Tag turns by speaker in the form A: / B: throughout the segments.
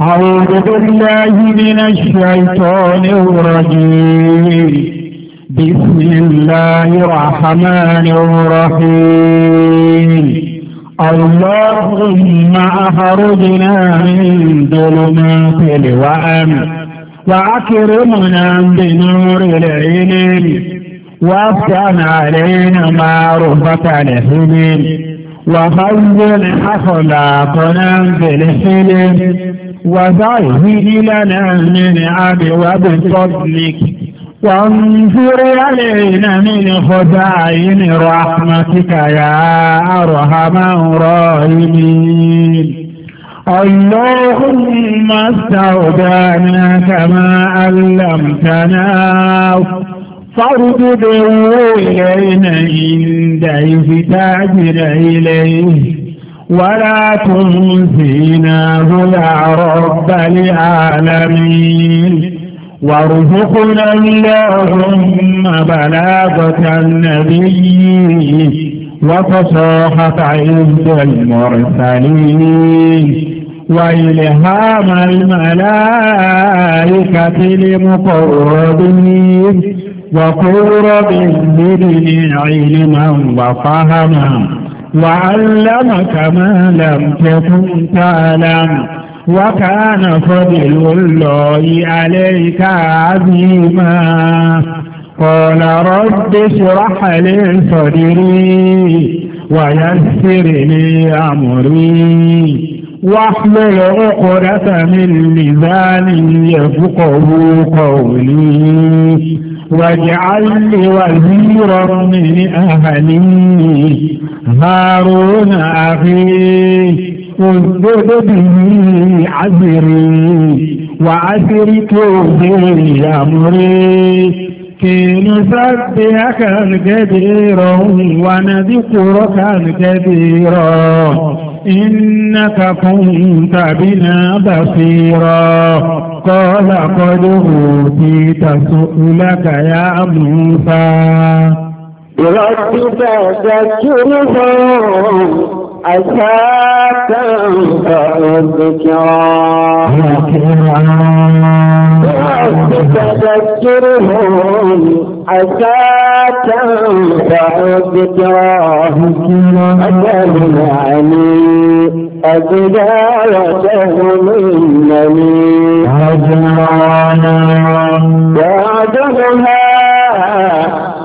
A: أعوذ بالله من الشيطان الرجيم بسم الله الرحمن الرحيم اللهم أخرجنا من ظلمات الوأم وأكرمنا بنور العلم وافتن علينا معروفة الحلم وخير أخلاقنا بالحلم وظهر لنا من عبواب بفضلك وانظر علينا من خزائن رحمتك يا أرحم الراحمين اللهم استودعنا كما علمتنا فارجده إلينا عند إفتاجنا إليه ولا تنسينا هدى رب العالمين وارزقنا اللهم بلاغة النبي وفصاحة عند المرسلين وإلهام الملائكة لمقربين وقرب بابن علما وفهما وعلمك ما لم تكن تعلم وكان فضل الله عليك عظيما قال رب اشرح لي صدري ويسر لي أمري واحمل عقدة من لساني يفقه قولي واجعل لي وزيرا من أهلي هارون أخي اذكر به عذري وعسرته به أمري كي نسبحك كثيرا ونذكرك كثيرا إنك كنت بنا
B: بصيرا قال قد أوتيت سؤلك يا
A: موسى
B: رب فذكرهم
A: أتاك فذكرا
B: تذكرهم أتاك فذكرا أتاهم علي أبدارتهم إنني وعدها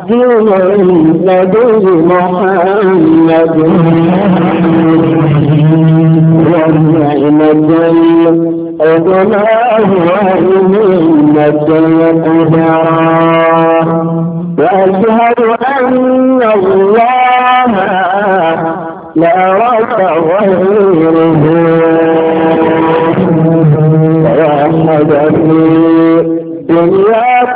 B: تقدير لدي محمد ونعمة أغناه ونعمة قدرا وأشهد أن الله لا رفع غيره وحدني دنياك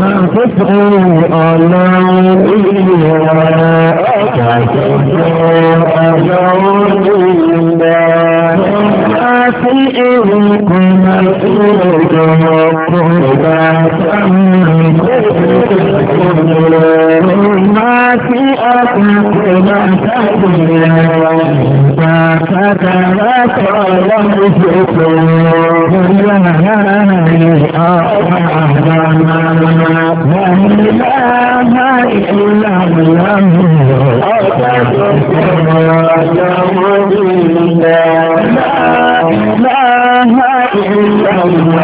B: máa ń pèsè ọ̀nà ìlú ọ̀kà ìjọ ọ̀nà ìlúdà. Àti èrò kan máa ń tó ọjọ́ ọkùnrin bá sáàmì ìgbésẹ̀ Máa sí ọkùnrin máa sáàkùnrin àwọn ìgbà kàkàrà kọ́ ọlọ́run ìṣòkòrò. Ìyá àárín àwọn àwọn لا إله إلا الله أكبر الله لا إله إلا الله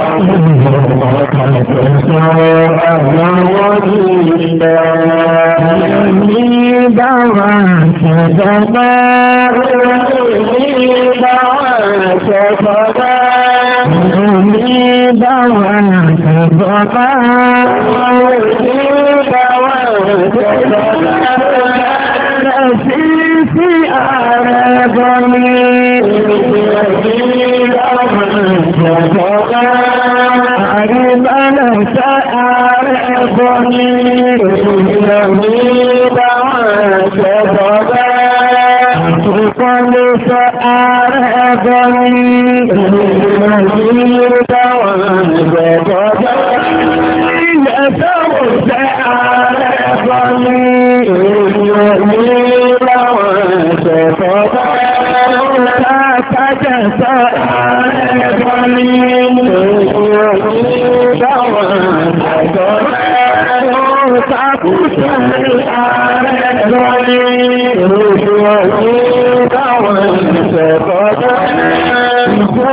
B: Thank you. Àríbánà sáà rẹ̀ bọ́ ní ìrìnlẹ̀ فآرهب منه مزيد وانبضب الأثر فآرهب منه مزيد وانبضب تاكت فآرهب منه مزيد وانبضب تاكت فآرهب منه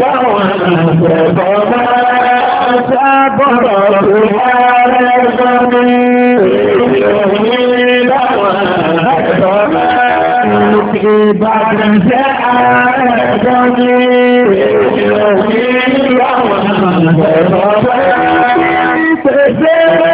B: láwọn àṣẹ̀bọ̀
A: máa sábọ̀rọ̀ tó máa rẹ̀ gbọ́n mi. Ìròyìn láwọn àṣẹ̀bọ̀ máa ìbàdàn
B: jẹ́ àárẹ̀ gbọ́n mi. Ìròyìn láwọn àṣẹ̀bọ̀ máa pèsè.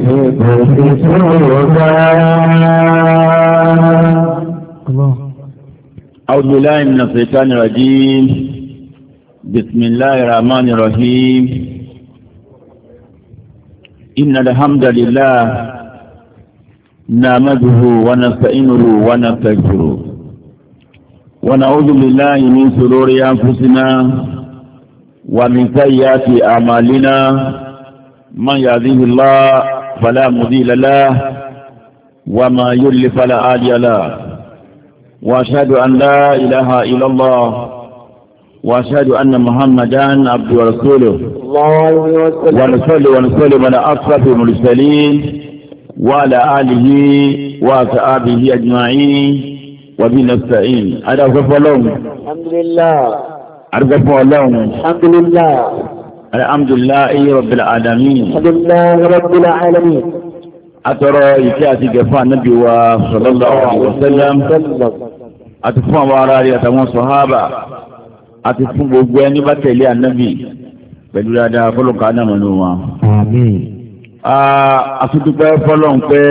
A: أعوذ بالله من الشيطان الرجيم بسم الله الرحمن الرحيم إن الحمد لله نعمده ونستعينه ونستغفره ونعوذ بالله من شرور أنفسنا ومن سيئات أعمالنا من يهده الله فلا مذيل له وما يل فلا هادي له واشهد ان لا اله الا الله واشهد ان محمدا عبده ورسوله ونصلي ونصلي على اشرف المرسلين وعلى اله وأصحابه اجمعين وبنستعين نستعين غفر الله الحمد لله على غفر الله الحمد لله الحمد لله رب العالمين الحمد لله رب العالمين أترى يكاتي قفاء النبي صلى الله عليه وسلم أتفهم وعراري أتمون صحابة أتفهم بوغواني بكلي النبي pẹ̀lú dáadáa fọlọ́kà ánàmọ́nú wa. àfitúpẹ́ fọlọ́n pé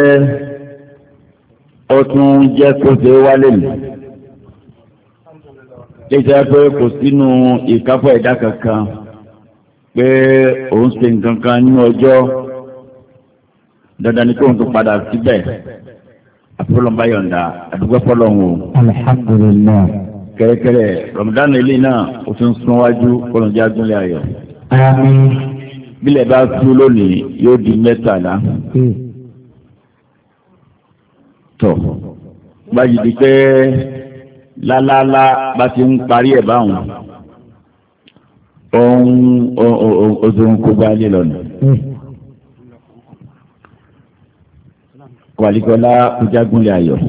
A: ó tún jẹ́ kó ṣe wálé mi. lè jẹ́ pé kò sínú ìkápọ̀ ẹ̀dá kankan pé òun ṣe nǹkan kan nínú ọjọ́ dandan ni kóun tó padà síbẹ̀ àfọlọ́nba yọ̀ǹda àdúgbò fọlọ́hún o.
B: alihamudulilayi.
A: kẹ́rẹ́kẹ́rẹ́ rọ̀mùdánù ilé náà ó tún sún wájú kọlọ̀njá gúnlẹ̀ ayọ̀. àmín. bílẹ̀ bá tú lónìí yóò di mẹ́tàlá. Hmm. tọ̀ gbajúdi pé lálálá bá ti ń parí ẹ̀ báwọn òun òun kó bá lé lọ́nà. Wàlíkọ́lá Ojágúnlé Ayọ̀.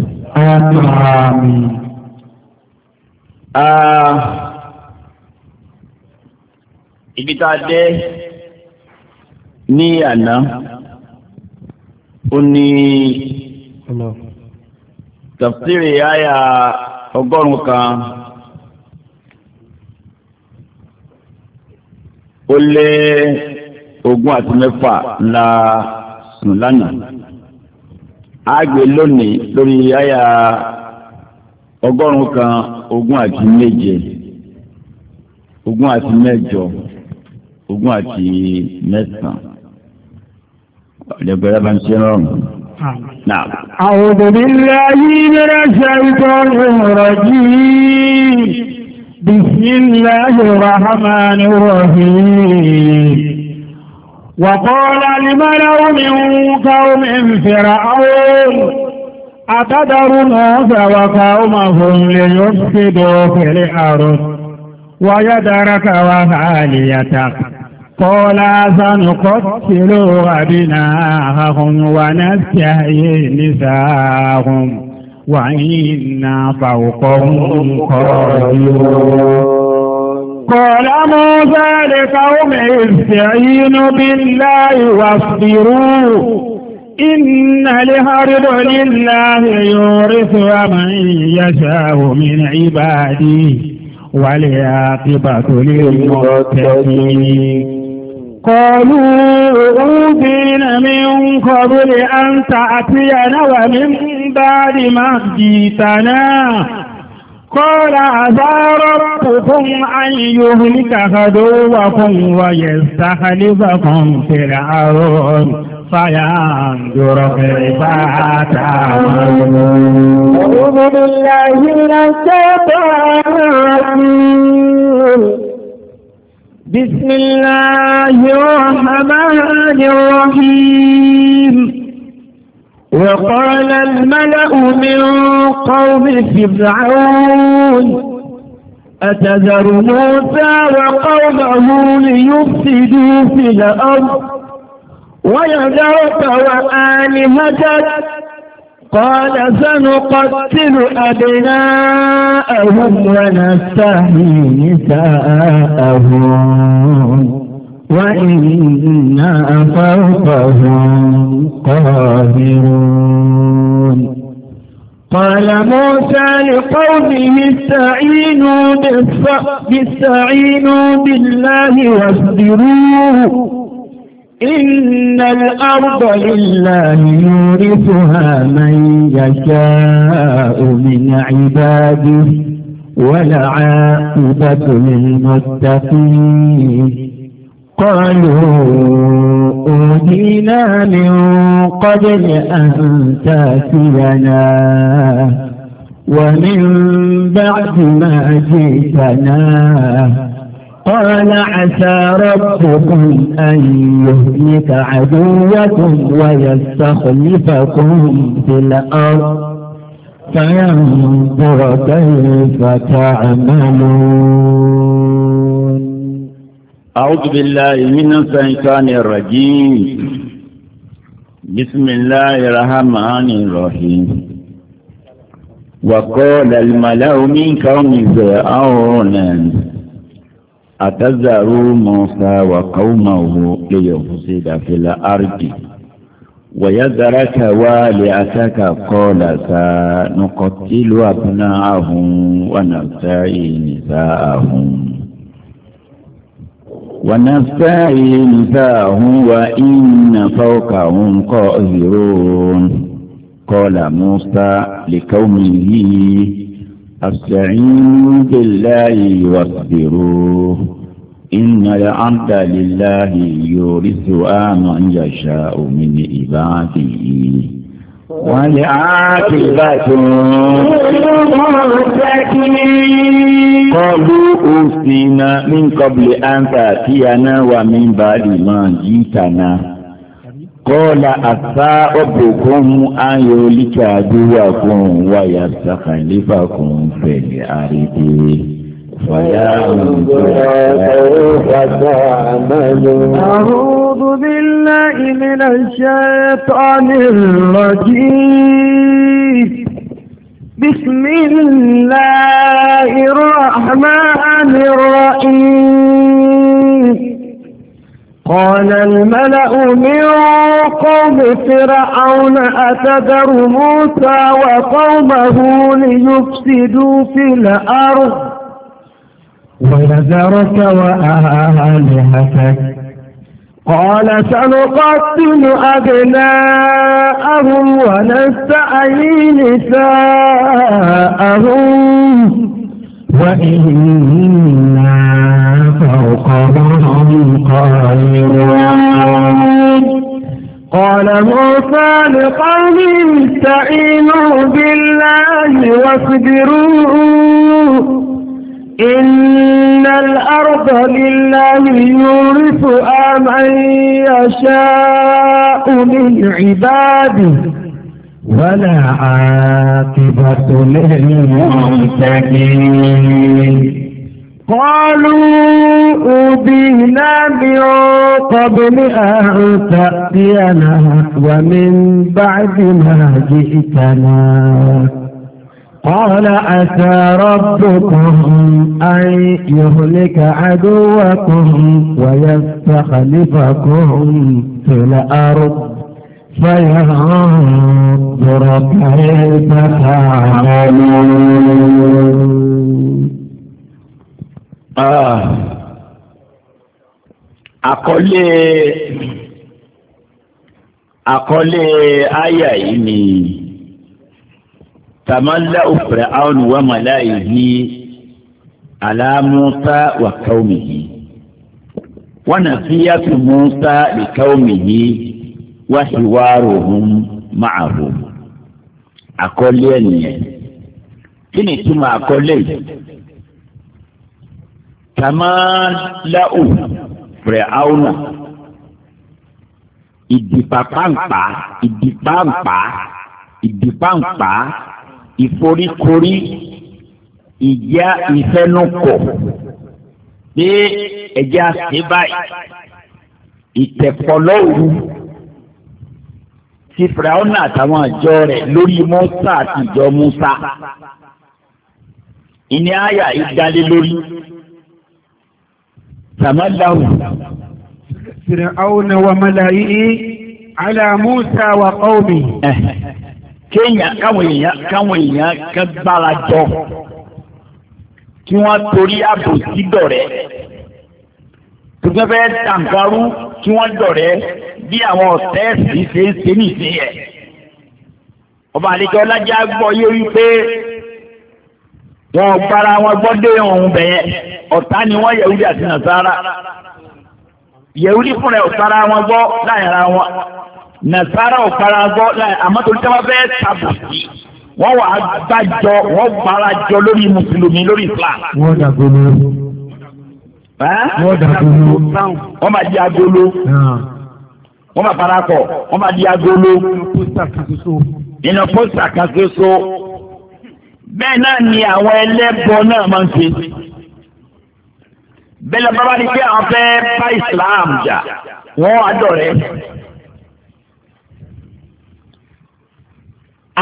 A: Ibi tá a dé ní àná, ó ní tafsiri àyà ọgọ́rùn-ún kan. ó lé ogún àti mẹ́fà la sùn lánàá a gbé lónìí lórí àyà ọgọ́rùn-ún kan ogún àti méje ogún àti mẹ́jọ ogún àti mẹ́sàn-án ọ̀dẹ̀gbẹ̀rẹ̀ bá ń ṣe rọrùn. أعوذ بالله من الشيطان الرجيم بسم الله الرحمن الرحيم وقال الملأ من قوم فرعون أتدر موسى وقومهم ليفسدوا في الأرض ويدرك وفعاليتك قال سنقتل أبناءهم ونستحيي نساءهم وعينا فوقهم قائلون قال موسى لقومه استعينوا بالله واصبروا إن الهرب لله يورث من يشاء من عباده والعاقبة للمتقين قالوا أوتينا من قبل أن تأتينا ومن بعد ما جيتنا قال عسى ربكم أن يهلك عدوكم ويستخلفكم في الأرض فينظر كيف تعملون أعوذ بالله من الشيطان الرجيم بسم الله الرحمن الرحيم وقال الملأ من قوم فرعون أتذر موسى وقومه ليفسدوا في الأرض ويذرك وآلهتك قال سنقتل أبناءهم ونستحيي
B: نساءهم وإنا فوقهم
A: قاهرون قال موسى لقومه استعينوا, استعينوا بالله واصبروا إن الأرض لله يورثها من يشاء من عباده ولعاقبة
B: للمتقين قالوا أودينا من قبل أن تأتينا
A: ومن بعد ما جئتنا قال عسى ربكم أن يهلك عدوكم ويستخلفكم في الأرض
B: فينظر كيف تعملون
A: أعوذ بالله من الشيطان الرجيم بسم الله الرحمن الرحيم وقال الملأ من قوم فرعون أتذر موسى وقومه ليفسد في الأرض ويذرك والعتك قال سنقتل أبناءهم ونستحيي نساءهم ونستحيي نساءهم وإن فوقهم قاهرون قال موسى لقومه استعينوا بالله واصبروا إن العبد لله يورثها من يشاء من عباده والعاقبة قالوا أوصينا من قبل أن تأتينا ومن بعد ما جئتنا قال أثابكم أن يهلك عدوكم
C: ويستخلفكم في الأرض فيا سوف تعملون
B: أعوذ بالله من
A: الشيطان الرجيم بسم الله الرحمن الرحيم قال الملأ من قوم فرعون أتذر موسى وقومه ليفسدوا في الأرض ونذرك وآلهتك قال سنقتل أبناءهم ونستعي
B: نساءهم وإنا فوق بعض قادرون
A: قال موسى لقوم استعينوا بالله واصبروا إن الأرض لله يورثها من يشاء
B: من عباده ولا عاقبة للمعتدين قالوا
A: أوذينا من قبل أن تأتينا ومن بعد ما جئتنا قال عسى ربكم أن يهلك
B: عدوكم ويستخلفكم في الأرض فينظر كيف
A: تعملون àkọlé àkọlé àyà yìí ni tamala òfurẹ àwọn wàmàlà yìí alámúta wà káwọmì yìí wọn nà fi yàtò múta lè yìí wáṣíwáròhún máàhù àkọlé ẹnìyẹn kí ni ìtumọ̀ àkọlé yìí tàmáláù fìràáùnà ìdìpàpàǹpà ìdìpàǹpà ìdìpàǹpà ìforíkorí ìjà ìfẹnukò pé ẹja ṣe báyìí ìtẹ̀pọ̀lọ́wù ti fìràwọ́nà àtàwọn àjọ rẹ̀ lórí mọ́sá àti ìjọ mọ́sá. ìní àyà ìdálé lórí. sàmàláwù. fìràwọ́nà wà màláyé àlà Mùsá wà qawmi. kéèyàn káwọn èèyàn káwọn èèyàn kan gbára jọ kí wọ́n torí ààbò sí dọ̀rẹ́. tó tàǹkarú kí wọ́n dọ̀rẹ́ bí àwọn ọ̀sẹ̀ sì ṣe ń ṣe nìṣẹ́ yẹ. ọba àlejò ọlájà gbọ́ yé wípé wọn gbára wọn gbọ́dé ọ̀hún bẹ̀yẹ ọ̀tá ni wọ́n yẹ̀wúdí àti nàṣàrà yẹ̀wúdí fúnra ẹ̀ ọ̀tara wọn gbọ́ láyàrá wọn nàṣàrà ọ̀tara gbọ́ láyàrá àmọ́ torí táwọn fẹ́ tàbùkì wọ́n wà gbàjọ wọ́n gbára jọ lórí mùsùlùmí lórí Islam. wọ́n dàgbolo. wọ́n dàgbolo. wọ́n máa di agolo wọ́n bá parakọ̀ wọ́n bá di agolo nínú pósítà kan ṣoṣo bẹ́ẹ̀ náà ni àwọn ẹlẹ́bọ náà máa ń ṣe bẹ́ẹ̀ lọ bábá ni pé àwọn fẹ́ bá Islam jà wọ́n adọ̀rẹ́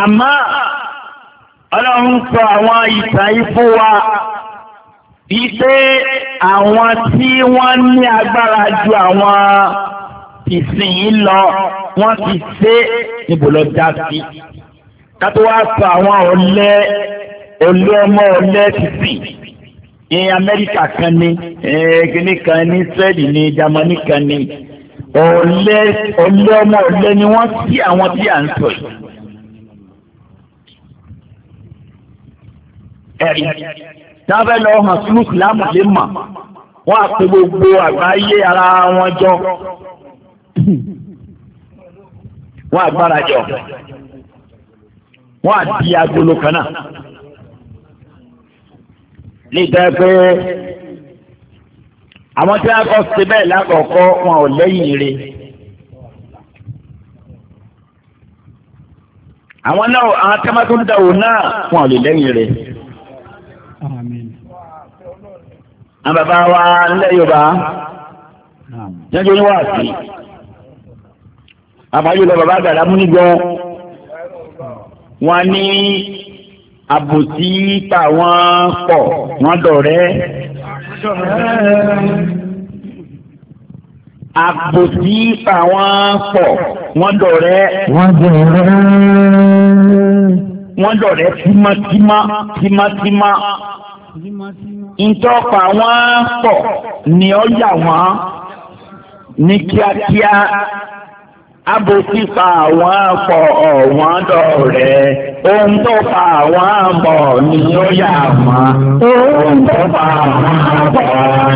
A: àmọ́ ọlọ́run sọ àwọn ìtàn ifó wa bíi pé àwọn tí wọ́n ní agbára ju àwọn ti sìn yín lọ wọ́n ti ṣe níbo lọ já sí. kátó wá sọ àwọn ọ̀lẹ́ olú ọmọ ọ̀lẹ́ ti sìn ní Amẹ́ríkà kan ní kíní kan ní Israẹli ní Jámánì kan ní ọ̀lẹ́ olú ọmọ ọ̀lẹ́ ni wọ́n sí àwọn tí à ń sọ yìí. ẹ̀rí tábẹ́ lọ hàn sí Mùsùlùmí lè mà wọ́n á gbogbo àgbáyé ara wọn jọ wọ́n agbára jọ wọ́n àti agolo kan náà níta pé àwọn tí wọ́n kọ́ sí bẹ́ẹ̀ lákọ̀ọ́kọ́ wọn ò lẹ́yìn rẹ̀. àwọn náà àwọn akẹ́mọ́tò ń dàwó náà wọn ò lè lẹ́yìn rẹ̀. àwọn bàbá wa nílẹ̀ Yorùbá jẹ́jọ́ ní wàásù àfàyèlò bàbá àgbàdá mú nígbọn wọn ní àbòtí táwọn pọ̀ wọn dọ̀rẹ́ àbòsí fáwọn pọ̀ wọ́n dọ̀rẹ́. wọ́n dọ̀rẹ́. wọ́n dọ̀rẹ́ tímọ́tímọ́ tímọ́tímọ́. ntọ́pa wọn pọ̀ ni ó yà wọ́n ní kíákíá abòsí fa àwọn afọ ọ̀wọ́n dọ̀rẹ́ ohun tó fa àwọn àbọ̀ ni ó yà wọ́n ohun tó fa àwọn àbọ̀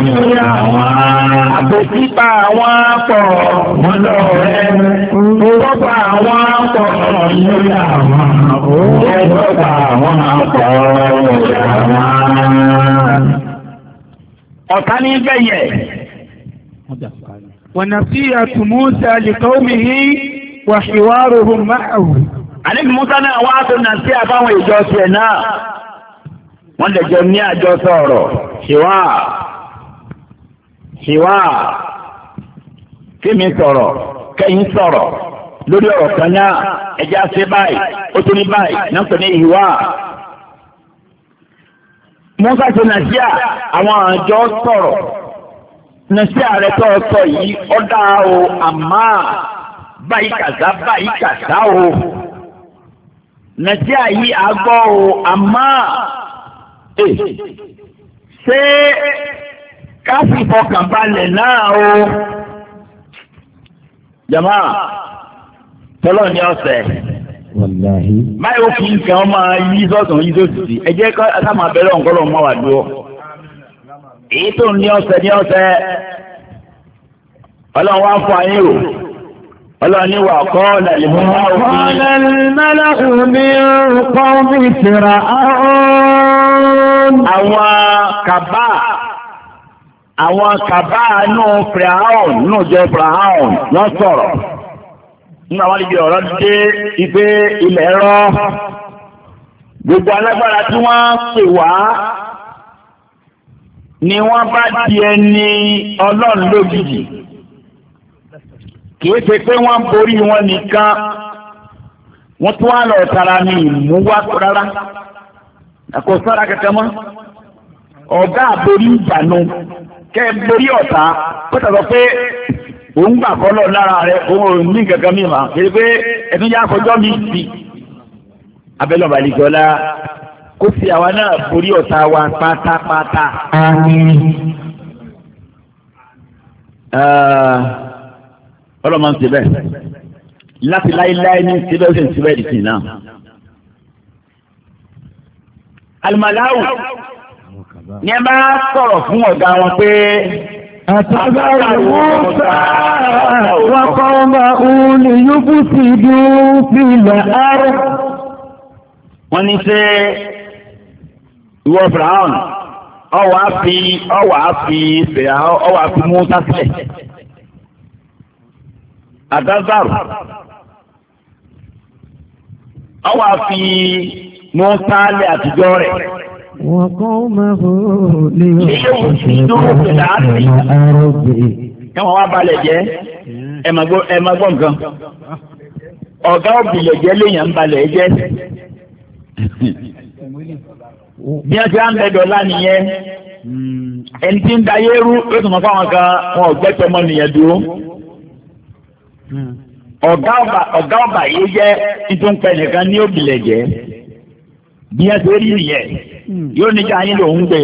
A: ni ó
B: yà wọ́n. abòsí fa àwọn afọ ọ̀wọ́n dọ̀rẹ́ ohun tó fa àwọn afọ ni ó yà wọ́n ohun tó fa àwọn afọ ni ó yà
A: wọ́n. ọ̀tá ní bẹ́yẹ̀. ونصيحة موسى لقومه وحوارهم معه àníbi Musa náà wá tó nà sí àbáwọn ìjọ tiẹ̀ náà wọ́n lè jọ ní àjọ sọ̀rọ̀ ṣìwà ṣìwà kémi sọ̀rọ̀ kẹ́yìn sọ̀rọ̀ lórí ọ̀rọ̀ kan náà ẹja ṣe báyìí ó tún ní báyìí náà sọ ní ìwà. Musa tó nà sí àwọn àjọ sọ̀rọ̀ nàṣẹ ààrẹ tó o sọ yìí ọ̀dà o àmọ́ báyìí kàdá báyìí kàdá o nàṣẹ àyí àgbọ̀ o àmọ́ ẹ ṣé káfí fọkànbalẹ̀ náà o jama tọ́lọ́ ni ọ̀sẹ̀ báyìí ó fi nǹkan ọmọ yí sọ́sùn yí sósì sí ẹ jẹ́ ká sáà máa bẹ̀rẹ̀ ọ̀nkọ́lọ́ ọmọ wà dúró èyí tó ní ọ̀sẹ̀ ní ọ̀sẹ̀ ọlọ́run wá fún ayé o ọlọ́run ní wà kọ́ lẹ́lẹ́ mú wá òfin. kọ́lá mẹ́lá omi kọ́ bí tìrà áhùn. àwọn kàbá àwọn kàbá nù fìràhùn nù jẹ fìràhùn lọ nínú àwọn ibi ọ̀rọ̀ dé ipe ilẹ̀ rọ gbogbo alágbára tí wọ́n pè wá ni wọ́n bá di ẹni ọlọ́run lógìdì kìí ṣe pé wọ́n borí wọn nìkan wọ́n tún wá lọ tara ní ìmú wá rárá kò sára kẹkẹ mọ́ ọ̀gá àborí ìjànú kẹ́ borí ọ̀tá pẹ́tà sọ pé òun gbà kọ́lọ̀ lára rẹ̀ òun ò ní kankan mímọ́ kìí pé ẹ̀tún yá kọjọ́ mi sí abẹ́lọ́balẹ̀ jọlá kó fi àwa náà borí ọ̀tá wa pátápátá. àmín. ọlọ́mọ ń síbẹ̀ láti láéláé ní síbẹ̀ ó sì ń síbẹ̀ dìtì náà. alimalawu ní ẹ bá sọ̀rọ̀ fún ọ̀gá wọn pé. Àtàgbàrà Mùsà wọ́pọ̀ ọmọ òun ni yóò bú sí ìdúró sílẹ̀ àárọ̀. Wọ́n ní ṣe ìwọ Firaun ọwọ́ á fi ọwọ́ á fi fèrè ọwọ́ á fi mú sásílẹ̀ àdázáàrù ọwọ́ á fi mú sálẹ̀ àtijọ́ rẹ̀.
C: وقومه ليقصدوا
A: balẹ̀ jẹ́ ẹ nǹkan ọ̀gá òbílẹ̀ jẹ́ léèyàn ń balẹ̀ jẹ́ bí wọ́n ti á ń bẹ dọ̀la nìyẹn ẹni tí ń da yé rú mọ kan wọn ò gbẹ́tọ̀ nìyẹn dúró. ọ̀gá yìí jẹ́ nìkan ní òbílẹ̀ jẹ́ bí ti rí yóò yín lòún gbé.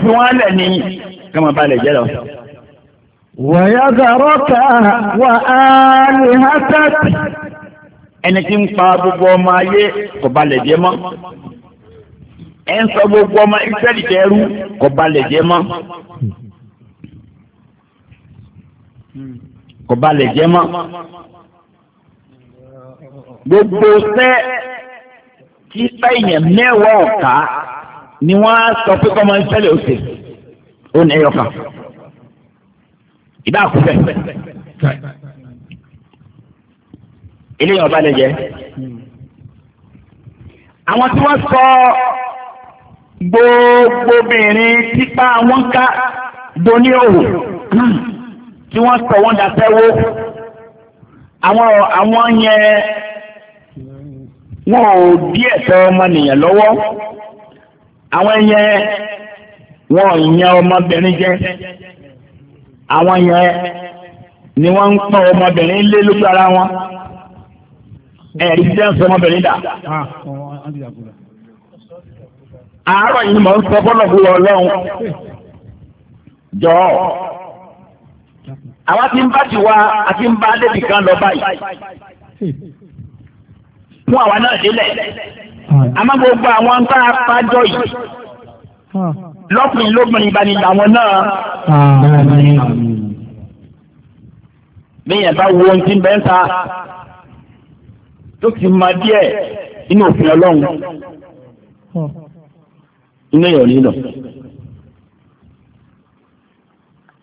A: Wọ́pọ̀lọpọ̀ kama balẹ̀ jẹ́ lọ. wọ̀yọ́gàrọ́kà wà á ní hátàkì. ẹni tí ń pa gbogbo ọmọ ayé kò balẹ̀ jẹ́ mọ́ ẹ ń sọ gbogbo ọmọ ìsẹ́lì tẹ́rú kò balẹ̀ jẹ́ mọ́ kò balẹ̀ jẹ́ mọ́ gbogbo sẹ́ tí sẹ́yìn mẹ́wàá ọ̀ka ni wọ́n á sọ pé kọ́mọ ìsẹ́lì ó ó ní ẹyọ kan ìbá kú bẹ eléyìí ọba lè jẹ àwọn tí wọ́n sọ gbogbo obìnrin tipa wọn ká doni òwò tí wọ́n sọ wọn dàtẹ́ wo àwọn àwọn yẹn wọn ò bí ẹ̀tọ́ ọmọnìyàn lọ́wọ́ àwọn yẹn wọn ìyẹn ọmọbìnrin jẹ àwọn yẹn ni wọn ń pọ ọmọbìnrin lé lójú ara wọn ẹ̀rí jẹ́ ń sọ ọmọbìnrin dà. àárọ̀ yìí mọ̀ ń sọ bọ́lọ̀ bí ọlọ́run jọ àwa ti ń bá tiwa àti ń bá débi kan lọ báyìí fún àwa náà délẹ̀ àmọ́ gbogbo àwọn ń bá a pàjọ yìí lọ́kùnrin lóbìnrin bá ní làwọn náà. bẹ́ẹ̀ yẹn bá wo ohun tí ń bẹ́ ń ta tó ti ma díẹ̀ inú òfin ọlọ́run inú èèyàn nílò.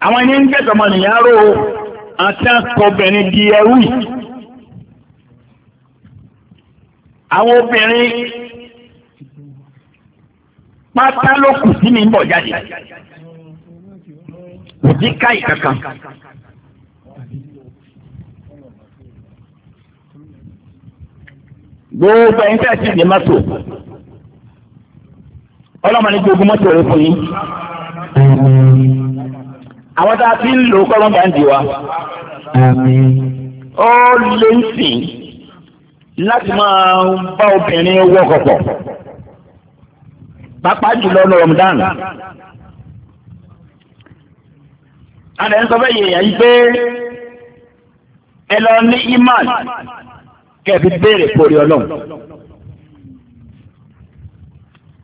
A: àwọn ẹni ń gbẹ̀tọ̀ ọmọ nìyá ró àti àkọ́bẹ̀rin di ẹrú yìí. àwọn obìnrin pátá ló kù sí jáde kò sí káyì kankan. gbogbo ẹni tẹ́ ẹ ti di mọ́tò ọlọ́mọ ní gbogbo mọ́tò rẹ fún yín àwọn tá a ti ń lò kọ́lọ́n bá ń di wa ó lé ń sìn láti máa bá obìnrin pàápàá jùlọ ní Ramadan alẹ́ ń sọ fẹ́ yẹ̀yà yí pé ẹ lọ ní imán kẹfì béèrè pòrí ọlọ́run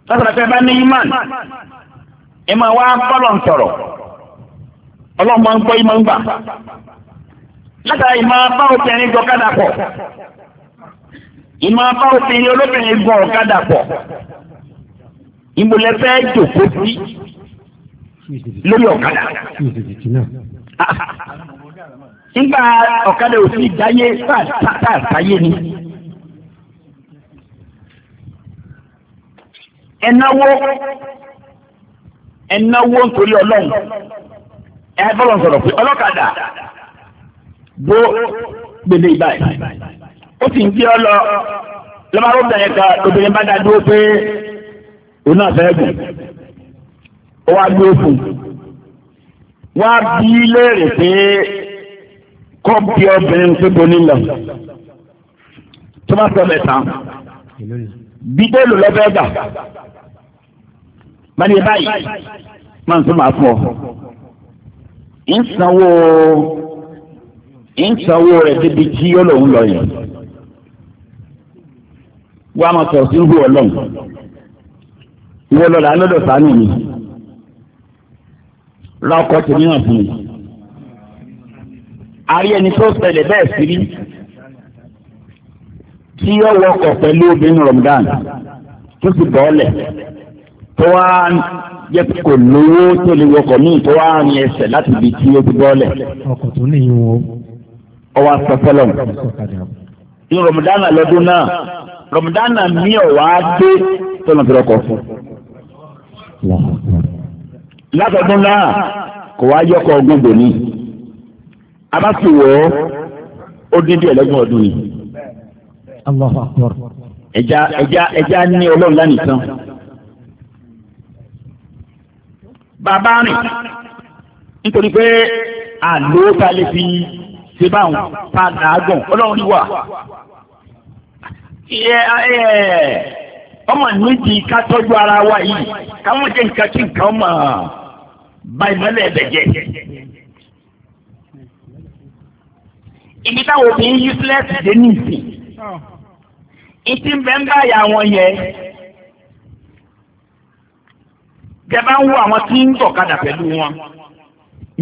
A: lọ́sọ̀rọ̀ bá ní ẹ máa wá bọ́lọ̀ ń sọ̀rọ̀ ọlọ́run máa ń gbọ́ gbà látara ìmọ̀lẹ́ fẹ́ jòkó sí lórí ọ̀kadà. nígbà ọ̀kadà ò sí ìdáyé táàtáyé ni. ẹnáwó ẹnáwó nítorí ọlọ́run ẹ bọ́lọ̀ sọ̀rọ̀ pé ọlọ́kadà bó gbèdé ìbáyìí ó sì ń gbé ọ lọ lọ́mọ arúgbó yẹn obìnrin bá dá dúró pé òun náà fẹ́ gùn ó wá gbé fún wá bí léèrè pé kọ́ọ̀pì obìnrin tó boni lọ tó bá sọ̀rọ̀ tán bídélù lọ́fẹ́ gbà bá ní báyìí máa ń tún máa fún ọ ń sanwó rẹ̀ débi tí ó lòun lọ yẹn wá máa sọ̀rọ̀ sí ọlọ́run ìwọ lọ́la lọ́dọ̀ sáánì mi ra ọkọ̀ tèmi hàn fún mi àrí ẹni tó ṣẹlẹ̀ bẹ́ẹ̀ sí rí tí ó wọkọ̀ pẹ̀lú obìnrin Ramadan tó sì bọ́ ọ̀lẹ̀ tó wá jẹ́ pé kò lówó tó lè wọkọ̀ míì tó wá rin ẹsẹ̀ láti ibi tí ó ti bọ́ ọ̀lẹ̀.
B: ọkọ̀ tó ní ìwọ.
A: ọwọ́ aṣọ fọlọ́n. ní Ramadan lọ́dún náà Ramadan mi ò wá dé tó lọ́n ti fún un. látọ̀dún náà kò wá yọkọ̀ ọgbọ́n bòní abáṣiwọ̀ ó dín díẹ̀ lẹ́gbọ̀n ọdún yìí. ẹja ẹja ẹja ní ọlọ́run lánìí bàbá rìn nítorí pé àlọ́ ta lè fi ṣe báwọn pa làágùn ọlọ́run wà. ọmọ níbi ká tọ́jú ara wa yìí káwọn jẹ́ nǹkan tí nǹkan mọ̀ ba ìmọ̀lẹ̀ ẹ̀bẹ̀ jẹ́. ibi táwọn obìnrin useless dé ní ìsìn ìtì ń bẹ ń bá àyà wọn yẹ jẹba ń wo àwọn tí ń tọ̀kadà pẹ̀lú wọn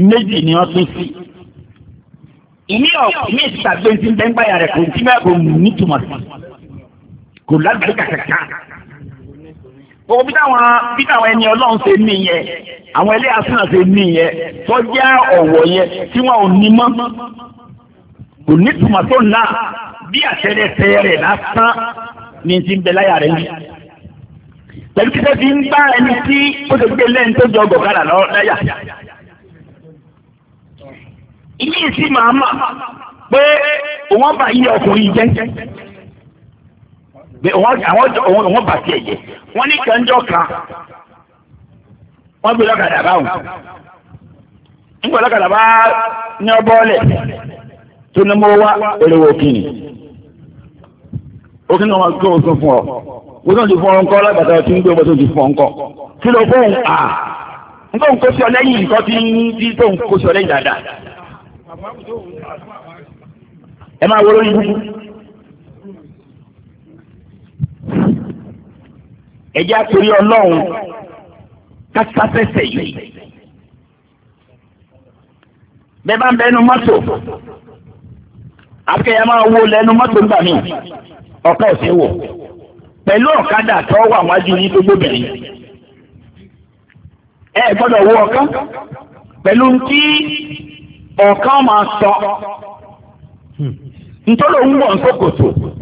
A: méjì ni wọ́n tún sí ìní ọ̀pọ̀ méjì tàgbé ti ń bẹ ń bá àyà rẹ̀ kò tí bẹ́ẹ̀ kò ní túmọ̀ sí kò lágbàdo kàkàkà gbogbo bí táwọn bí táwọn ẹni ọlọ́run ṣe ní yẹn àwọn ẹlẹ́yà sínà ṣe ní yẹn tọ́já ọ̀wọ̀ yẹn tí wọn ò ní mọ́ kò ní tùmọ̀ tó ná bí àtẹ̀rẹ̀ tẹ̀rẹ̀ lásán ní ti ń bẹ láyà rẹ̀ yìí. pẹ̀lú kí sẹ́ẹ̀tì ń bá ẹni tí ó ṣe gbé lẹ́yìn tó jọ ọgọ̀kadà lọ láyà. ilé ìsìn màmá pé òun ọba yìí ọkùnrin jẹ́ wọ́n bà sí ẹ̀jẹ̀ wọ́n ní kẹ́ńjọ́ kan wọ́n gbé lọ́kadà báwọn lọ́kadà bá ní tó ní mo wá olówó wọn gbé òfin fún ọ wọ́n náà ti fún ọ lágbàtà tí ń gbé ọgbà tó ti fún ọ kí ló fún à nǹkan ń kó ẹ̀jẹ̀ àtúrí ọlọ́run kásásẹ́sẹ̀ yìí bẹ́ẹ̀ bá ń ma nu mọ́tò akẹ́yà máa wó lẹ́nu mọ́tò ńgbà mí ọ̀ká ọ̀sẹ̀ pẹ̀lú tó wà wájú gbogbo bẹ̀rẹ̀ ẹ gbọ́dọ̀ wọ ọkọ
B: pẹ̀lú tí ọkọ máa sọ
A: ntọrọ ụgbọ wọ̀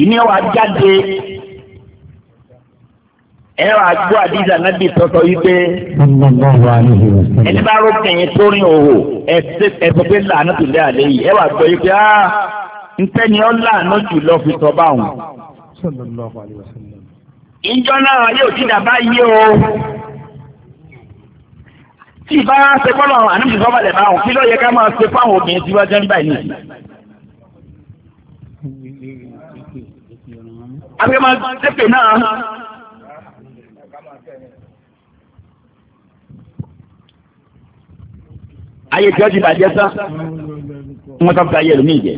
A: ìní wa jáde ẹ wàá gbọ́ àdìsá nábì tọ́tọ́ yìí pé ẹni bá rò kẹ̀yìn tó rìn òhò ẹ sọ pé làánú tó lé àlẹ́ yìí ẹ wàá gbọ́ yìí pé á ntẹ́ni ọ́ làánú jù lọ fi tọ́ bá wọn. ìjọ náà yóò ti dàbá yé o tí ìbára ṣe gbọ́dọ̀ àníbi sọ́balẹ̀ bá wọn kí ló yẹ ká máa ṣe fáwọn obìnrin tí wọ́n jẹ́ ń báyìí nìyí.
B: abẹ́ máa tẹ́pẹ̀ náà.
A: ayé tí wọ́n ti bàjẹ́ sá wọ́n tó fẹ́ ayé ẹ̀rọ míì jẹ́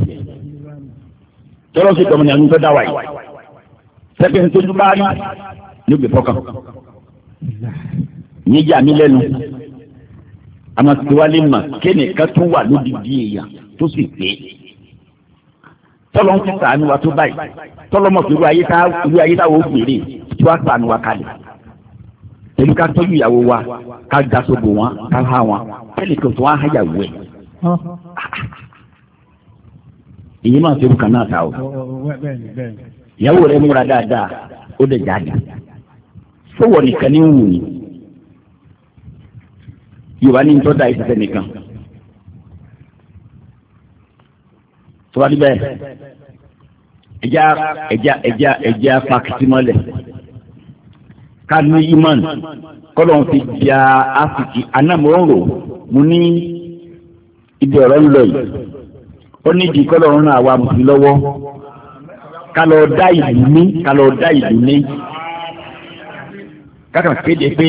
A: tọ́lọ́ sí tọmọ ní ọdún tó dá wáyé tẹ́pẹ̀ tó tún bá rí ní ògbé fọ́kàn níjà mi lẹ́nu àmọ́ tiwálé mà kéènì kan tún wà lódìdí èèyàn tó sì pé tọ́lọ́ ń ti sàánú wa tó báyìí tọ́lọ́ mọ̀ pé irú ayé tá irú ayé tá wò ó gbèrè tí wàá sàánú wa kalẹ̀ pẹ̀lú ká tọ́jú ìyàwó wa ká dasobo wọn ká há wọn tẹ́lẹ̀ kò tó wá háyàwó ẹ̀. èyí máa ṣe bùkà náà ta o ìyàwó rẹ múra dáadáa ó lè jáde fọwọ́ nìkan ní wù ní yorùbá ní ń tọ́ da ìṣẹ̀fẹ̀ nìkan. tó bá níbẹ̀ ẹja ẹja ẹja ẹja fakitimọ́lẹ̀ ká ní iman, kọ́lọ́n fi ja áfíkì anamọ́rò mo ní ibi ọ̀rọ̀ ń lọ yìí ó ní ìdí kọ́lọ́n ràn àwa mùsùlùmí lọ́wọ́ ká lọ dá ìlú ní ká lọ dá kéde pé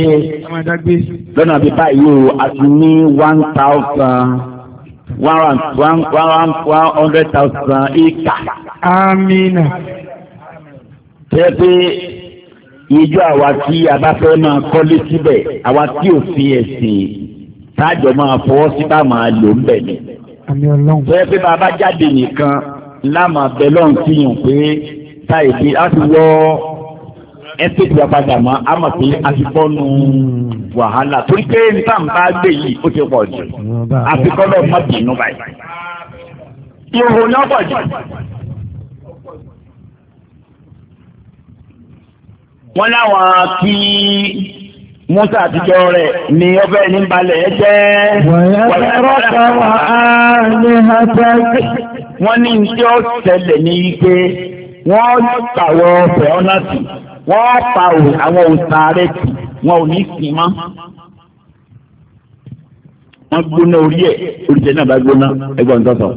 A: lọ́nà bíi báyìí o a ti ní one thousand one hundred thousand ìka. amina. tẹ́tí ìjọ àwa tí a bá fẹ́ máa kọ́lé síbẹ̀ àwa tí òfin ẹ̀sìn tájọ máa fọwọ́ sí bá máa lò ń bẹ̀ ni. tẹ́tí bàbá jáde nìkan lámà bẹ́lọ́ǹtì yàn pé táyì bí a ti wọ́ ẹsẹ̀ ìgbà padà mọ́ a mọ̀ pé a ti bọ́ nu wàhálà torí pé níta ń bá gbé yìí ó ti pọ̀ jù àti kọ́lọ́ má bínú báyìí. ìhòòhò ni ó pọ̀ jù. wọ́n láwọn kí musa àtijọ́ rẹ̀ ni ọbẹ̀ ní balẹ̀ ẹ jẹ́ wàyẹ̀rọ̀kọ̀ wà á ní hàtẹ́kì. wọ́n ní ní tí ó ní ike wọ́n tàwọ̀ ọ̀fẹ́ ọ̀nà tì wọ́n pa àwọn òòṣà rẹ̀ tì wọn ò ní sìn mọ́ wọ́n gbóná orí ẹ̀ oríṣẹ́ náà bá gbóná ẹgbọ́n ń tọ́tọ̀.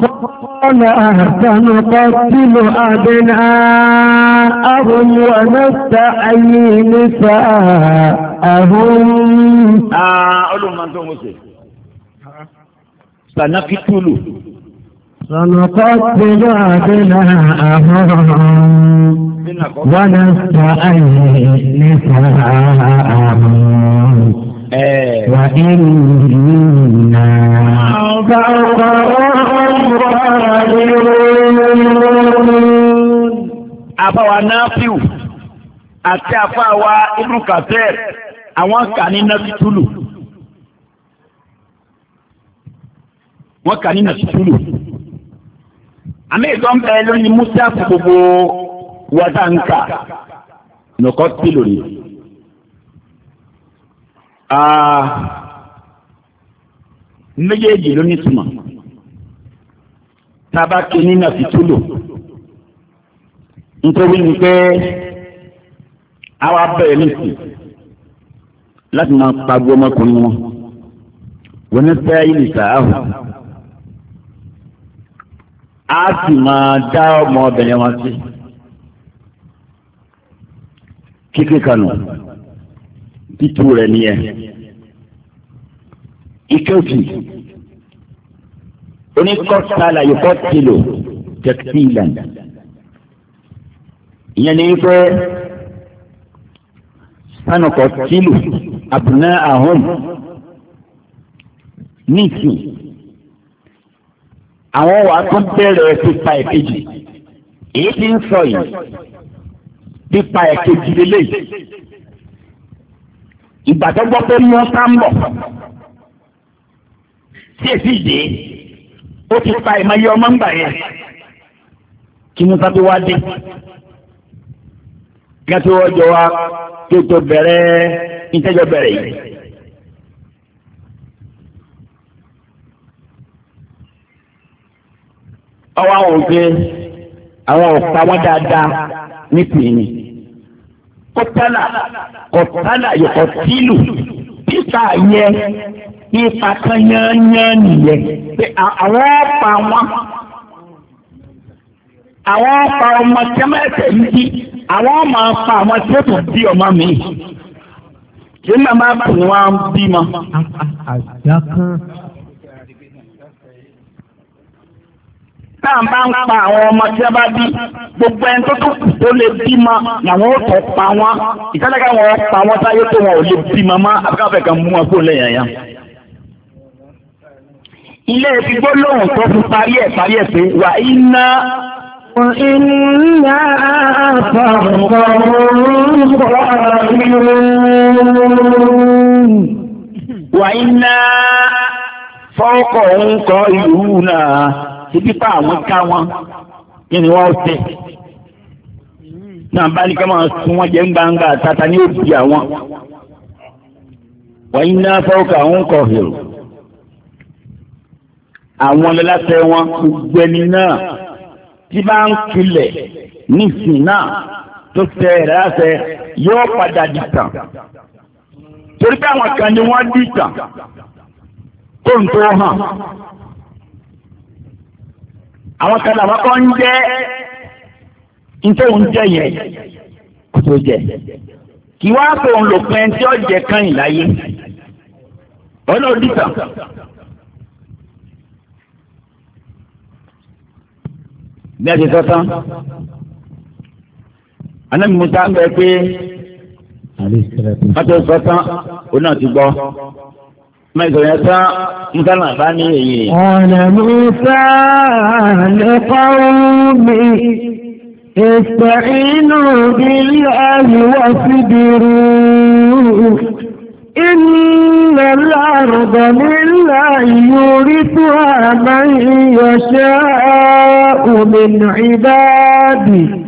B: Kọ́nà àhàtàmù kọ́tílù àbẹ̀nà
A: àrùn wà mẹ́ta ayé nípa àrùn. Olùmọ̀ tó ń wọ́sẹ̀. Sànáfi túlù.
B: Sànáfi túlù àbẹ̀nà àrùn wọ́n á sọ àyè nípa àmọ́.
A: وإنا فوق Àfáwa Náfíù àti àfáwa Ibn Kathir àwọn kà ní Nàfítúlù. Wọ́n kà ní Nàfítúlù. Àmì ìdánbẹ̀ lónìí Mùsáàfù gbogbo wọ́dà ń kà nùkọ́ tìlù ni. Ah, méjèèjì ló ní túmọ̀ tábàkì nínú àti túlù nítorí ni pé àwa bẹ̀rẹ̀ nìsín láti máa pagbo ọmọkùnrin wọn wọn ní fẹ́ yìí nìsàáhù a sì máa dá ọmọbìnrin wọn sí. Si kíkẹ́ kanù títú rẹ̀ nìyẹn ìkẹ́sì oníkọ́sálà yòókọ́ tìlò tẹ̀kítíìlàn ìyẹn ní pé sanukọ tìlò àbùnà àhùn níìsín àwọn wàá tún bẹ̀rẹ̀ pípa ìkejì èyí tí ń sọ yìí pípa ẹ̀kejì lélẹ̀ ìgbà tó gbọ́ pé wọ́n sá ń bọ̀ tí èsì dé ó ti pa ìmọ̀ye ọmọ ń gbà yẹn kí musa tó wá dé gẹ́gẹ́ tó wọ́n jọ wá tó tó bẹ̀rẹ̀ ìtẹ́jọ́ bẹ̀rẹ̀ yìí. ọwọ́ àwọn òfin
C: àwọn òfin àwọn dáadáa
A: ní tèmi kọtálà kọtálà yọkọtílù títà yẹ ipa kan yányán nìyẹn pé àwọn ọ̀pá wọn àwọn ọ̀pá ọmọ tẹ́mẹ́tẹ̀ ń bí àwọn ọmọ ọ̀pá àwọn tẹ́tù bí ọmọ mi ṣé màmá bùn wọn bímọ. tá à ń bá ń pa àwọn ọmọ tí a bá bí gbogbo ẹni tó tó kù tó lè bímọ làwọn ó tọ̀ pa wọn ìtàlẹ́kà wọn pa wọn táyé tó wọn ò lè bímọ mọ́ àbíkáfẹ́ kan mú wọn kó lẹ́yìn ẹ̀yà. ilé ti gbólóhùn tó fi parí ẹ̀ parí ẹ̀ pé wà iná. Ìnà Wà iná fọ́kọ̀ ń kọ ìlú náà ibi tá àwọn ká wọn kí ni wọ́n tẹ̀ náà bá ní ká máa sun wọn jẹ́ gbangba tata ní òbí àwọn wọ́n iná fọ́ọ̀kà àwọn kọ̀ hìrù àwọn lọ́lásẹ wọn gbogbo ẹni náà
B: tí bá ń kulẹ̀ nísìn náà tó tẹ ẹ̀rẹ́ láṣẹ yóò padà dìtàn
A: torí pé àwọn kan ni wọ́n dìtàn tó ń tó hàn àwọn kan làwọn kan ń jẹ́ nítorí òun jẹ́ yẹn kò tó jẹ kí wá tó ń lò pẹ́ tí ó jẹ káyìn láyé ọ̀nà òdìtà. bí a ti sọ anami musa ń bẹ pé wọ́n ti sọ náà ti gbọ́ mẹ́jọ yẹn tán Musa náà bá ní èyí. ọ̀nà Musa lè kọ́ mi ìsẹ̀ínú
B: bíláàlì wá síbi rú.
A: إن الأرض لله يورثها من يشاء من عباده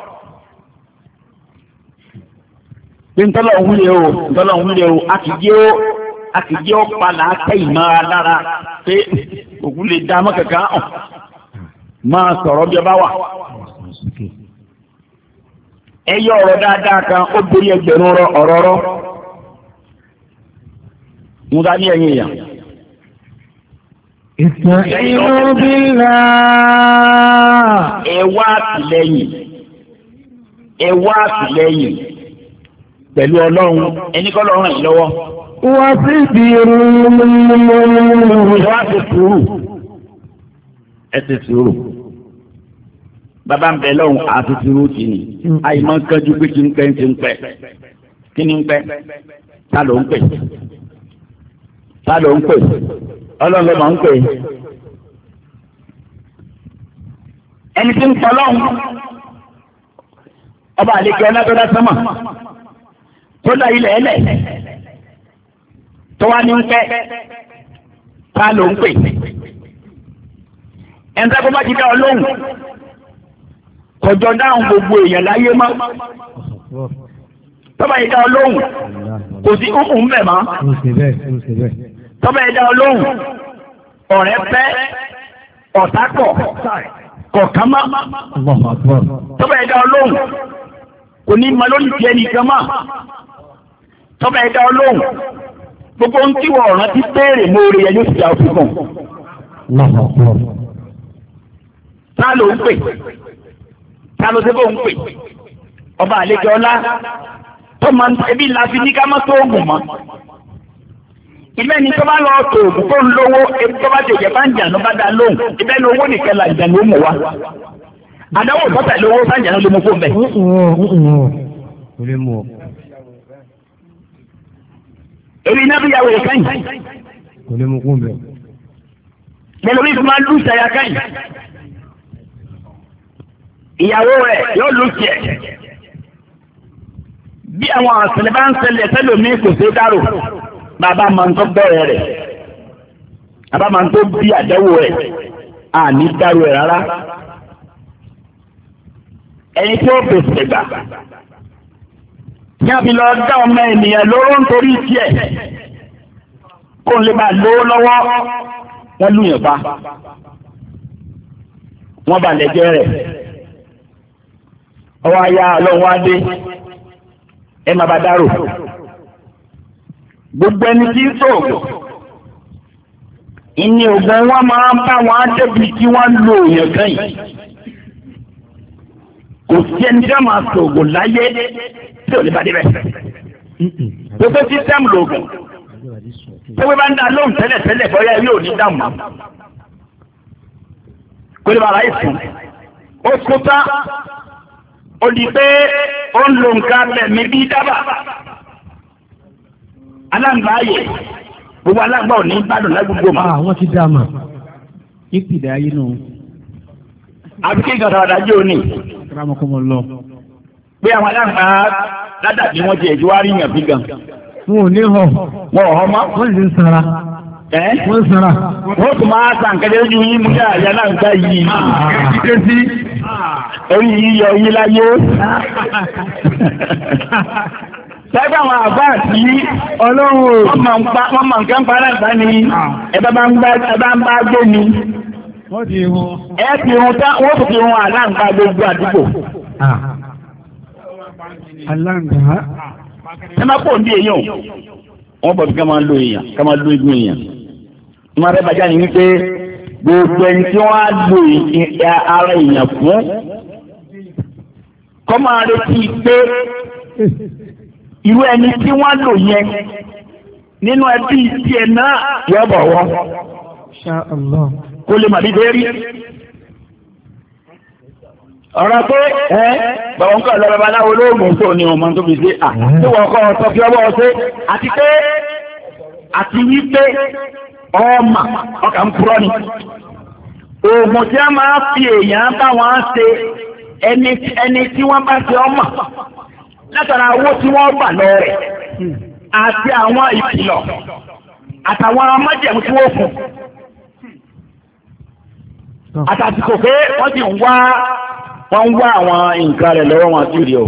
A: pé ntọ́lọ̀ ń wúlẹ̀ o ntọ́lọ̀ ń wúlẹ̀ o a ti jẹ́ o a ti jẹ́ o padà tẹ́ ìmọ̀ra lára pé òkú lè dá mọ́kànkan hàn máa sọ̀rọ̀ bí ọba wà. ẹ yọ ọ̀rọ̀ dáadáa kan ó borí ẹgbẹ̀rún ọ̀rọ̀ ọ̀rọ̀ musa ní ẹ̀yìn èèyàn. ìtẹ̀yìn bílà. ẹ wá àtìlẹ́yìn ẹ wá àtìlẹ́yìn pẹ̀lú ọlọ́run ẹni kọ́ lọ́rùn ẹ̀ lọ́wọ́. wá sí ibi wá sí sùúrù ẹ ti sùúrù bàbá ń bẹ lọ́hùn àti sùúrù tì ní àyìnbó kánjú pé kí n pẹ́ ti ń pẹ́ kí ni ń pẹ́ ta ló ń pè ta ló ń pè ọlọ́run ló máa ń pè ẹni tí ń pọ̀ lọ́hùn ọba àlejò ọlọ́dọ́dá sọ́mọ̀ tó dá ilẹ̀ ẹlẹ̀ tó wá ní ń pẹ́ ta ló ń pè ẹ̀ńtà kó bá ti dá ọ lóhùn kọjọ dáhùn gbogbo èèyàn láyé mọ́ tọ́ba yìí dá ọ lóhùn kò sí kúkú ń bẹ̀ mọ́ tọ́ba yìí dá ọ lóhùn ọ̀rẹ́ pẹ́ ọ̀tá pọ̀ kọ̀ọ̀kan mọ́ tọ́ba yìí dá ọ lóhùn kò ní ma tiẹ̀ nìkan mọ́ tọ́ba ẹ̀dá ọlọ́run gbogbo ohun tí wọ́n ọ̀ràn ti béèrè lórí ẹ yóò sì dá òfin kan. ta ló ń pè ta ló ṣe bó ń pè ọba àlejò ọlá tó máa ń tẹ̀bí láti ní ká má tó oògùn mọ́. ibẹ̀ ni tó bá lọ tó oògùn tó ń lówó ebi tó bá bá ń jànú bá dá lóhùn ibẹ̀ ni owó nìkan là ń jànú ó mú wa. àdáwò bọ́tà lówó bá ń ló mú fún bẹ́ẹ̀ èmi iná bíyàwó rẹ̀ káyìn.
C: kò lè mú kún bẹ́ẹ̀.
A: pẹ̀lú bí máa lù sàyà káyìn. ìyàwó rẹ̀ yóò lù tiẹ̀. bí àwọn àṣẹlẹ̀ bá ń ṣẹlẹ̀ sẹ́lòmí kò sí dárò bàbá máa ń tó bẹ̀rẹ̀ rẹ̀ bàbá máa ń tó bí àdẹ́wò rẹ̀ àní dárò rẹ̀ rárá. ẹni tí ó bèsè gbà ní àfi lọ dá ọmọ ènìyàn lóró nítorí tiẹ̀ kó n lè bá lówó lọ́wọ́ wọ́n lù yàn pa wọ́n bà lẹ́jọ́ rẹ̀ ọwọ́ aya ọlọ́run wá ẹ má bá dárò gbogbo ẹni tí ń sọ̀rọ̀ ìní ògùn wọn máa ń bá wọn débi tí wọ́n ń lo èèyàn kan yìí kò sí ẹni tí wọ́n máa sọ̀rọ̀ láyé tí ò lè bá débẹ̀. gbogbo sísẹ́mù lòògùn gbogbo bá ń dá lóhùn tẹ́lẹ̀tẹ́lẹ̀ bọ́yá yóò ní dáhùn mọ́. kó lè bàrà yìí fún ó kó tá ó di pé ó ń lo nǹkan mẹ̀mí bí dábàá aláǹgbá ayè gbogbo aláǹgbá ò ní gbádùn lágbègbè mọ́. àwọn ah, ti dá a mọ̀ ìpìlẹ̀ ayé nù. àbíkí gàdàdà jẹ́ òní. pé àwọn aláǹgbá ládà ni wọ́n ti ẹ̀jú wá rí yàn bí gan. wọn ò ní wọn ò wọ́n sì ń ń máa san yín mú náà ń ká yìí. Ah, orí yìí yọ yín láyé. Tẹ́gbà àwọn ni ah. ẹ̀bá bá ń bá gbé ni. Ẹ ti hun tán, wọ́n fi hun gbogbo àdúgbò. Ah. aláǹgá. ẹ má pọ̀ ní èèyàn wọ́n bọ̀ bí ká máa lo èèyàn ká máa lo igun èèyàn. ìmọ̀ rẹ̀ bàjá ni wípé gbogbo ẹni tí wọ́n á lo ara èèyàn fún kọ́ máa retí pé irú ẹni tí wọ́n lò yẹn nínú ẹbí tiẹ̀ náà yọ bọ̀ wọ́n. kó lè má bẹ́ẹ̀ rí ọ̀rọ̀ pé ẹ́ bàbá ń kọ́ lọ bàbá láwo lóògùn tó ní ọmọ tó fi ṣe à tí wọ́n kọ́ ọ̀tọ́ fi ọwọ́ ṣe àti pé àti wípé ọmọ ọkà ń purọ́ ni oògùn tí a máa fi èèyàn bá wọn ṣe ẹni tí wọ́n bá ṣe ọmọ látara owó tí wọ́n gbà lọ rẹ̀ àti àwọn ìkìlọ̀ àtàwọn amájẹ̀mú tí wọ́n fún àtàtìkò pé wọ́n sì ń wá wọ́n ń wá àwọn nǹkan rẹ̀ lọ́wọ́ wọn àti ìrì o.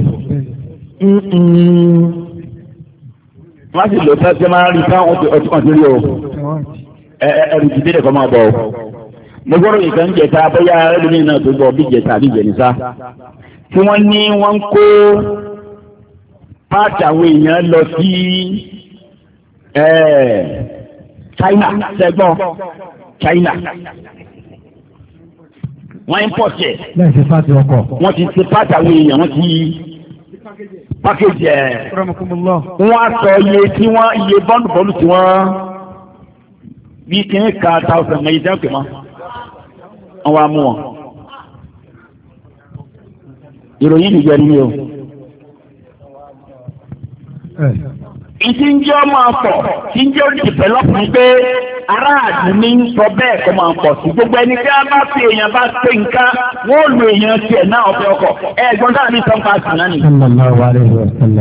A: wọ́n sì lò sẹ́sẹ́ máa rí sáwọn ọtí ọtí kan sílẹ̀ o. ẹrù ti délé kọ́ máa bọ̀ o. mo gbọ́dọ̀ ìkan jẹta bóyá ẹlòmíín náà tó gbọ́ bí jẹta àbí jẹnisa. tí wọ́n ní wọ́n ń kó páàtì àwọn èèyàn lọ sí China sẹ́gbọ́n China. China wọ́n import yẹ. lẹ́yìn ti pàtì ọkọ̀. wọ́n ti ṣe pàtì àwọn èèyàn wọ́n ti pákéjì ẹ̀. wọ́n á sọ iye tí wọ́n iye bọ́ọ̀lù bọ́ọ̀lù tí wọ́n bí kìíní ka thousand mẹ́yì dẹ́rù pé wọ́n wọ́n á mú wọn. ìròyìn nìyẹn ni o. ìdí ń jẹ́ ọmọ àpọ̀ tí ń jẹ́ olùdìbẹ̀lọ́pù ń pé. aráàlú ní ń sọ bẹ́ẹ̀ kó máa pọ̀ sí gbogbo ẹni tí a bá fi èèyàn bá pé nǹkan wọ́n èèyàn tiẹ̀ náà ọ̀fẹ́ ọkọ̀ ẹ̀gbọ́n dáa ní sọ́ńpà sùnà ni.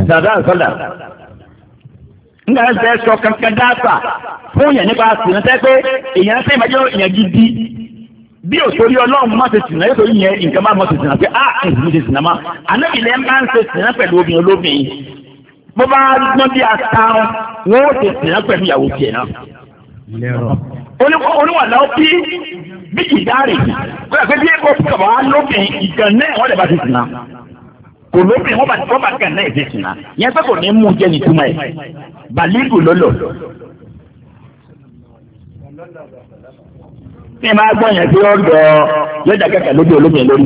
A: dàdá àkọlà nga sọ kankan dáàtà fún yẹn nípa tẹ́ pé èèyàn gidi bí ọlọ́run má yóò yẹn nǹkan má má pé a ah, ń oníwà náà bí bí ìdárè kó yà pé bí ẹ̀kọ́ fún kàbá lóbi ìgàn náà wọ́n lè bá ti sìn kò lóbi wọ́n bá ti wọ́n bá ti gàn yẹn fẹ́ kò ní mú jẹ́ nìtumọ̀ ẹ̀ bàlígù lọ́lọ́ ní ẹ máa gbọ́ yẹn tí ó lọ lọ́jà kẹkẹ lójú olómi lórí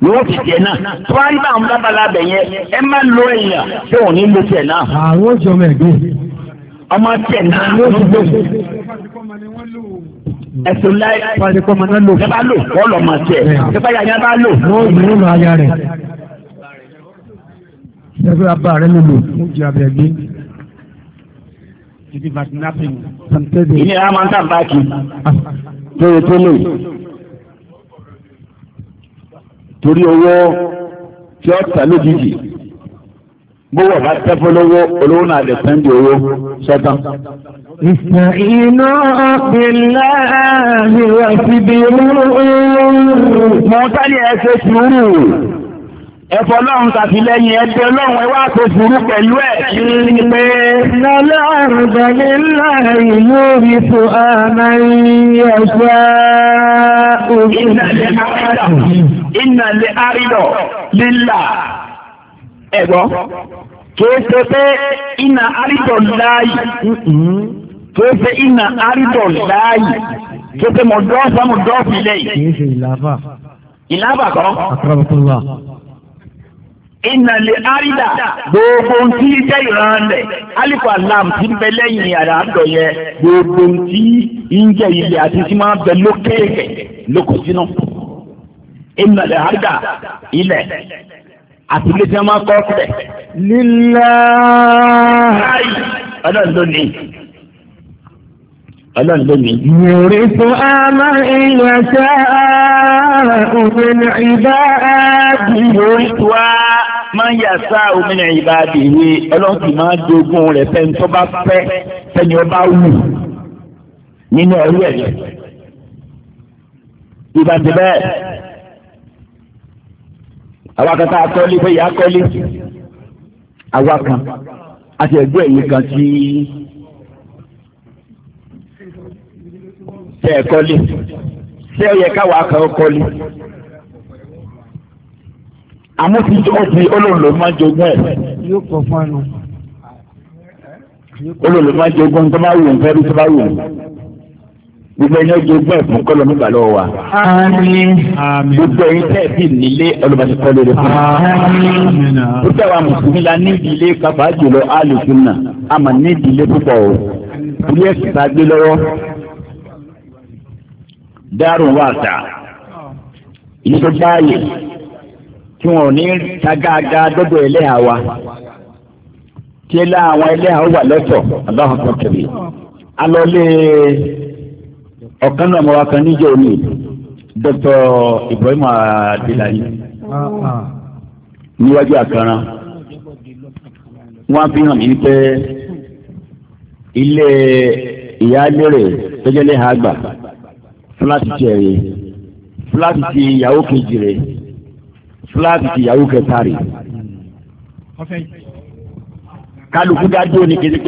A: ni wọ́n fi tiẹ̀ náà tó wá bá àwọn bábala bẹ̀ yẹn ẹ má lo èèyàn tó ò ní lo tiẹ̀ náà. àwọn jọmọ ẹgbẹ́ ọmọ tiẹ̀ náà ló ti gbé mi. ẹ̀sùn láì pàdékọ́mọ náà lò. yàrá lò wọ́n lọ ọmọ tiẹ̀. yàrá yàrá yàrá lò. wọ́n yóò lọ aya rẹ̀. ṣẹ́gun abá rẹ̀ ló lò fún jẹ́ abẹ́gbé. ìnira máa ń tà báàkì ah. lórí tó lò. torí owó tí ó tà lójijì bówó bá tẹ́fọ́ lówó olówó náà lè tán di owó sọ́tàn. Ìsàínú billahi wa sibiru. Mo sáré ẹsẹ̀ sùúrù. Ẹ̀fọ́ lọ́run ṣàtìlẹ́yìn ẹgbẹ́ lọ́run ẹ wá ṣe sùúrù pẹ̀lú ẹ̀ kí ni pé. Lọ́lá àrùbọ̀ nílá ìlú mi fún àmà ìyẹ̀ṣẹ́ òkú. Ìnàlẹ̀ àrídọ̀ lílà ẹ̀gbọ́ kìí ṣe pé iná àrídọ̀ láàyè mm-hmm, kìí ṣe iná àrídọ̀ láàyè kìí ṣe mọ̀ dọ́ọ̀fà mọ̀ dọ́ọ̀fì lẹ́yìn. kìí ṣe ìlàbà. ìlàbà kọ́. àkàràbọ̀kúnlá. iná lè àrídà gbogbo tí iṣẹ́ ìran rẹ̀ alifa lam ti ń bẹ lẹ́yìn àràádọ̀ yẹn gbogbo tí ń jẹ ilẹ̀ àti tí máa ń bẹ lókèèkè lókòsínú. iná lè àrídà ilẹ̀ àti ilé tí wọ́n máa kọ́ sílẹ̀. lílá. ọlọ́run ló ní. ọlọ́run ló ní. yorì fún àmà ìyá tá a òmìnira ìbá àbí. yorì fún wa máa ń yà òmìnira ìbá àbí ìwé ọlọ́run sì máa dogun rẹ̀ fẹ́ni tó bá fẹ́ fẹ́ni ọba wù nínú ẹrú ẹ̀. ìbàdí bẹ́ẹ̀ àwa kan tá a kọ́lé pé ìyá kọ́lé àwa kan àti ẹ̀gbọ́n ẹ̀yìn kan tí tẹ́ ẹ̀ kọ́lé tẹ́ ẹ̀ yẹ káwa kan kọ́lé àmọ́ ti ti olóòlò máa jogún ẹ̀. yóò pọ̀ fún ẹnu. olóòlò máa jogún tó bá wù ń fẹ́ bí tó bá wù ń gbogbo ẹni ọjọ ogun ẹfun kọlọ nígbà lọ́wọ́ wa. àmín. gbogbo ẹyin tẹ́ ẹ sì nílé ọlọ́mọdé kọ́lé rẹ fún wa. àmín. púpọ̀ wa mùsùlùmí la ní ìdílé kápá jùlọ alùpùpù a mà ní ìdílé púpọ̀ o. ilé ẹ̀sìn tá a gbé lọ́wọ́. dárùn wà tà. ilé tó báyè tí wọn ò ní ta gáagáa dọ́dọ̀ ẹlẹ́hà wa. tí ẹ lá àwọn ẹlẹ́hà wà lọ́tọ̀ aláhùn kọ́kẹ́rì. alọ́lé ọ̀kan náà mo wá kan níjẹ́ òní Dr. Ibrahim Adelayi níwájú àkàrán wọ́n fi hàn mí pé ilé ìyálérè tọ́jọ́lé ha gbà fúláàtì tiẹ̀ rè fúláàtì ti ìyàwó kejì rè fúláàtì ti ìyàwó kẹta rè kálukú dájú ni kéde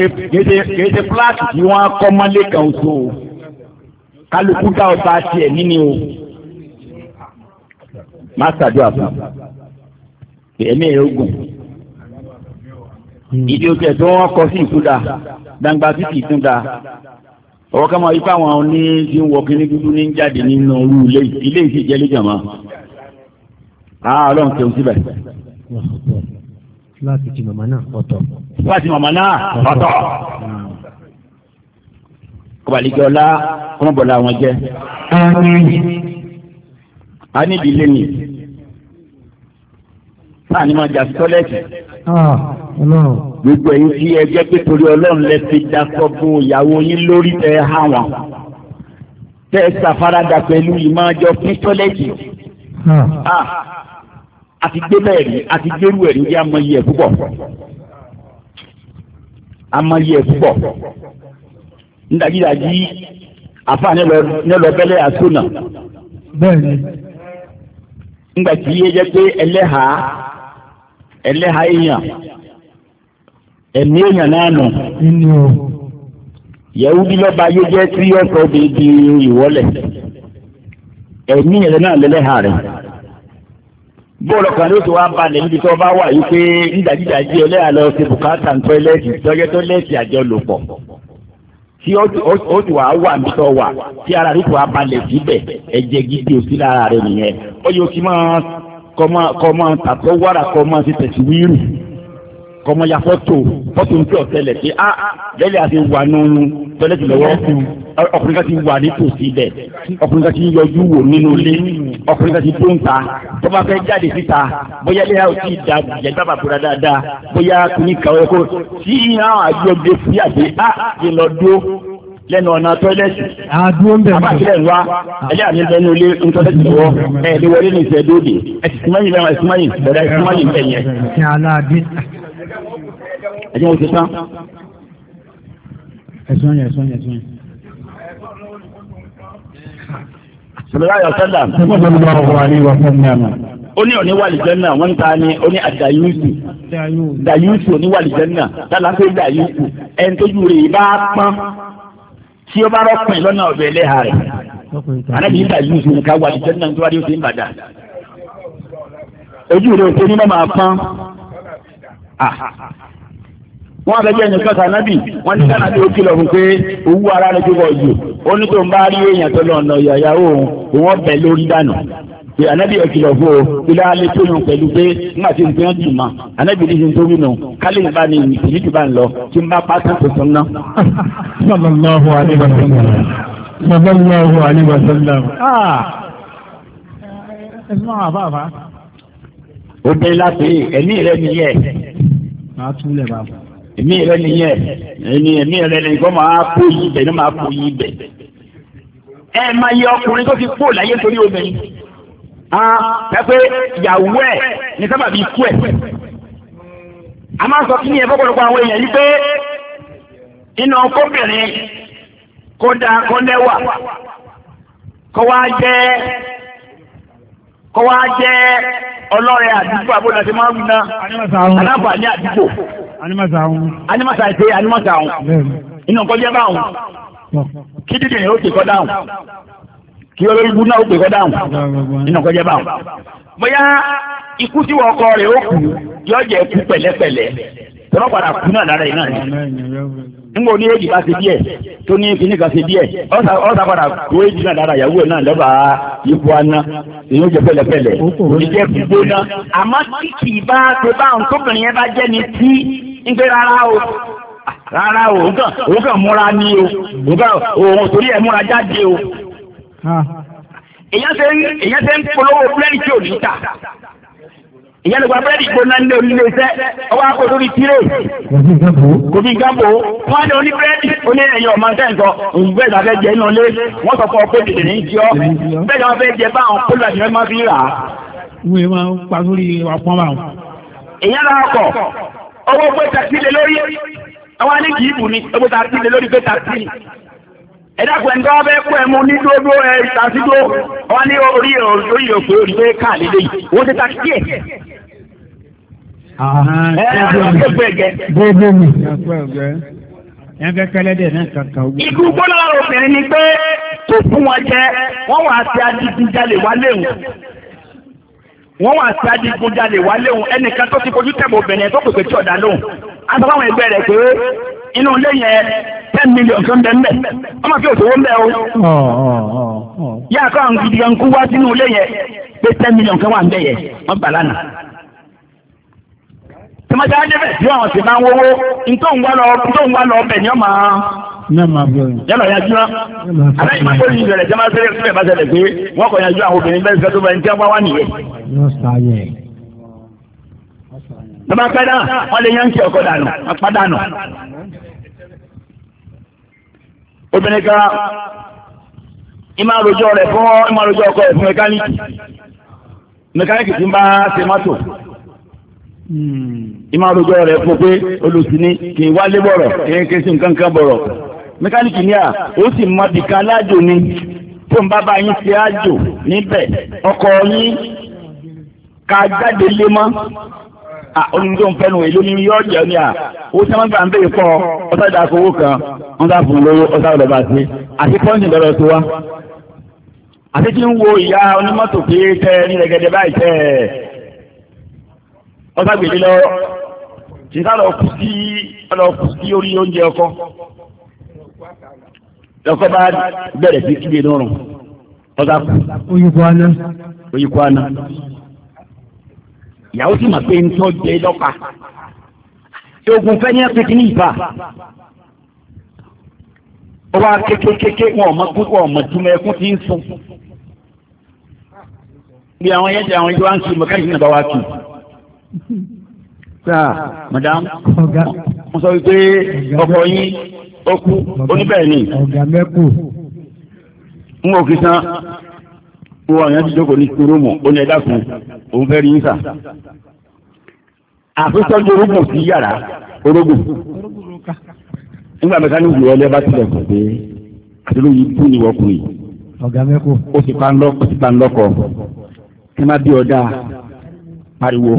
A: kéde fúláàtì tí wọ́n kọ́ mọ́lé kan so kálukú dá ọba tiẹ̀ níní o má ṣàdúrà fún ẹ̀mí ẹ̀ ogun ìdí oṣù ẹ̀ tó wọ́n kọ sí ìtúdà gbangba títì ìtúdà ọwọ́ ká máa yí fáwọn oní tí ń wọ kíní dúdú ní jáde nínú orú ilé ilé ìṣèjẹ́ lé jàmá àá ah, ọlọ́run tẹ̀wọ́n síbẹ̀.
C: láti ti màmá náà ọ̀tọ̀. láti màmá náà ọ̀tọ̀.
A: Hmm ọbalijọ ọlá kọmọbọlá wọn jẹ. a níbi ilé ni sáà ni mo jà sí tọ́lẹ́tì. Ah, gbogbo ẹ̀yin tí ẹ jẹ́ pé torí ọlọ́run lẹ fi daṣọ bo ìyàwó yín lórí tẹ há wọn tẹ ṣàfaradà pẹ̀lú ìmọ̀ọ́jọ fún tọ́lẹ́tì. àti ah. ah, gbé bẹ́ẹ̀ rí àti gbérú ẹ̀rí bí amọ̀yẹ púpọ̀ amọ̀yẹ púpọ̀ nídàjídàjí àfa nílò bẹ́lẹ̀ àsúnà. bẹ́ẹ̀ni. nígbà tí yé jẹ́ pé ẹlẹ́hà ẹlẹ́hà èèyàn ẹ̀mí èèyàn náà nù. nínú o. yẹ̀wúdí lọ́ba yé jẹ́ tí ọ̀sọ̀ di di ìwọ́lẹ̀ ẹ̀mí yẹn náà lẹ́lẹ́hà rẹ̀ bóòlù kan ló ti wá balẹ̀ níbi tí wọ́n bá wà yìí pé nídàjídàjí ẹlẹ́hà lọ sí bùkátà ń tọ́lẹ́tì tọ́jẹ́ tọ́lẹ́tì tí ó ti wà á wà nítọ́ wà tí ara rẹ̀ kò á balẹ̀ síbẹ̀ ẹ̀jẹ̀ gidi òsì lára rẹ̀ nìyẹn ó yẹ kí máa kọ́ máa tàtọ́ wàrà kọ́ máa ti tẹ̀sí wíìrù kọ́ máa ya fọ́tò fọ́tò ń tẹ̀ ọ̀tẹ̀lẹ̀ pé á ah, lẹ́lẹ̀ àti wà nínú tọ́lẹ́tì lọ́wọ́ ọkùnrin kan ti wà nítòsí bẹ̀ ọkùnrin kan ti yọjú wò nínú ilé ọkùnrin kan ti tó ń ta tó bá fẹ́ jáde síta bóyá ilé yàrá ò da jẹgbà bàbúrà dáadáa bóyá kìíní kan ó kó tí àwọn àjọ gbé sí àgbé á ti lọ dúró lẹ́nu ọ̀nà tọ́lẹ́tì. àdúró ń bẹ̀rẹ̀ àbá tilẹ̀ ń wá ẹ̀jẹ̀ àmì lẹ́nu ilé ń tọ́lẹ́tì lọ́wọ́ ẹ̀ lè wọlé ní ìfẹ́ dóde ẹ̀sì túmọ̀yìn lẹ́wọ̀n ẹ̀sì túmọ̀yìn bẹ̀rẹ̀ ẹ̀sì túmọ̀yìn bẹ̀ yẹn.
B: ẹ̀jẹ̀
A: sọlọ́láyà sọ́dà. ó ní òní wàlì jẹ́nà ta ni oni ní àdàyúùsù oni òní wàlì Tala tálà ń pè dàyúùsù ẹni tójú rẹ̀ bá pọ́n tí ó bá rọ́pìn lọ́nà ọ̀bẹ̀ ẹlẹ́hà rẹ̀ àrẹ́bí ń dàyúùsù nìkan wàlì jẹ́nà tó wáyé ó ti ń bàdà. ojú rẹ̀ òṣèlú náà máa pọ́n. Ah wọ́n abẹ́jẹ́ ẹ̀yìn kan sànábì wọ́n ní sànábì ó kìlọ̀ fún pé owó ara rẹ̀ tó wọ̀ yìí ó ní tó ń bá rí èèyàn tó lọ ọ̀nà ìyàwó òun òun ọbẹ̀ lórí dànù pé ànábì ẹ̀ kìlọ̀ fún o ilé alẹ́ tó yàn pẹ̀lú pé nígbà tí nǹkan yẹn dùn mà ànábì ní sin tó wí nù kálí ìbá ni ìdí ti bá ń lọ tí ń bá pátá tó sọ ná. sallallahu alaihi wasallam sallallahu alaihi wasallam. Ah! ó dé láti ẹ̀mí rẹ̀ nìyẹn. màá èmi rẹ nìyẹn èmi èmi rẹ nìkan máa kó yí ibẹ̀ ní máa kó yí ibẹ̀ ẹ máa yẹ ọkùnrin tó ti kó láyé torí obìnrin pẹ́pẹ́ ìyàwó ẹ̀ ní a máa sọ kí ni ẹ̀fọ́ pọ̀lọpọ̀ àwọn èèyàn yìí pé iná kóbìnrin kódà kọ́lẹ́wà kọ́wá jẹ́ kọ́wá jẹ́ ọlọ́rẹ̀ àdúgbò àbúrò àti máa ń Animasa ahun. Animasa ìpè animasa ahun. inu nǹkan jẹ́ báwọn. Kí dídì ni ó ti kọ́ dáhùn. Kí olórí ibú náà ó pè kọ́ dáhùn. Inú nǹkan jẹ́ báwọn. Bóyá ikú tí wọ́n kọ rẹ̀ ó kù yọ jẹ́ kú pẹ̀lẹ́pẹ̀lẹ́. Tọ́lọ́ padà kú náà yìí náà ni. Nígbà tó ní kíní kan ṣe díẹ̀ ọ̀sà padà kú èjì náà náà aná èyí ó jẹ Àmọ́ bá tóbìnrin yẹn bá jẹ́ ń pé rárá o rárá o òun kàn òun kàn múra ní o òun kàn òun torí ẹ̀ múra jáde o. èyàn ṣe ń èyàn ṣe ń polówó búrẹ́dì tí ò ní ta ìyá ló gba búrẹ́dì gbóná ní onílé iṣẹ́ ọwọ́ akó lórí tiré kò bí gàmbó wọn á ní oní búrẹ́dì oní ẹ̀yìn ọ̀mọ sẹ́ǹkọ òǹgbẹ́ ìdàfẹ́ jẹ inú ilé wọ́n sọ fún ọ pé tètè ní jọ bẹ́ẹ̀ ni wọ́n fẹ́ jẹ báwọn pólíbà tí wọ́n máa fi rà á. máa ń pa sórí ọpọ́n báwọn. ìyá lọ́kọ̀ owó pé tàbí lórí àwọn ní kì bù ní owó tàbí lé lórí pé tàbí ní
B: ẹ̀dá pẹ̀ǹdọ́
A: bẹ́ẹ̀ ẹ̀mú ní dúró ẹ̀ ìtàsídó wọn ní orí orí òfin orí pé káà owó ti tàbí ẹ̀. Ẹgbẹ́ kẹlẹ́dẹ̀ náà kàkà ogun. Ikú gbọ́dọ̀ obìnrin ni pé tó fún wọn jẹ, wọ́n wà á ti adigunjalè wálé wọn wọ́n wà sí adigunjalè wá léhùn ẹnìkan tó ti fojú tẹ̀mọ̀ obìnrin tó pèpè tí ọ̀dà lóhùn a ẹgbẹ́ rẹ̀ pé inú ilé yẹn ten million tó ń bẹ ńbẹ ọmọ kí òṣòwò ńbẹ o yá kọ́ àwọn gidi kan kú wá sínú ilé yẹn pé ten million kan wà ńbẹ yẹn wọ́n bà lánàá tọmọdé adébẹ̀ tí wọ́n ti máa ń wọ́wọ́ ntọ́ ń wá lọ ọbẹ̀ ni ọ máa yálà yanjú wa aláìní máa bóyá ìrẹ̀lẹ̀ jẹ́ máa ṣẹlẹ̀ sílẹ̀ bá ṣẹlẹ̀ pé wọ́n kọ̀ yanjú àwọn obìnrin bẹ́ẹ̀ sẹ́tọ́ bẹ́ẹ̀ ń tẹ́ wá wá nìyẹn. bàbá pẹ́dà wọ́n lè yánkì ọkọ̀ dànù apádànù. obìnrin kan ìmọ̀ àròjọ rẹ̀ fún ìmọ̀ àròjọ ọkọ̀ rẹ̀ fún mẹkáníìkì mẹkáníìkì ti ń bá ṣe mọ́tò hmm. ìmọ̀ àròjọ rẹ̀ fún pé olùsìn ni kì í wá lé bọ̀rọ̀ kì í kí sí nǹkan kan bọ̀rọ̀ mẹkáníìkì ní à ó sì mọ bìkan alájò ni tó ń bá bá yín ṣe àjò níbẹ̀ ọkọ̀ yín ká jáde lé mọ́ olùdó ń fẹ́nu èlò ní yọ jẹ́ ní à owó tí wọ́n gbà ń bèèrè pọ̀ ọ̀sá ìdá àkówó kan wọ́n sá fún lówó ọ̀sá ìdọ̀bà sí àti pọ́ǹsì lọ́rọ̀ tó wá. àti kí ń wo ìyá onímọ́tò pé tẹ ní rẹ̀gẹ̀dẹ̀ báyìí tẹ ọ̀sá gbèdé lọ tí sá lọ kú sí orí oúnjẹ ọkọ lọ́kọ́ bá bẹ̀rẹ̀ sí kílè lọ́rùn ọ̀gá kù. oyinbo aná. oyinbo aná. ìyàwó sì mà pé ń tọ́ jẹ lọ́pa. oògùn fẹ́ ní ẹ̀pẹ̀kì ní ìbá. ó wá kékékéké wọn ò mọ kú wọn ò mọ túmọ̀ ẹkún tí ń sùn. bí àwọn yẹn ti àwọn ìjọba ń sùn mọ̀ káyìí nàbà wá kì í. sáà madam mo sọ wípé ọkọ yín ó kú oníbẹ̀rẹ̀ n ò kí san wọn ọ̀yàn ti jókòó ní kúròmù ó ní ẹ̀dá fún òun fẹ́ rí ń sà. àfisọ́jú orógùn sí yàrá orógùn. nígbà mẹ́ta ní ìwúrọ̀ ọlẹ́ bá tilẹ̀ kọ̀ pé àtúrò yìí kú ni wọ́n kù yìí. ọ̀gá mẹ́kù. ó ti pa ń lọ́kọ̀ kí n má bí ọ̀dà pariwo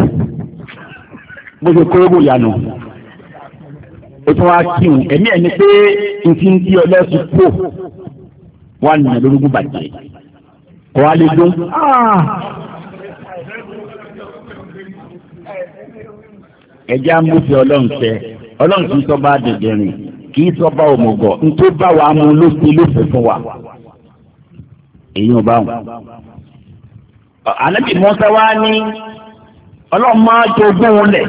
A: bó ṣe kórógùn yànnà ó tún wá kíhun ẹ̀mí ẹ̀ ni pé nfi ń di ọlọ́sùn kò wà nìyẹn lórúkú bàjẹ́ kọ́ wa lè dún. Ah! ẹ̀jẹ̀ amúfẹ́ ọlọ́run fẹ́ ọlọ́run kì í sọ bá dẹ̀dẹ̀rìn kì í sọ bá òmùgọ̀ ntó bá wa mú ló fi lófẹ́ fún wa èyí ò bá wọn. ànábì mọ́sá wa ọlọ́run máa jogún un lẹ̀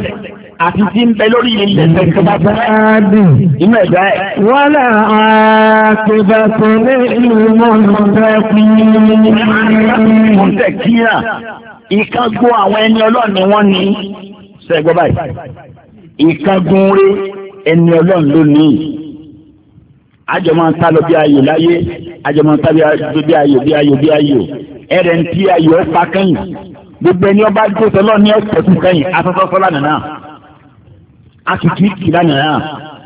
A: àti tí ń bẹ lórí ilẹ̀ tẹ̀síkọ́bá fún inú ẹ̀dá àwọn ẹni ọlọ́ọ̀ni wọ́n ní sẹ́gbọ́ báyìí ìkágun rí ẹni ọlọ́ọ̀ni lónìí àjọmọ́ ta lọ bí ayò láyé àjọmọ́ ta bí ayò bí ayò bí ayò ẹ̀rẹ̀ ń tí ayò ó kẹ́yìn gbogbo ẹni ọba gbèsè lọ́ọ̀ni ọ̀pọ̀ tún kẹ́yìn afẹ́fẹ́ fọ́lá nìyà àtútù ìlànà náà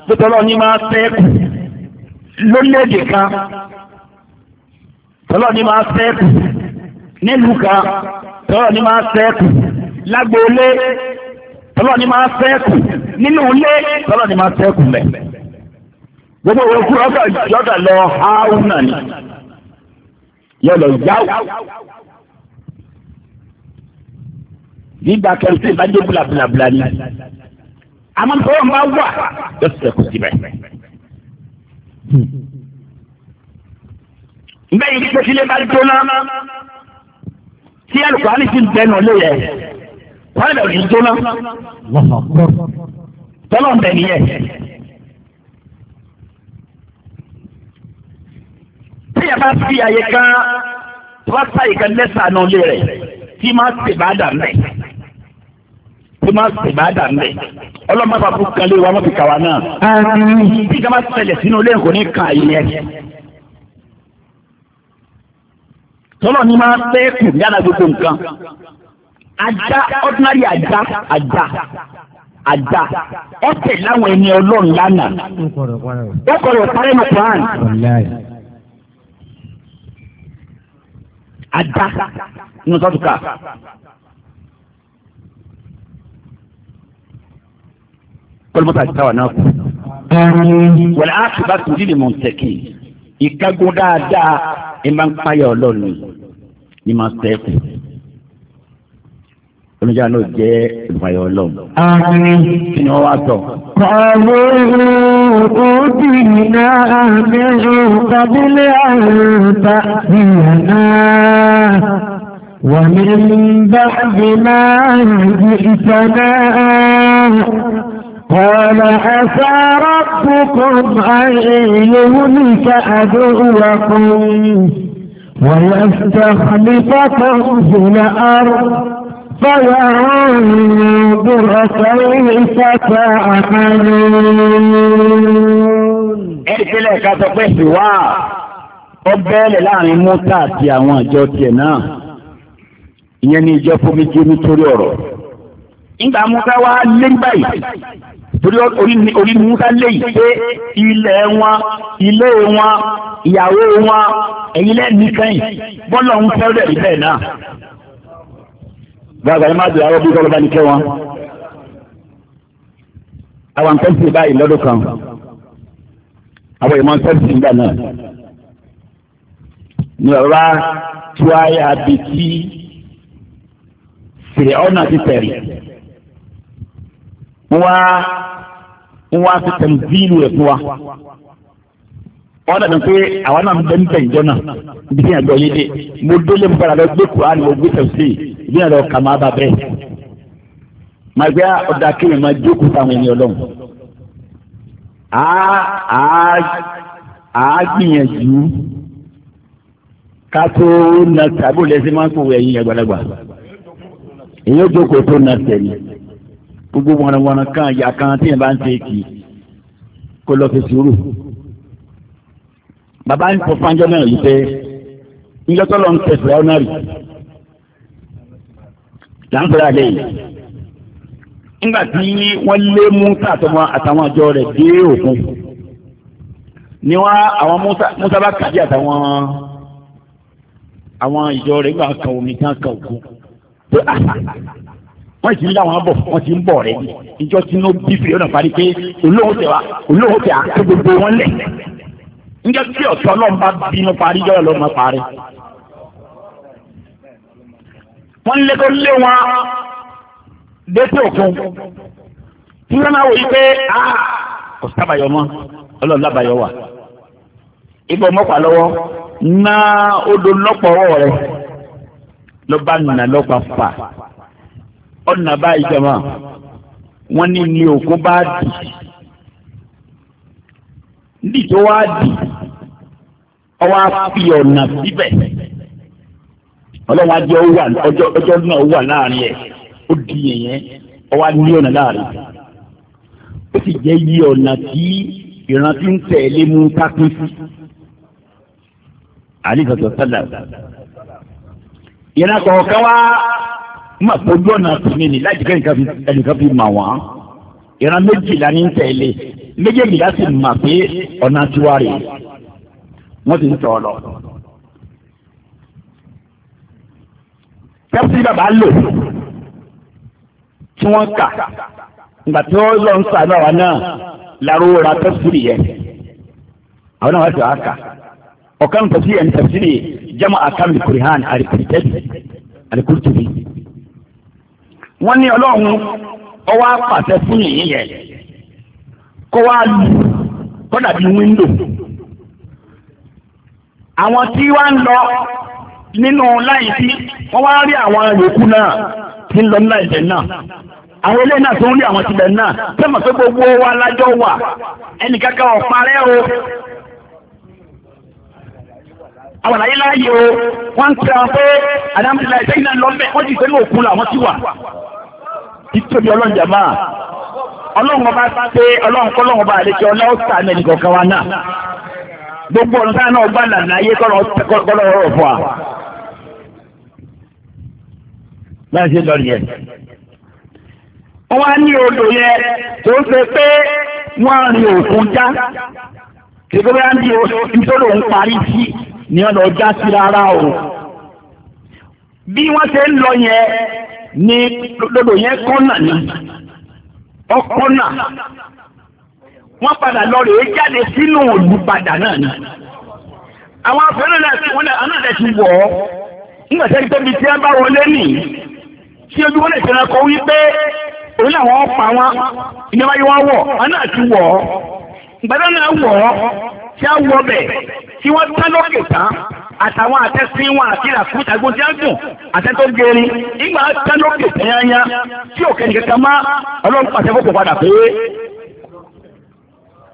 B: pẹ̀tọ́lọ́ ní máa fẹ́ẹ̀kù
A: lórílẹ̀-èdè kan tọ́lọ́ ní máa fẹ́ẹ̀kù nílùú kan tọ́lọ́ ní máa fẹ́ẹ̀kù lágbóolé tọ́lọ́ ní máa fẹ́ẹ̀kù nínú ilé tọ́lọ́ ní máa fẹ́ẹ̀kù mẹ́. gbogbo òwe kúrò ọ̀gá ìjọba lọ haúnà ni yọ lọ yáwó. nígbà kẹrìntì bá dé bùlàbùlàbùlà ni àmọ́ tọ́wọ́ ń bá wà yóò ṣe kù síbẹ̀. bẹ́ẹ̀ ni pẹ́kílẹ̀ bá jóná tí alùpàá ní ti bẹ́ẹ̀ nà lé yẹ wọ́n lè rí jóná tọ́lọ̀ ń bẹ̀ nìyẹn. tí a bá fi àyè kan wọ́n sáyè kan lẹ́sà náà lé rẹ̀ tí máa ń ṣèbádà mẹ́ tó máa ṣe ìbáàdà ń bẹ̀. ọlọ́mọ bá fún kan lé wa wọ́n fi kà wá náà. bí ìjọba máa ṣẹlẹ̀ sínú ilé nǹkan ní kan àyè yẹn.
C: tọ́lọ̀ ni máa fẹ́ kù yára gbogbo nǹkan.
B: ajá ordinary ajá ajá
C: àjà ọ̀tẹ̀ láwọn ẹni ọlọ́run lánàá. ó kọ̀rọ̀ parẹ́ ní Quran.
A: àjà nínú sọ́tùkà. kọlọmọta ti táwa náà kù. wọ́n á ti bá tòlí ni mò ìkágun dáadáa ẹ máa ń páyà ọlọ́run ni máa ń tẹ̀kù. olùjá náà jẹ́ ìpáyà ọlọ́run. kí ni wọ́n wá sọ. kọ́lé òbí
B: náà mẹ́rin kábílẹ̀ àrùn bá mi náà. ومن بعد ما قال عسى ربكم أن يهلك عدوكم ويستخلفكم في الأرض فينظر
A: كيف تعملون ارسل كتبه سوا ọbẹ̀ẹ̀lẹ̀ láàrin mọ́tà àti àwọn tiẹ̀ náà ìyẹn ni ìjọ fún mi jẹ́ nítorí ọ̀rọ̀ nígbà wá lé báyìí torí orí ni Musa léyìí pé ilẹ̀ wọn ilé wọn ìyàwó wọn ẹ̀yin lẹ́nìkẹ́yìn bọ́lá ń fẹ́ rẹ̀ ibẹ̀ náà. gbàgbà ni máa dùn àwọn bí kọ́lọ́ bá ní kẹ́ wọn. àwọn nǹkan ti báyìí lọ́dún kan àwọn ìmọ̀ nǹkan ti gbà náà. ní ọ̀rá tí wàá yà bí tí fèrè ọ̀nà ti tẹ̀rì. wọ́n wá ń wá sí tẹ̀lifíìlù rẹ̀ fún wa wọ́n dàgbà pé àwọn náà ń bẹ́ níbẹ̀ ìjọ náà bí i àgbọ̀ yé dé mo délé mo padà lọ gbé kuraani mo gbé tẹ̀sí bí i àlọ́ kà máa bà bẹ́ẹ̀. màá gbé ọ̀dà kí èèyàn máa jókòó sáwọn ènìyàn lọ́wọ́. àá gbìyànjú ká tó na tàbí olè sí máa ń kó ẹ̀yìn àgbàlagbà. èyí ó jókòó tó na tẹ̀lé gbogbo wọnàwọnà kan ìyá kan tí yẹn bá ń ṣe kì í kó lọ fi sùúrù. bàbá ń fọ fáńjọ náà yìí pé níjọ́ tó lọ ń tẹ̀sí ọ́ náà rí là ń fẹ́rẹ́ àlẹ́ yìí. nígbà tí wọ́n lé Musa àtọmọ àtàwọn àjọ rẹ̀ dé òkun ni wọ́n àwọn Musa bá kàdí àtàwọn àwọn ìjọ rẹ̀ gbà kan omi tán kan òkun wọ́n ti ń láwọn wọn bọ̀ wọ́n ti ń bọ̀ rẹ̀ ìjọ tinubu bí fìlẹ̀ náà parí pé olówó tẹ wa olówó tẹ àti gbogbo wọn lẹ̀ níjọ́ tí ọ̀tọ́ náà bá bínú parí parí. wọ́n lé wọn òkun tí wọ́n náà wò yí pé ah, kò mọ́ wà. lọ́wọ́ ná odò lọ́pọ̀ ọwọ́ rẹ̀ ló bá ọ̀nà báyìí jẹ̀mọ́ wọ́n ní ní òkú bá dì níbi tó wá dì ọwọ́ fi ọ̀nà síbẹ̀
C: ọlọ́wọ́n á jẹ́ ọjọ́ náà
A: wà láàrin ẹ̀ ó di yẹn ọwọ́ ní ọ̀nà láàrin ó sì jẹ́ yí ọ̀nà tí ìrántí ń tẹ̀lé mú pápín sí wá. má fojú ọ̀nà tèmi ni láti kẹ́ nǹkan fi ẹnìkan fi mà wọ́n ìran méjìlá ní tẹ̀lé méjèèjìlá sì mà pé ọ̀nà tiwa rè wọ́n ti ń tọ̀ lọ. kẹ́sì bàbá lò tí wọ́n kà ìgbà tí wọ́n lọ ń sàánú àwa náà lárúwó ra tẹ́sírì yẹn àwọn náà wá sí àáka ọ̀kan tẹ̀sírì yẹn tẹ̀sírì jẹ́mu àkàmì kùrìhàn
C: àríkùrìtẹ́bì àríkùrìtẹ́bì.
A: wọ́n ní ọlọ́run ọwọ́ apàṣẹ fún yìnyín yẹn kó wá lu kọ́dà bíi wíńdò àwọn tí wá ń lọ nínú láìsí wọ́n wá rí àwọn yòókù náà tí ń lọ náà àwọn ilé náà tó ń rí àwọn tibẹ̀ náà tẹ́mọ̀ pé gbogbo wa lájọ́ wà ọ̀parẹ́ o àwọn àyè láàyè o wọ́n ń tẹ́ wọn pé àdámọ́tìlá ìṣẹ́yìn náà lọ́bẹ̀ títóbi ọlọ́run jàmá ọlọ́run ọba pé ọlọ́run kọ́ ọlọ́run ọba àlejò ọlọ́run sàmì wa náà gbogbo ọ̀nà táwọn náà gbà nàná ayé ọrụ ọ̀rọ̀ fún wa. báyìí ṣe wọ́n á ní odò yẹn tó ṣe pé wọ́n á òkun já kìkọ́ bí wọ́n á ìṣòro ń parí sí ni sí o. bí wọ́n ṣe ń lọ ní lódò yẹn kọ́nà ni ọkọ́nà wọ́n padà lọ rèé jáde sínú òlù náà na àwọn afẹ́rẹ́ náà ti wọlé àwọn náà ti wọ̀ ọ́ nígbà tí ẹni tí bá wọlé nì tí ojú wọn na fi wípé òun náà wọ́n pa wọn wọ àtàwọn àtẹ́sí wọn àti ìràkú ìtàgùn tí a ń gùn àtẹ́tọ́ gẹ̀ẹ́rin ìgbà tẹ́lókè tẹ́yányá tí òkè nìkankan má ọlọ́run pàṣẹ fún kò padà pé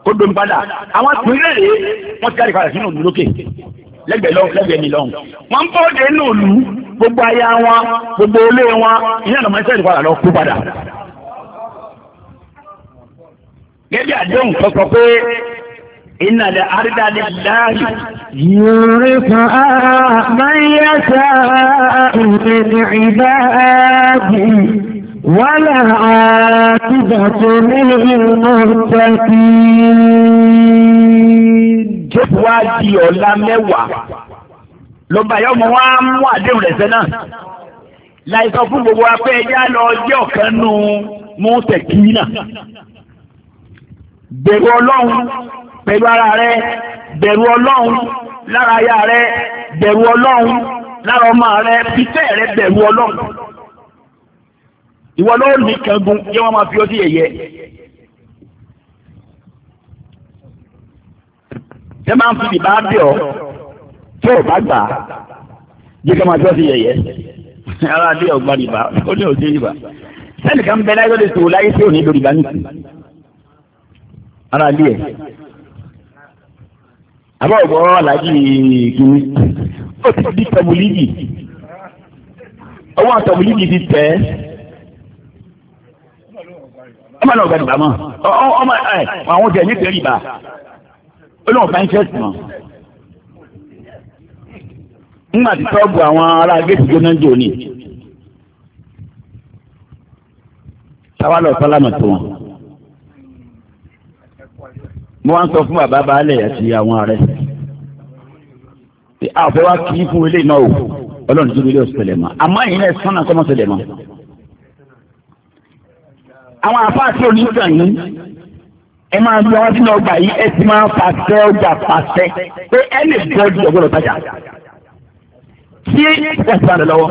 A: ó domi padà àwọn àtúnyẹ̀rẹ̀ rẹ̀ wọ́n ti jáde padà sínú òdùn lókè lẹ́gbẹ̀ẹ́ lọ́hùn lẹ́gbẹ̀ẹ́ mi lọ́hùn. wọ́n ń bọ́ọ̀dẹ̀ nínú òlu gbogbo aya wọn gbogbo olé wọn ìyá àná mọ́ṣẹ́ ìpadà lọ kú padà. gẹ́gẹ́ Iná lẹ àrídà lè láàyè. Yorì fún àmáyàtà ìrìnlẹ̀ ìdáàbì wọ́n là á ti bàtọ̀ nínú ìrìnà tẹ́kì. Jọ́pù wá di ọ̀la mẹ́wàá. Lọ́ba yóò mọ wá mú àdéhùn rẹ̀ sẹ́nà. fún gbogbo wa pé lọ ọjọ́ kan nù mú tẹ̀kì náà. Bẹ̀rù ọlọ́run pẹ̀lú ara rẹ bẹ̀rù ọlọ́run lára aya rẹ bẹ̀rù ọlọ́run lára ọmọ rẹ fífẹ́ rẹ bẹ̀rù ọlọ́run ìwọ ló ní kángun kí wọ́n máa fi ọtí yẹ̀yẹ́. ṣé máa ń fi ìbá bẹ̀ ọ́ tó o bá gbà á jẹ́ ká máa fi ọtí yẹ̀yẹ́. ara adé ọgbà rìbá ó ní òde rìbá sẹ́nìkan bẹ́ẹ̀ láyé lóde sòwò láyé tí ò ní lórí ìbá ara adé ẹ̀ àbá ògbọ́ aláàjì kìíní ó ti di tẹ̀mùlìgì ọwọ́ tẹ̀mùlìgì ti tẹ̀ ẹ́ ọmọ náà ọgbà dùgbà mọ́ ọmọ ẹ àwọn jẹ ní tẹ̀lé ìbá olóhùn fáńkẹ́sì mọ́ nígbà tí tọ́ọ̀bù àwọn ará gẹ̀ẹ́sì gbóná jò ní táwa lọ sálámà tó wọn mo wá ń sọ fún bàbá baálẹ̀ àti àwọn ààrẹ pé àfẹ́ wa kì í fún ilé náà o ọlọ́run tó ilé ọ̀sẹ̀lẹ̀ mọ́ àmọ́ ẹ̀yin náà sọ́nà kọ́ mọ́sẹ̀lẹ̀ mọ́. àwọn àfáà tí onígbà yín ẹ máa gbé wọn sínú ọgbà yìí ẹ ti máa pàṣẹ ọjà pàṣẹ pé ẹ lè gbọ́ ọdún ọgbọ́dọ̀ tajà tí wọ́n ti bá lọ lọ́wọ́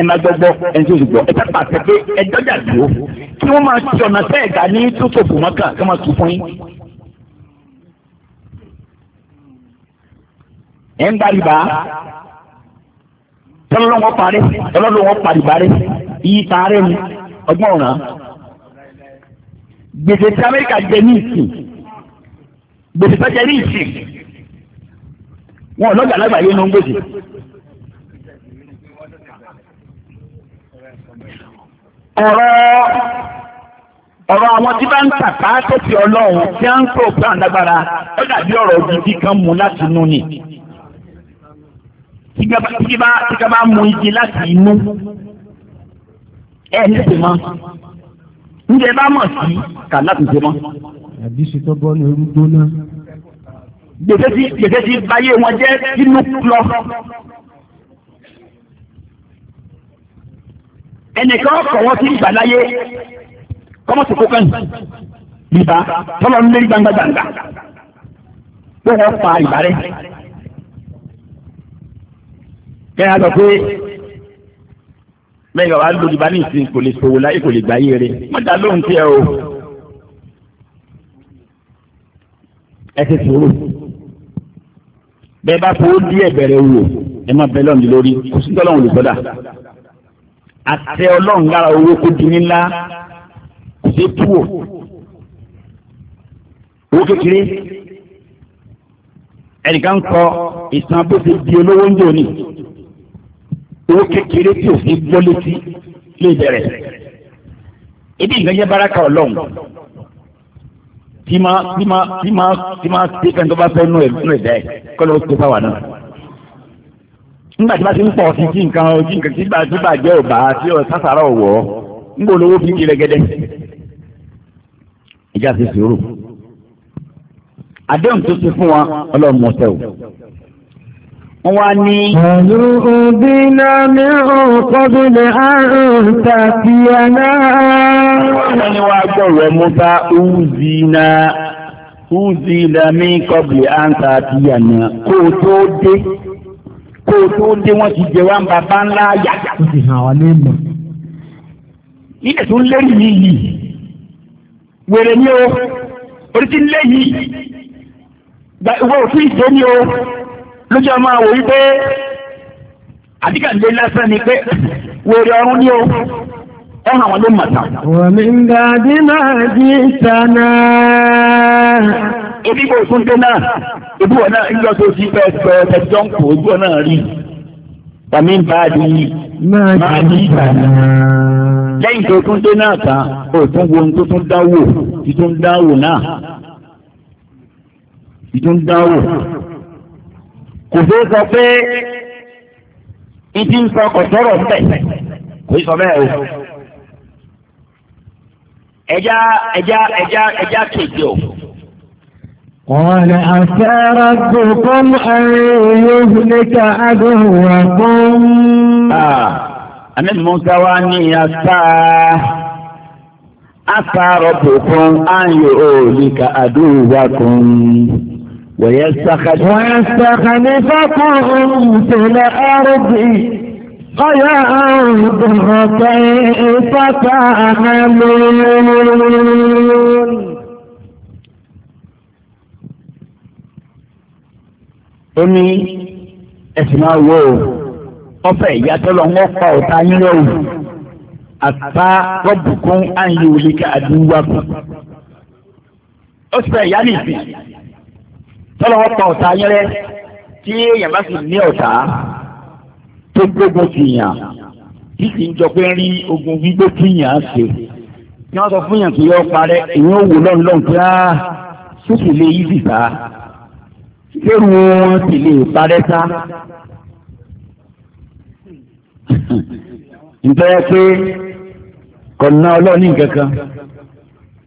A: ẹ máa gbọ́gbọ́ ẹ tó ṣùgbọ́ ẹ tẹ́pà pẹ́pẹ́ ẹ dọ́jà dúró kí wọ́n máa ti ọ̀nà sẹ́ẹ̀dá ní tótó fòmọ́kà kí wọ́n máa tún fún yín. ẹ ń gbàlùbá tọ́lọ́lọ́wọ́ parí tọ́lọ́lọ́wọ́ pàdùbárí yí parí mu ọgbọ́n ọ̀ràn. gbèsè tí amẹ́ríkà jẹ ní ìsìn gbèsè tó jẹ ní ìsìn wọn lọ́jà lágbàáyé ní ó ọ̀rọ̀ ọ̀rọ̀ àwọn tí bá ń tàpá tẹ̀sí ọlọ́run tí a ń pè ó gbà lágbára ó dàbí ọ̀rọ̀ gidi kan mú láti inú ni tíga bá mú igi láti inú ẹ ní ṣe mọ́ níjẹ bá mọ̀ sí kà láti ṣe mọ́. àbí ṣe tó bọ́ ní orúgbó náà. gbèsè tí gbèsè tí báyé wọn jẹ́ sínú lọ ẹnìkan ọkọ̀ wọn ti gbà láyé kọ́mọ̀tì kókàn ìbá tọ́lọ́ ń lérí gbangba gbangba tó wọ́n pa ìbá rẹ̀. kẹ́hìn á sọ pé bẹ́ẹ̀ yọ̀ wá lójú bá ní ìsìn kò lè sòwò láyé kò lè gbà yé rẹ̀ wọ́n dá lóhùn tiẹ̀ o. ẹ ti sòrò bẹ́ẹ̀ bá fowó díẹ̀ bẹ̀rẹ̀ wò ẹ má bẹ́ẹ̀ lọ́ọ̀dì lórí kò sí tọ́lọ́hùn olùsọ́dà àtẹ ọlọ́run lára owó kó di ńlá kò sí púọ̀ owó kékeré ẹnìkan ń kọ ìtàn bó ti di olówó ń jò ní owó kékeré tí ò sí gbọ́ létí lè bẹ̀rẹ̀ ibi nǹkan jẹ́ báraka ọlọ́run tí máa tí máa tí máa tí máa tí kẹ́ńtọ́ bá fẹ́ nú ẹ̀ nú ẹ̀ bẹ́ẹ̀ kọ́ ló ń tó bá náà nígbà tí bá ti ń pọ̀ sí kí nǹkan ojú nǹkan tí bá ti bàjẹ́ ọ̀bà tí ọ̀ sásàrà ọ̀wọ́ ń bò lówó fi ń kiri ìjà ti sòrò àdéhùn tó ti fún wa ọlọ́run mọ̀ọ́sẹ̀ o wọ́n ní. Pẹ̀lú òbí náà ní òkọ́bílẹ̀ àrùn tàbí ẹ̀nà. Wọ́n ní wá gbọ́rọ̀ Musa Uzina Uzina mi kọ́bílẹ̀ àrùn tàbí ẹ̀nà kó tó dé kó o tó dé wọ́n ti jẹ wá bàbá ńlá yá. ó ti hàn wá ní ìmọ̀. ilé tó ń lérí mi yìí wèrè ni o orí ti ń lé yìí gba ìwé òfin ìdè ni o lójú ọmọ àwò yìí pé àdìgàdé lásán ni pé wèrè ọ̀run ni o ẹ hàn wọn ló mọ̀ tán. wọ́n mi ń ga dín náà dín sáná ebi kò tún dé náà ebi wọn náà ń lọ tó ti pẹ pẹ tẹjọ ń kó ebi wọn náà rí tàmí ń bá a di máa di ìgbàna. lẹ́yìn tó tún dé náà tán ó tún wo ohun tó tún dáwò títún dáwò náà títún dáwò kò fẹ́ sọ pé ìdí ń sọ kò sọ̀rọ̀ mbẹ̀ kò sọ bẹ́ẹ̀ o. ẹja ẹja ẹja ẹja kejì o.
B: قال عسى ربكم أن يهلك
A: عدوكم آه. أنا موسى واني عسى عسى ربكم أن يهلك عدوكم ويستخلفكم في الأرض قيام كيف فتعملون ó ní ẹ̀sìn máa wọ o ọ̀fẹ́ ìyàtọ̀ lọ wọ́n pa ọ̀tá yín lọ́wọ́ àtà rọ́bùkún àyè òlìkà àdúgbò ó sì fẹ́ ìyá nìsí tọ́lọ́wọ́ pa ọ̀tá yín rẹ́ tí èèyàn bá sì ní ọ̀tá tó gbógun ti yàn tí kì í jọ pé ń rí ogun gbígbó tí yàn á ṣe kí wọ́n sọ fún yàn kí yọ parẹ́ èèyàn ò wò lọ́nlọ́n kí á sókè lé yí bìbá. kéru wọn sì lè parẹ́ sá. nítorí pé kọ̀nà ọlọ́ọ̀ni kankan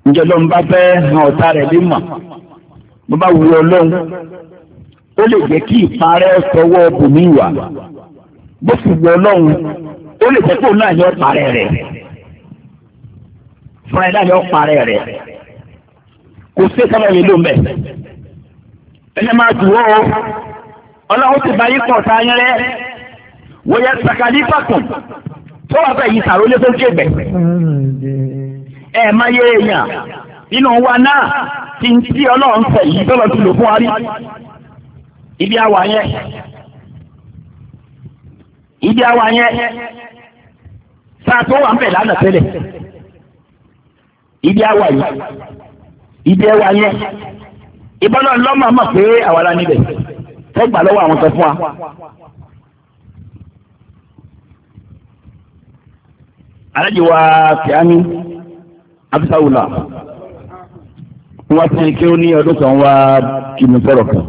A: ǹjẹ́ ló ń bá fẹ́ hàn ọ̀tá rẹ̀ bí mọ̀ bó bá wù ọlọ́run ó lè jẹ́ kí ìparẹ́ sọwọ́ bùnmí wà bó sì wù ó lè jẹ́ kó náà yọ parẹ́ rẹ̀ fúnra ẹ̀ náà yọ parẹ́ rẹ̀ ẹ̀yẹ máa dùn ó ọlọ́run ti bá yín pọ̀ sáyẹn rẹ wòye sàkàlì pàkùn tó wà fẹ́ yìí sàrólé tó kébẹ̀ yé èèyàn nínú wa náà ti ń tí ọlọ́run fẹ̀ lò fún wa rí ibi àwa yẹn ibi àwa yẹn sáà tó wà ń bẹ̀ tẹ́lẹ̀ ibi àwa yẹn ibi ẹwà yẹn. ìbọ́lọ̀ lọ́mọ mọ̀ pé àwa la níbẹ̀ tó gbà lọ́wọ́ àwọn sọ fún wa. alájì wa kìámi abisawula wọn ti kí ó ní ọdún kan wá kí mi sọ̀rọ̀ kan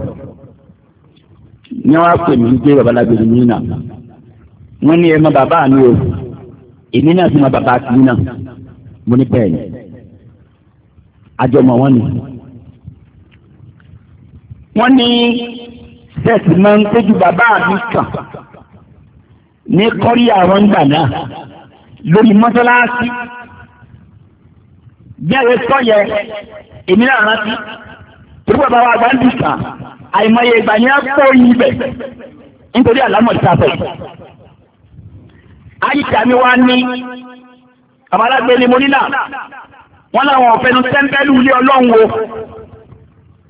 A: ní wọn á pè mí pé babalágbèrè mi nà wọn ní ẹ bàbá mi o èmi náà sì mọ bàbá mi nà mo ní bẹ́ẹ̀ ni àjọmọ̀ wọn ni wọ́n ní sẹ́ẹ̀tì máa ń tẹ́jú bàbá mi kàn ní kọ́rí àwọn ìgbà náà lórí mọ́sálásí bẹ́ẹ̀ sọ́yẹ èmi náà rántí tó bàbá wa gbà ń bì kàn àìmọye ìgbà yẹn pọ̀ yìí bẹ̀ nítorí àlámọ̀ ìsàfẹ́. àyíká mi wá ní àbálágbé ni mo nílà wọ́n láwọn ọ̀fẹ́ nu sẹ́ńtẹ́lú ilé ọlọ́run o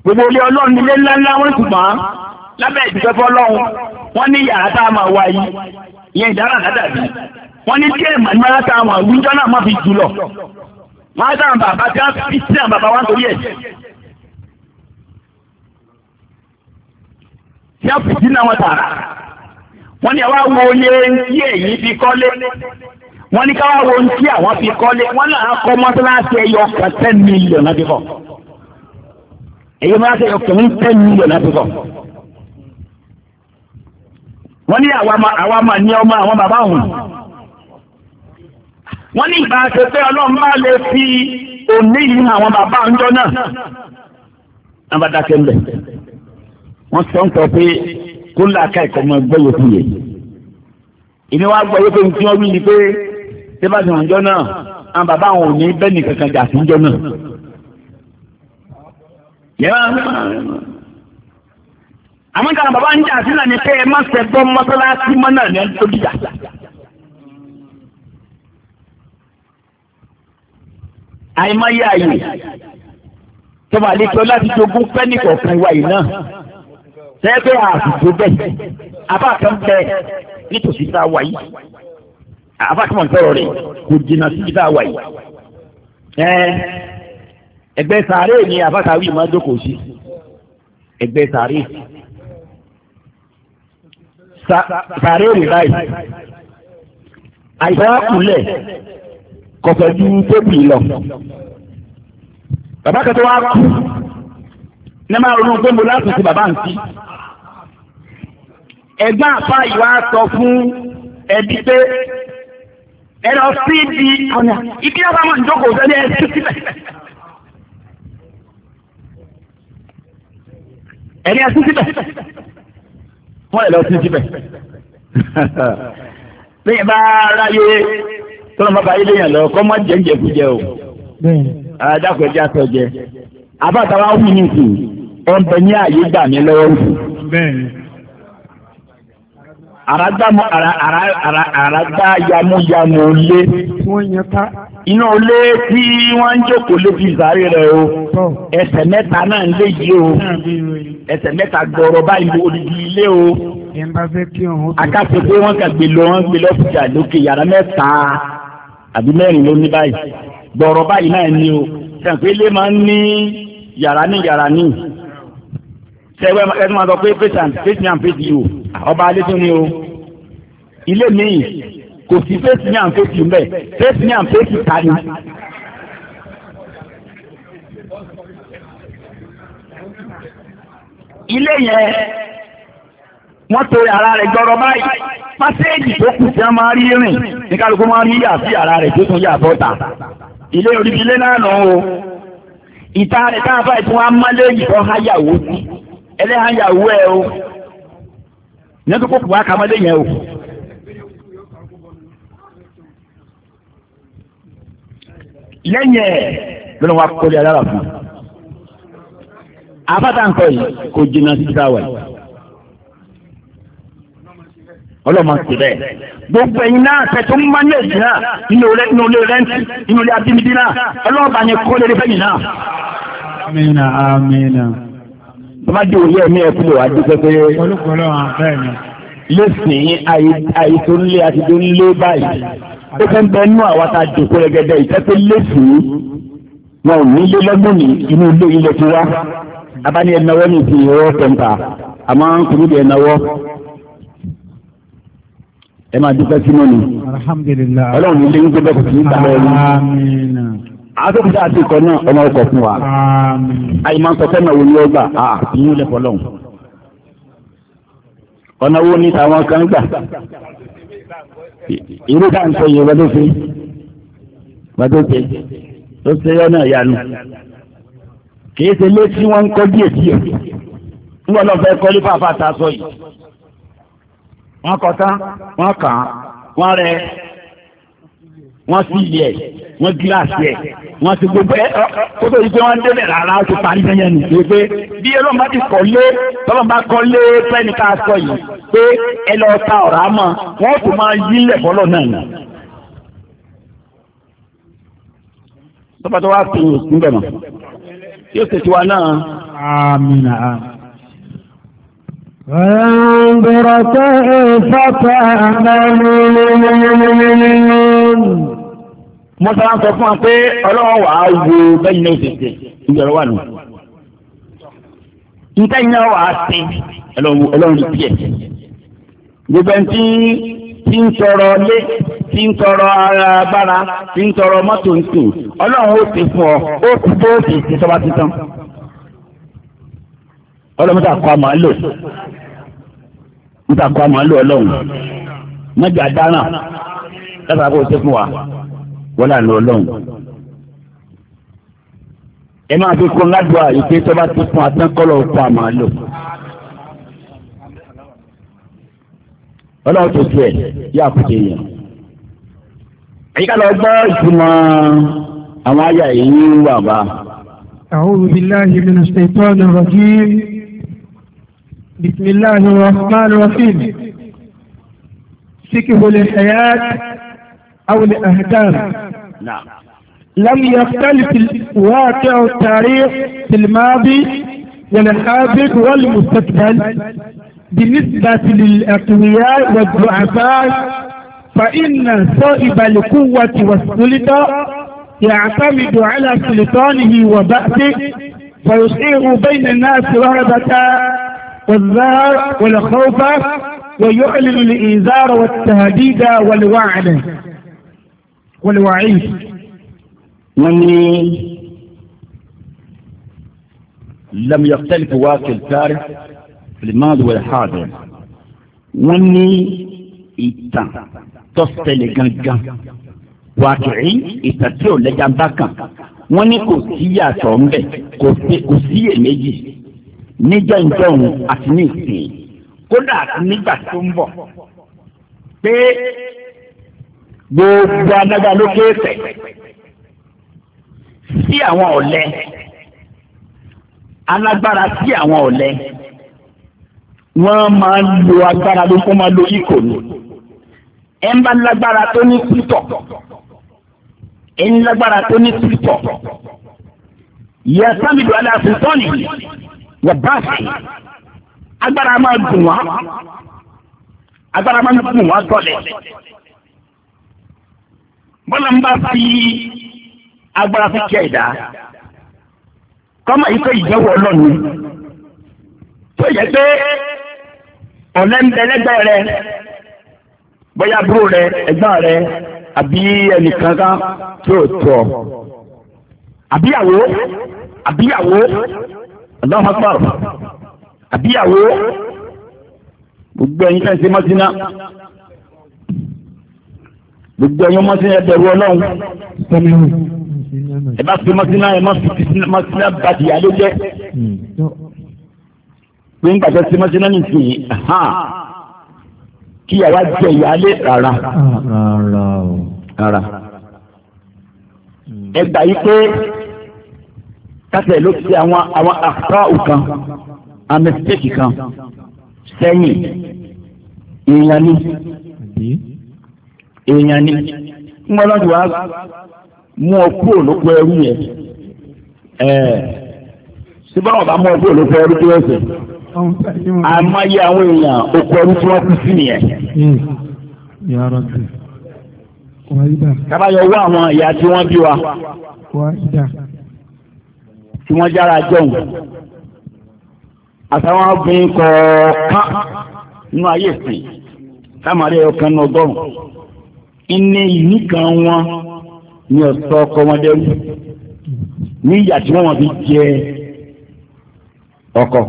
A: gbogbo ilé ọlọ́run ilé ńláńlá wọ́n ṣùgbọ́n lábẹ́ ìdúpẹ́fọ́ ọlọ́run wọ́n ní yàrá tá a máa wá yìí ìyẹn ìdára àdàbí wọ́n ní kí èèmọ̀ ní wọ́n tá a máa wíjọ́ náà má fi jù lọ. wọ́n á sáà bàbá tí wọ́n fi sí àwọn bàbá wa nítorí ẹ̀. tí wọ́n fi sínú àwọn tààrà wọ́n ní àwa wo iye tí èyí fi kọ́lé wọ́n ní káwá wo ohun tí àwọn fi kọ́lé wọ́n náà kọ́ mọ́tò ten million èyí máa ṣe ọkùnrin ten million àtúkọ̀. wọ́n ní àwa máa ní ọmọ àwọn bàbá òun. wọ́n ní ìgbà àti pé ọlọ́run máa lè fi òní yìí àwọn bàbá ọjọ́ náà. wọ́n bá dákẹ́ ń bẹ̀. wọ́n sọ ń sọ pé kó làákà ẹ̀kọ́ mọ ẹgbẹ́ yòókù yẹ. èmi wá gbọ́ wípé nǹkan wí ni pé débàtì ọjọ́ náà àwọn bàbá òun ò ní bẹ́ẹ̀ nìkan kan jà sí ọjọ́ náà àwọn kan bàbá ń jà sílẹ̀ ní pé ẹ má ṣẹgbọ́ mọ́sálásí mọ́ náà ní ẹni tó dìjà. àìmọye àyè tó bá lè tọ́ láti jogún pẹ́ẹ́nì kọ̀ọ̀kan ìwà yìí náà sẹ́gbẹ́ àsìkò bẹ́ẹ̀ abá kan bẹ nítòsí tá a wà yìí abá mọ̀ ń sọ̀rọ̀ rẹ̀ kò jìnnà sí ibi tá a wà yìí ẹgbẹ́ sàárè ni àfàkàwí máa jókòó sí ẹgbẹ́ sàárè sàárè rè báyìí àìsàn àkùlẹ̀ kọ̀fẹ́ ju tébù lọ bàbá kẹtọ́ wa kú ní máa ronú pé mo láti ti bàbá ń sí ẹ̀gbọ́n àfa ìwà sọ fún ẹbí pé ẹ lọ sí ibi ọ̀nà ìkíyàwó àwọn ìjókòó sẹ́ni ẹ sí síbẹ̀. ẹni ẹsí síbẹ̀ wọ́n lè lọ sí síbẹ̀ lẹ́yìn bá ráyé tọ́lọ́ máa bá yé lẹ́yìn lọ kọ́ mọ́ jẹ́jẹ́ kú jẹ́ o adákọ̀ ẹja sọ jẹ abáta wa wù ní ìsìn ẹ̀ ń bẹ ní ààyè gbà mí lọ́wọ́ wù. Àràgbàmú àràgbà yamuyamu lé. Iná olé tí wọ́n ń jókòó lé fi sáré rẹ̀ o. Ẹsẹ̀ mẹ́ta náà ń lé yìí o ẹsẹ̀ mẹ́ta gbọ́rọ̀ báyìí lu odidi ilé o. akáṣe pé wọ́n kà gbé lọ wọ́n gbé lọ́fíìsì lókè yàrá mẹ́ta àbí mẹ́rin ló ní báyìí gbọ́rọ̀ báyìí náà ni o sàǹpélé máa ń ní yàrá ní yàrá ní sẹ́wẹ́ ẹni máa sọ pé patient patient and patient yìí o ọba alétún ni o ilé mi kò sí patient and patient mbẹ patient and patient ta ni. ilé yẹn wọ́n torí ara rẹ̀ gbọ́rọ̀ báyìí pàṣẹ́jì tó kù tí a máa rí rìn ní kálukú máa rí yà sí ara rẹ̀ tó tún yà bọ́ta ilé orí ilé náà nà ó ìta rẹ̀ káàbá ìtún wa mọ́lé ìbọn háyàwó sí ẹlẹ́háyàwó ẹ o ní ọdún kókò wá kàmọ́lé yẹn o. lẹ́yìn ẹ̀ lọ́nà wa kọ́lé alára fún un àfáàtà ń sọ yìí kò jìnnà sí ìdáwà yìí ọlọ́mọ sí bẹ́ẹ̀ gbogbo ẹ̀yin náà tẹ̀tún ń máa ní èdè náà inú ilé inú ilé rẹ́ǹtì inú ilé abínibí náà ọlọ́ọ̀bà yẹn kó lè rí fẹ́yìn náà. amina amina. bàbá di òye ẹ̀mí ẹ̀kú lò wá dé pẹ́pẹ́. olùkọ́lọ́ àbẹ́ mi. lẹ́sìn àìsàn ńlé àti tó báyìí ó fẹ́ bẹ́ẹ̀ nú àwa ta dòkó rẹ̀gẹ́dẹ́ ìtẹ́pẹ́ lẹ́sìn náà nílé lọ́gbọ̀n ní inú ilé ilẹ̀ ti abáni ẹnáwó ní ìsìn ìwọ́ pẹ̀mpà àmọ́ kùnú bí ẹnáwó ẹ máa dúpẹ́ sí mọ́ni. alhamdulilayi ọlọ́run ní ilé ń gbé bẹ́ẹ̀ kò sí ìgbà lọ́wọ́ àtòkùtà àti ìkọ náà ọmọ ọkọ̀ fún wa àyìnbọn sọ̀tẹ́ náà wò ní ọgbà àtìyún lẹ́kọ̀ọ́ lọ́hùn ọ̀nà wo ni tàwọn kan gbà irú ká ń sọ yìí wọ́n tó fi wọ́n fi ó ṣe yọ náà yanu kìí ṣe lé tí wọ́n ń kọ́ díẹ̀ díẹ̀ nígbà náà fẹ́ kọ́ ní fàáfà ta sọ yìí wọ́n kọ́ tán wọ́n kàn án wọ́n rẹ wọ́n sí ilé ẹ̀ wọ́n gíláàsì ẹ̀ wọ́n ti gbogbo ẹ̀ kó tó di pé wọ́n débẹ̀ rárá ó ti parí sẹ́yìn ẹ̀nì pé pé bí ọlọ́mọba ti kọ́ lé tọ́lọ́mọba kọ́ lé pẹ́ẹ́nì ká sọ yìí pé ẹ lọ ta ọ̀rá mọ́ wọ́n tún máa yí lẹ̀ bọ́lọ̀ náà nà. tọ́pọ̀ tó wá sí ìgbẹ́mọ̀ yóò ṣe tiwa náà. amina. Ẹ̀ǹdọ̀rọ̀ tó ìfọ́tà àmàlùmílùmílùmílùmílùmí. Mo sábà sọ fún wa pé ọlọ́wọ́ wà á wo bẹ́yìn náà ṣèṣe ìjọba wà nù. Ntẹ́yìn náà wà á ṣe ẹlọ́run tiẹ̀. Gbogbo ẹni tí ń sọ̀rọ̀ lé tí ń tọrọ ara agbára tí ń tọrọ mọ́tò nsìn ọlọ́run ó ti fún ọ ó ti bó ti ti tọ́ba títán ọlọ́run tà kọ́ àmọ́ lò ń tà kọ́ àmọ́ lò ọlọ́run mọ́jà dáná lọ́sàá kó o ti fún wa wọ́n là ọlọ́run ẹ máa fi kún ti fún àmọ́ lò. ọlọ́run tó tiẹ̀ yá àkùtì yẹn. أعوذ بالله من الشيطان الرجيم بسم الله الرحمن الرحيم سكه للحياة أو لأهداف نعم لم يختلف الواقع التاريخ في الماضي والحاضر والمستقبل بالنسبة للأقوياء والضعفاء فإن صائب القوة والسلطة يعتمد على سلطانه وبأسه فيشعر بين الناس رهبة والذار والخوف ويعلن الإنذار والتهديد والوعد والوعيد ومن لم يختلف واقع التاريخ في الماضي والحاضر wọ́n ní tó ṣẹlẹ̀ gangan wàkìrí ìtàtí ò lẹ́jà bá kàn wọ́n ní kò sí yàtọ̀ ńbẹ kò sí kò sí èméjì níjọ́ ìjọ́hun àti ní ìsìn kódà àti nígbà tó ń bọ̀ pé gbogbo anágbá ló kéèfẹ̀ sí àwọn ọ̀lẹ alágbára sí àwọn ọ̀lẹ wọ́n máa ń lo agbára ló fún máa lo ikọ̀ nù ẹ̀ ń bá lágbára tó ní pítọ̀ ẹ̀ ń lágbára tó ní pítọ̀ yẹ sábìdù aláàfin tọ́ni wọ báàsì agbára máa gùn wá agbára máa gùn wá tọ́lẹ̀ bọ́lá ń bá fi agbára fi kí ẹ̀dá kọ́mọ yìí kọ́ ìjẹ́wọ́ ọlọ́ni tó yẹ pé ọ̀lẹ́ńdẹ́lẹ́gbẹ́ rẹ bóyá búrò rẹ ẹ̀gbọ́n rẹ àbí ẹnìkan kan tí ò tọ àbíyàwó àbíyàwó Allahu Akbar àbíyàwó gbogbo ẹ̀yin fẹ́ǹsì mọ́síná gbogbo ẹ̀yin mọ́síná ẹ̀bẹ̀rù ọlọ́run ẹ bá fi mọ́síná ẹ má fi mọ́síná bàtì yá pé
C: ń gbàgbọ́ sí mọ́síná nìsín hàn
A: kí yàrá jẹ ìyáálé rárá. rárá. ẹ gbà yí pé kásẹ̀ ló ti àwọn àwọn àkàràwù kan amẹ́sítẹ́kì kan sẹ́yìn èèyàn ni èèyàn ni ń gbọ́dọ̀ tó wá mú ọ kúrò lóko ẹrú yẹn ẹ̀ ṣé báwọn bá mú ọ kúrò lóko ẹrú tó ẹsẹ̀ àmọ́yé àwọn èèyàn òkú ẹrú tí wọ́n kú sí nìyẹn.
B: Hmm. kábàyọ̀ wọ àwọn ìyá tí wọ́n bí wa
A: tí wọ́n jára jọ̀hún àtàwọn obìnrin kọ̀ọ̀kan nínú ayé ìsìn táwọn ọkàn náà ọgọ́rùn-ún iné ìní kan wọn ní ọ̀sọ́ ọkọ wọn dẹ́rù ní ìyà tí wọ́n wọn fi jẹ ọkọ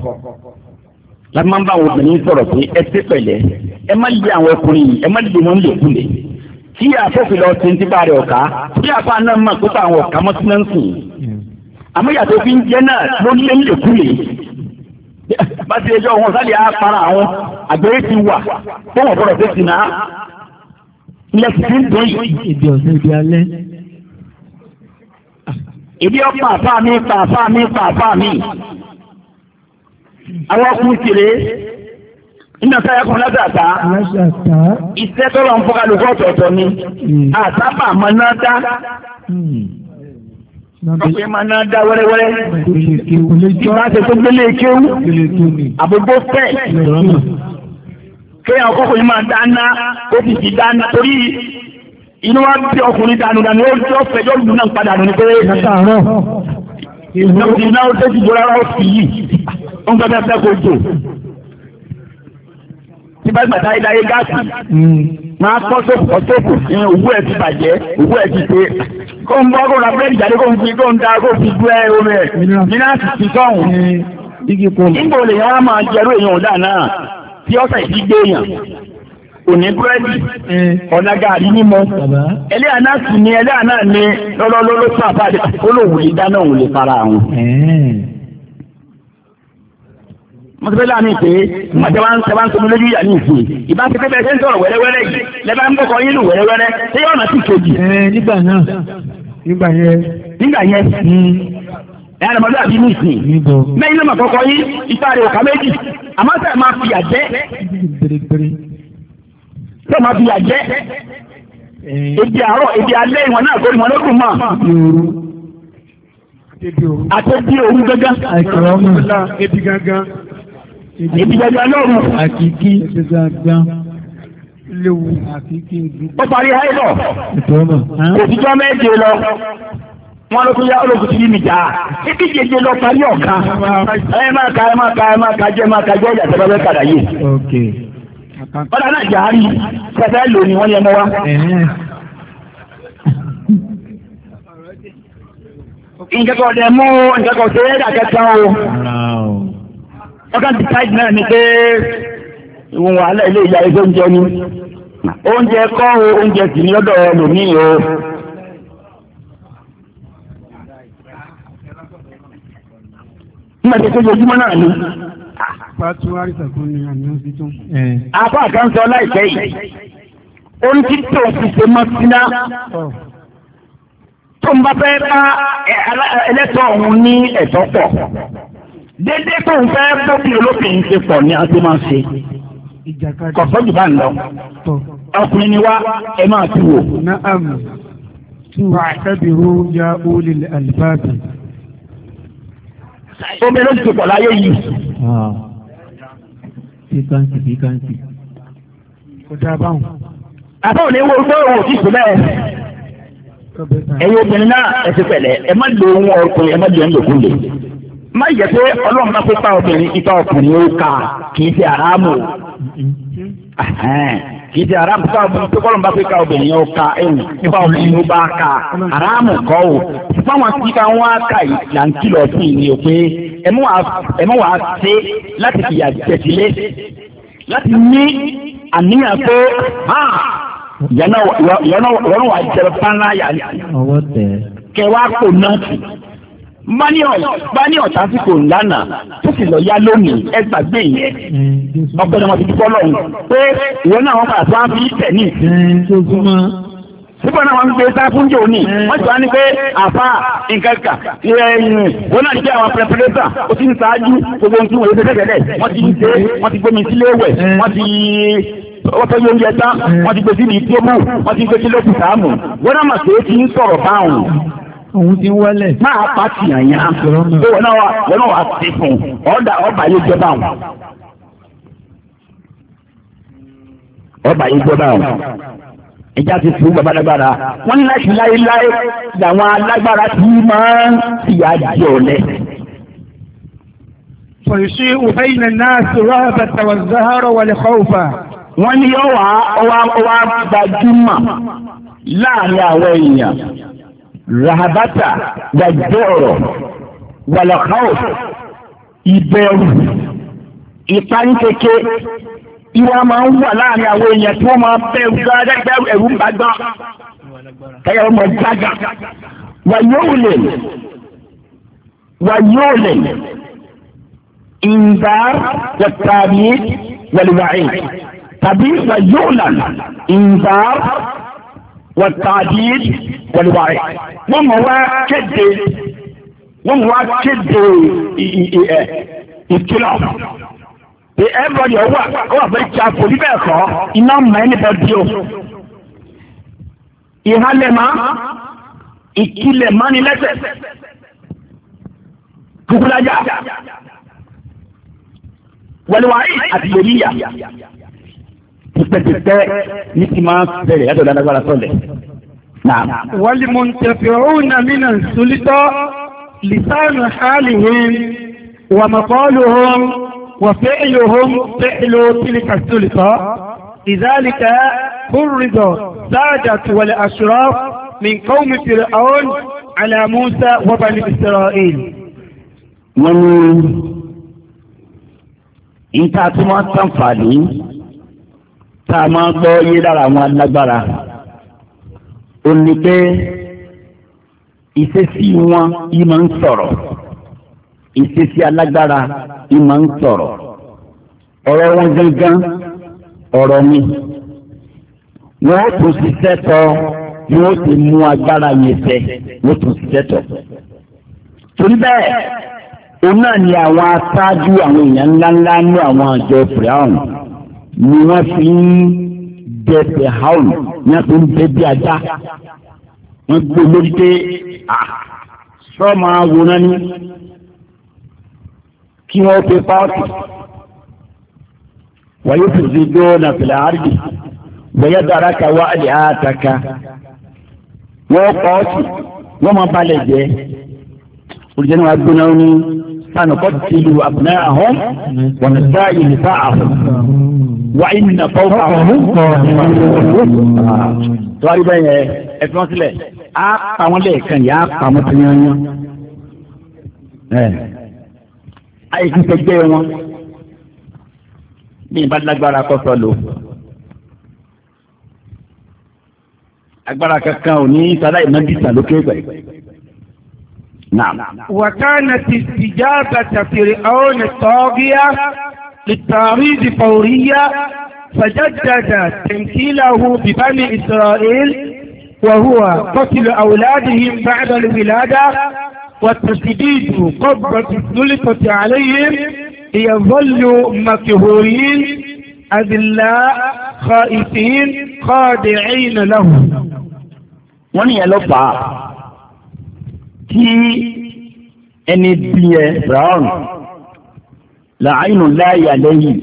A: láti máa ń bá àwọn obìnrin sọ̀rọ̀ pé ẹ ṣe pẹ̀lẹ́ ẹ má lé àwọn ọkùnrin yìí ẹ má lé wọn lékulè tí àfẹ́fẹ́ lọ ti ń ti bá rẹ̀ ọ̀ká tí àfa náà mọ̀ pé àwọn ọ̀ká mọ́tí náà ń sìn àmọ́ ìyàtọ̀ fi ń jẹ́ náà ló lé lékulè bá ti ẹjọ́ wọn sálẹ̀ á àwọn àgbẹ̀rẹ́ ti wà tó wọ́n tó ti nà ilẹ̀ ti ń dùn yìí. ìdí ìdí alẹ́. ìdí ọ̀pá àfáà àwọn ọkùnrin kéré nínú sáyà kan ládàtà iṣẹ́ tó lọ ń fọ́ kálukú ọ̀tọ̀ọ̀tọ̀ ni hmm. àtàbà máa ná dá ọ̀pẹ hmm. máa ná dá wẹ́rẹ́wẹ́rẹ́ ìgbà tẹ tó gbélé kéwú àbúgbó fẹ́ hmm. kéèyàn ọkọ̀kùnrin máa dáná ó sì ti dáná torí inú wa bí ọkùnrin dànù dànù ó jọ fẹjọ́ lù náà padà nù ní pé ìnáwó tó ti bọ́ra ó sì yìí ń fẹ́ fẹ́ kó jò tí bá gbàdá iláyé gáàsì máa kọ́ sóòpù kọ́ sóòpù ìyẹn òwú ẹ̀ ti bàjẹ́ òwú ẹ̀ ti pé kó ń bọ́ kó ra búrẹ́dì jáde kó ń fi kó ń da kó fi dú ẹ omi ẹ̀ nínú àti ti sọ̀hún. nígbà olè yẹn wá máa jẹrú èèyàn ọ̀dà náà tí ọ̀sẹ̀ ìdí gbé èèyàn òní búrẹ́dì ọ̀nà gàrí mímọ́ ẹlẹ́yà náà sì ni ẹlẹ́yà náà ni lọ́lọ́lọ́lọ́ mọ̀tẹ́fẹ́lá ní pé mọ̀tẹ́wá ń sẹ́wá ń sọmọ lójú ìyá ní ìsìn ìbá ti pépè ṣe ń sọ̀rọ̀ wẹ́rẹ́wẹ́rẹ́ yìí lẹ́bàá ń bọ̀kọ̀ yín lù wẹ́rẹ́wẹ́rẹ́ ṣé yóò nà sí kejì. ẹ nígbà náà nígbà yẹn. nígbà yẹn ẹ àdàmọ́ bí àbí ní ìsìn mẹ́yìn náà mọ̀kọ́kọ́ yín ìtàrí òkà méjì àmọ́ sẹ́ẹ̀ máa fi àjẹ́ sẹ́ẹ̀ máa fi àjẹ́
B: ebi àárọ̀ ebi alẹ́ ìwọ̀n náà kórìmọ́ lókùn mọ́ àtẹ́bí òru gángan. àìkọ̀rọ̀ mọ́ ebi gángan ìdíjẹjẹ ọlọ́run àkìkí
A: léwu ó parí ẹ̀rọ òtítọ́ méje lọ wọn ló tún yá olóògùn sí mi jà ìdíjẹjẹ lọ parí ọ̀ka ẹ máa ka ẹ máa ka ẹ máa ka jẹ máa ka jẹ ọjà tẹ́lẹ̀ bẹ́ẹ̀ kàdà yìí. ọ̀dà náà jà á rí pẹ̀lẹ́ lò ní wọ́n yẹ mọ́ wa. nǹkan kan mú nǹkan kan ṣe é o ọkàn ti káyìí náà ni pé ìwọ̀n wàhálà ilé ìyá ẹgbẹ́ oúnjẹ ni oúnjẹ kọ́ o oúnjẹ sì ní ọ̀dọ̀ ẹlòmíì o. nígbà tí kójú ojúmọ́ náà ni. apá kan sọ láìpẹ́ yìí
B: orí títí òsì ṣe mọ́ síná
A: tó ń bá fẹ́ bá ẹlẹ́tọ̀ ọ̀hún ní ẹ̀tọ́ pọ̀ dédé tó ń fẹ́ bóbi olóbìn ṣe pọ̀ ni a ti máa ṣe kọ̀sọ́ jù bá ń lọ ọkùnrin ni wá ẹ máa ti wò. na'am tu àtẹ́bìrú ya olè àlùbáàbì. omi ló ti pọ̀ láyé yìí.
B: Ah. bíkáǹtì bíkáǹtì.
A: kò dáa báwọn. àbáwọn ni wo gbọ́ òwò ti sùn bẹ́ẹ̀ ẹ̀yin obìnrin náà ẹ ti pẹ̀lẹ́ ẹ má lo ohun ọkùnrin ẹ má lo ohun lòkúlò má yẹ pé ọlọ́run náà pípa obìnrin ipa ọkùnrin ó ka kì í ṣe àrámù kì í ṣe àrámù pípa obìnrin pípa ọlọ́run bá pípa obìnrin ó ka ẹ̀wù pípa obìnrin ó bá ka àrámù kọ́ o fáwọn síkà wọn á kà yìí là ń kìlọ̀ sí ni o ẹ̀mú wàá ṣe láti fìyà jẹ̀sílẹ̀ láti ní àníyàn pé ìyànà wàá jẹ̀rẹ̀ fáńlá yàrá kẹwàá kò náà bá ní ọ̀tá tí kò lánàá tó sì lọ yá lónìí ẹ gbàgbé yẹn ọ̀pọ̀ ni wọ́n ti dúpọ́ lọ́hùn pé ìwọ náà wọ́n padà tó wá fi tẹ̀ ní. Sípò náà wọ́n ń gbé sá fún jòní, wọ́n ti wá ní pé àfa nǹkan kà ẹ̀yìn wọn náà jẹ́ àwọn pẹ̀pẹ̀lẹ́tà ó ti ń ṣáájú gbogbo ohun tí wọ́n ṣe tẹ́tẹ́lẹ̀ wọ́n ti ń ṣe wọ́n ti gbómi sílé wẹ̀ wọ́n ti wọ́n tọ́jú oúnjẹ tán wọ́n ti gbé síbi tí ó mú wọ́n ti gbé sílé òkú sáàmù wọ́n náà mà ṣe é ti ń sọ̀rọ̀ báwọn. òun ti wọlé. máa pa tìyàn yẹn ó náà wà wọn náà wà sí fún ọ̀dà ọba yìí jọba wọn. ọba yìí jọba wọn. ìjà ti fún bàbá lágbára ní láti láéláé làwọn alágbára ti máa ń fìyà rahabata gbàgbọ́rọ̀ wàlàkàwọ̀ ìbẹ̀rù ìpanikeke ìwà máa ń wà láàrin àwọn èèyàn tí wọ́n máa bẹ̀rù gbàgbẹ́rù ẹ̀rù ń bá gbọ́n kẹ́yọ̀ ọmọ jága wà yóò lè wà yóò lè ìndàr wàtàbí wàlúwàáyé tàbí wà yóò lè ìndàr wọ̀tàdìd wọ̀lùwàrẹ̀ wọ́n mọ̀ wá kéde wọ́n mọ̀ wá kéde ẹ̀ ìkìlọ̀ the everybody ọwọ́ ọwọ́ fẹ́ kí a kò ní bẹ́ẹ̀ kọ́ iná mọ̀ ẹ́ níbẹ̀ bí o ìhalẹ̀má ìkìlẹ̀ mánilẹ́sẹ̀ kúkúlájà wọ̀lùwàrẹ̀ àti lòlíyà tipẹ́tipẹ́ ní ti máa ń bẹ̀rẹ̀ yàtọ̀ lágbára sọ̀lẹ̀. wàlí mo ń tẹ̀fẹ̀ òun náà mí náà sólítọ́ lisanu halihim wà maqaluhum wà fi'luhum fi'lu tilka sólítọ́. لذلك فرض سادت والأشراف من قوم فرعون على موسى وبني إسرائيل. wọ́n ní ìta tó máa sàǹfààní tá a máa gbọ́ yé lára àwọn alágbára ó ní pé ìṣesí wọn yìí máa ń sọ̀rọ̀ ìṣesí alágbára yìí máa ń sọ̀rọ̀ ọ̀rọ̀ wọn gangan ọ̀rọ̀ mi wọn ó tún ṣiṣẹ́ tọ ni ó ti mú agbára yẹn fẹ́ wọn ó tún ṣiṣẹ́ tọ. torí bẹ́ẹ̀ òun náà ni àwọn aṣáájú àwọn èèyàn ńláńlá ní àwọn àjọ fìràwọ̀n ni wọ́n fi ń dẹ̀pẹ̀ haul ní wọ́n fi ń bẹ bí ajá
B: wọ́n gbé lórí pé
A: sọ́ọ̀mù àwòrán ni kí wọ́n pe páàkì wàyí fìdí dóònà fìlà àrídì wọ́yẹ dára ka wá àlè àtàkà wọ́n páàkì wọ́n máa balẹ̀ jẹ́ olùjẹ́ni wa gbóná ní. سنقتل أبناءهم ونستحيي نساءهم وإن فوقهم tọ́wárí bẹ́ẹ̀ yẹn ẹ̀fọ́n sílẹ̀ á pa wọ́n lẹ́ẹ̀kan yà á pa wọ́n tẹ́yẹ́yẹ́ ẹ̀ àìsí tẹ́gbẹ́ wọn ní ìbánilágbára kọ́sọ́ lò agbára kankan ò ní sáláì mọ́ dìtà lókè pẹ̀lú. نعم وكانت استجابة فرعون الطاغية للتعريض فورية فجدد تمثيله ببني إسرائيل وهو قتل أولادهم بعد الولادة وتشديد قبضة سلطت عليهم ليظلوا مكهورين أذلاء خائفين خادعين له. wọ́n ní tí ẹni bí ẹ brown làánù láàyà lẹ́yìn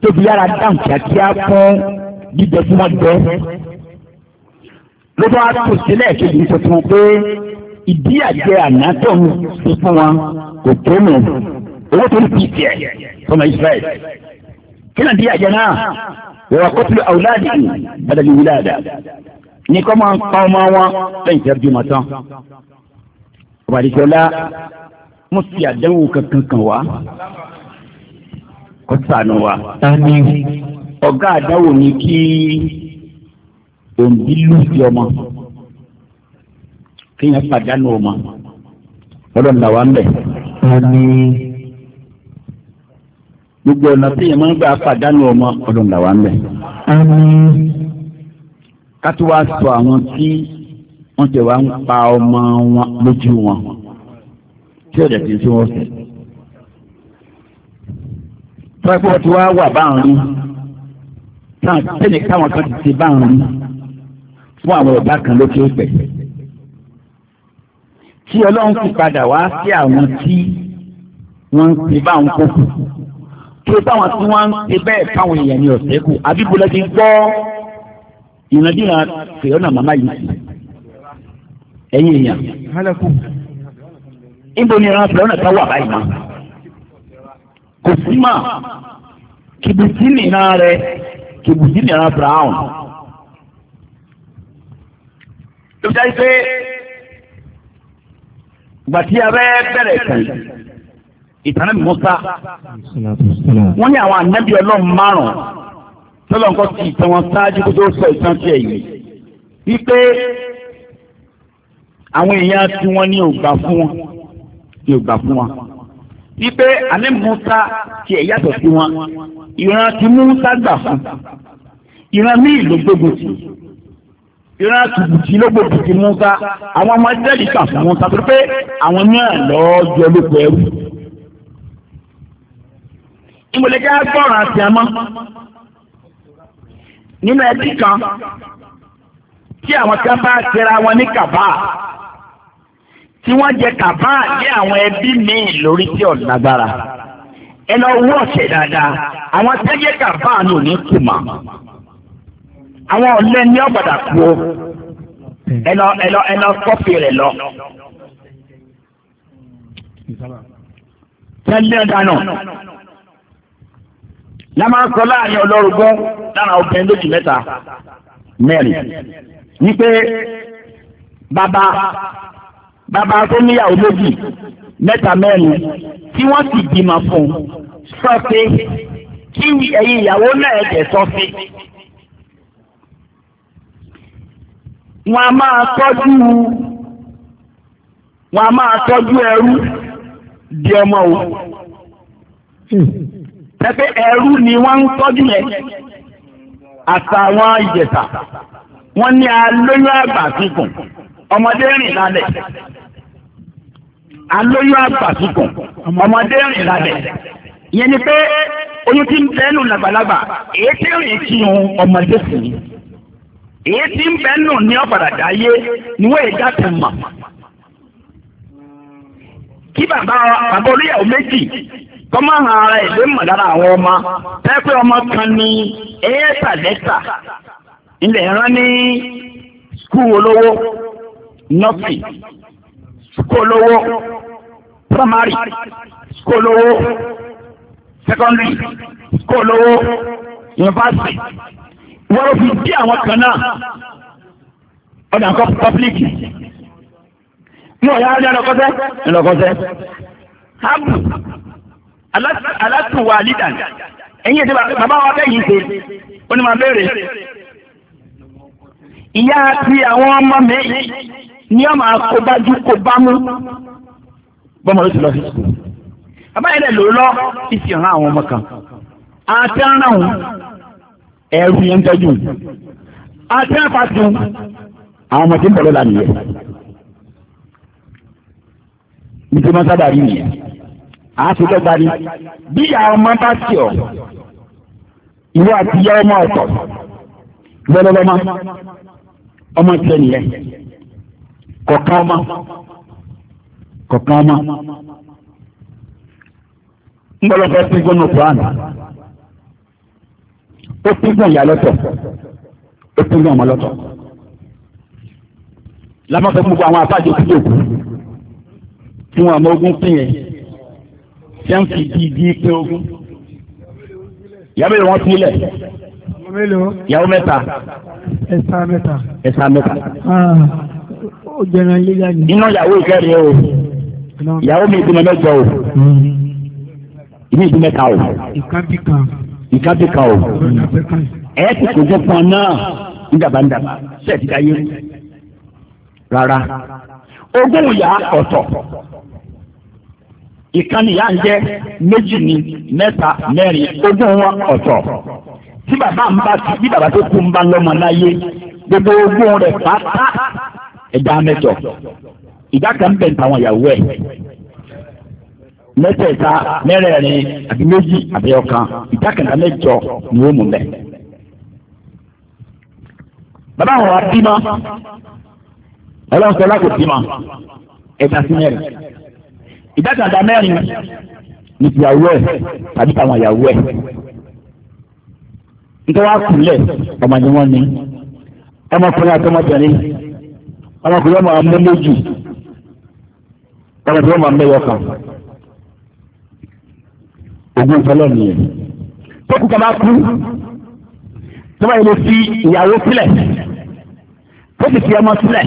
A: tóbi yára dáhùn kíákíá fún jíjẹ tí wọ́n jẹ́ ló bá tó sílẹ̀ kejì ń sọ fún un pé ìdí àjẹ àná ń fi fún wọn kò tó mọ̀ owó tó ń fi tiẹ̀ fọmọ Israẹli kí náà ìdí àjẹ náà wọ́n kọ́ sílẹ̀ àwùlá àdìgún bàdàlí wílá ní kọ́ máa ń pa ọmọ wọn lẹ́yìn tẹ́ bímọ tán. Ìbàdìjọ́lá mo fi àdéhùn kankan kan wá kó sànù wa. Ọ̀gá àdáwò ni kí òǹbí lùsì ọmọ kéèyàn pàdánù ọmọ lọ́dọ̀ ńlá wa ń bẹ̀. Gbogbo ọ̀nà tí èèyàn máa ń gbà pàdánù ọmọ lọ́dọ̀ ńlá wa ń bẹ̀ kátó wá sọ àwọn tí wọ́n jẹ wá ń pa ọmọ wọn lójú wọn tí ọ̀dẹ̀ ti sí wọn sẹ̀. tọ́pọ̀ tí wá wà báwọn rí tẹ́lẹ̀ káwọn kan ti ṣe báwọn rí fún àwọn ọ̀dà kan lókè ọ̀pẹ̀. tí ọlọ́run ti padà wá sí àwọn tí wọ́n ń ṣe báwọn kókò tó báwọn tí wọ́n ń ṣe bẹ́ẹ̀ fáwọn èèyàn ní ọ̀sẹ̀ kù àbí bọ́lá ti ń gbọ́ ìrandíra fìrọ́nà màmá yìí sí ẹ̀yìn èèyàn. níbo ni ìran fìrọ́nà tá wà báyìí náà kò sí mà kìbùtì nìran rẹ kìbùtì nìran brown. ló fi dájú pé gbàtí abẹ́ bẹ̀rẹ̀ ìtàn ìtàn náà Musa wọ́n ní àwọn ànábì márùn-ún tọ́lọ̀ nǹkan ti ìtàn wọn ṣáájú kó tó sọ ìtàn tiẹ̀ yìí wípé àwọn èèyàn tí wọ́n ní ògbà fún wọn ní ògbà fún wọn wípé àní Musa tiẹ̀ yàtọ̀ sí wọn ìran tí Musa gbà fún ìran míì ló gbógun tì ìran tùbùtì ló gbógun tì Musa àwọn ọmọ ẹgbẹ́ni kà fún Musa tó pé àwọn náà lọ́ọ́ jọ lóko ẹrú ìmọ̀lẹ́gá gbọ́ràn àti àmọ́ nínú ẹbí kan tí àwọn kan bá tẹra wọn ní kàbá tí wọ́n jẹ kàbá ní àwọn ẹbí míì lórí tí ọ̀nàgbára lágbára ẹ lọ wú ọ̀sẹ̀ dáadáa àwọn tẹ́jẹ́ kàbá ní òní kù àwọn ọ̀lẹ́ ní ọ̀gbàdà kú o ẹ lọ ẹ lọ rẹ̀ lọ. tẹ́lẹ̀ dáná. lámà ń sọ láàrin ọlọ́rùgbọ́n lára obìnrin lójú mẹ́ta mẹ́rin wípé bàbá bàbá tó níyàwó lójú mẹ́ta mẹ́rin tí wọ́n sì bímọ fún un sọ pé kí ẹ̀yin ìyàwó náà ẹ̀jẹ̀ sọ pé wọ́n a máa tọ́jú wọ́n a máa tọ́jú ẹrú di ọmọ o. Hmm. Ẹgbẹ́ ẹrú ni wọ́n ń tọ́jú yẹn. Àtàwọn ìjẹ̀sà. Wọ́n ní alóyún àgbà kíkùn. Ọmọdé rìn lálẹ̀. Alóyún àgbà kíkùn. Ọmọdé rìn lálẹ̀. Ìyẹn ni pé oyún tí ń bẹ́ẹ̀ nù làgbàlagbà. Èyí tí rìn kí un ọmọdé sì ni èyí ń bẹ́ẹ̀ ní ọ̀padà dáyé ni wọ́n èdè àti mọ̀. kí bàbá bàbá olóyàwó méjì kọ́mọ́ hàn ara ìwé mọ̀ lára àwọn ọmọ tẹ́pẹ́ ọmọ kan ní ẹ́ẹ́tàlẹ́tà ilẹ̀ ìran ní skul olówó nọ́ọ̀sì skul olówó primary skul olówó secondary skul olówó university wọ́n fi dí àwọn kan náà ọ̀dà nǹkan public ní ọ̀yá ajá lọ́kọ́sẹ́ lọ́kọ́sẹ́ alátùwà lídàn ẹ̀yìn èdè bàbá wa bẹ́ẹ̀ yìí ṣe ó ní máa béèrè ìyá àti àwọn ọmọ mi ní ọmọ akóbájú kò bá mú bọ́mọ ló ti lọ sí sùkúl bàbá yẹn lè lò lọ ìsì hàn àwọn ọmọ kan àti ẹ̀rù yẹn ń tọ́jú àti àwọn ọmọ tí ń bọ̀ lọ́la nìyẹn nítorí wọ́n sábà rí nìyẹn àti dọ́gba ni bí ìyá ọmọ bá tì ọ́ ìwọ àti ìyá ọmọ ọ̀tọ̀ lọ́lọ́lọ́mọ ọmọ tiẹ̀ nìyẹn kọ̀ọ̀kan ọmọ kọ̀ọ̀kan ọmọ ń bọ́ lọ́fẹ́ pín gbọ́nà quran ó pín gbọ́n ìyá lọ́tọ̀ ó pín gbọ́n ọmọ lọ́tọ̀ lámọ́fẹ́ gbogbo àwọn afájọ kújòkú tí wọn àmọ́ ogun pín yẹn tí ń fi dídí pé ogún ìyá mélòó wọn sílẹ̀ ìyàwó mẹ́ta ẹ̀sà mẹ́ta ẹ̀sà mẹ́ta. Ah, ó jẹran lílá ni. iná ìyàwó ìkẹrin o ìyàwó mi ìdúnmọ̀ mẹ́jọ o hmm. ìmí ìdúnmọ̀ mẹ́ta o ìkábíkà ìkábíkà o ẹ̀ ti kò jẹ́ pọn náà nígbàgbà nígbàgbà sẹ́ẹ̀tì dáyé rárá ogún ìyá ọ̀tọ̀ ìkan nìyá ń jẹ́ méjì ní mẹ́ta mẹ́rin ogún wọn ọ̀tọ̀ tí bàbá ń bá bí bàbá tó kú ń bá lọ́mọ láyé gbogbo ogún rẹ̀ pátá ẹ̀dá mẹ́jọ ìdá kan ń bẹ̀ ń tàwọn ìyàwó ẹ̀ mẹ́tẹ̀ẹ̀ta mẹ́rẹ̀ẹ̀rin àbí méjì àbí ọ̀kan ìdá kẹta mẹ́jọ ni ó mú mẹ́.
B: bàbá àwọn abímọ
A: ọlọ́run sọ lákòó bímọ ẹ̀dá sí mẹ́rin ìdákàdá mẹ́rin ní ìyàwó ẹ̀ tàbí tàwọn ìyàwó ẹ̀ nítorí wàá kúnlẹ̀ ọmọ ni wọ́n ní ọmọkùnrin àti ọmọbìnrin ọmọkùnrin ọmọ amú méjì ọmọbìnrin ọmọ mẹ́yọ kan ogún ìfẹ́lẹ́ nìyẹn tó kú kaba kú tó bá yẹ lè fi ìyàwó sílẹ̀ tó sì fi ọmọ sílẹ̀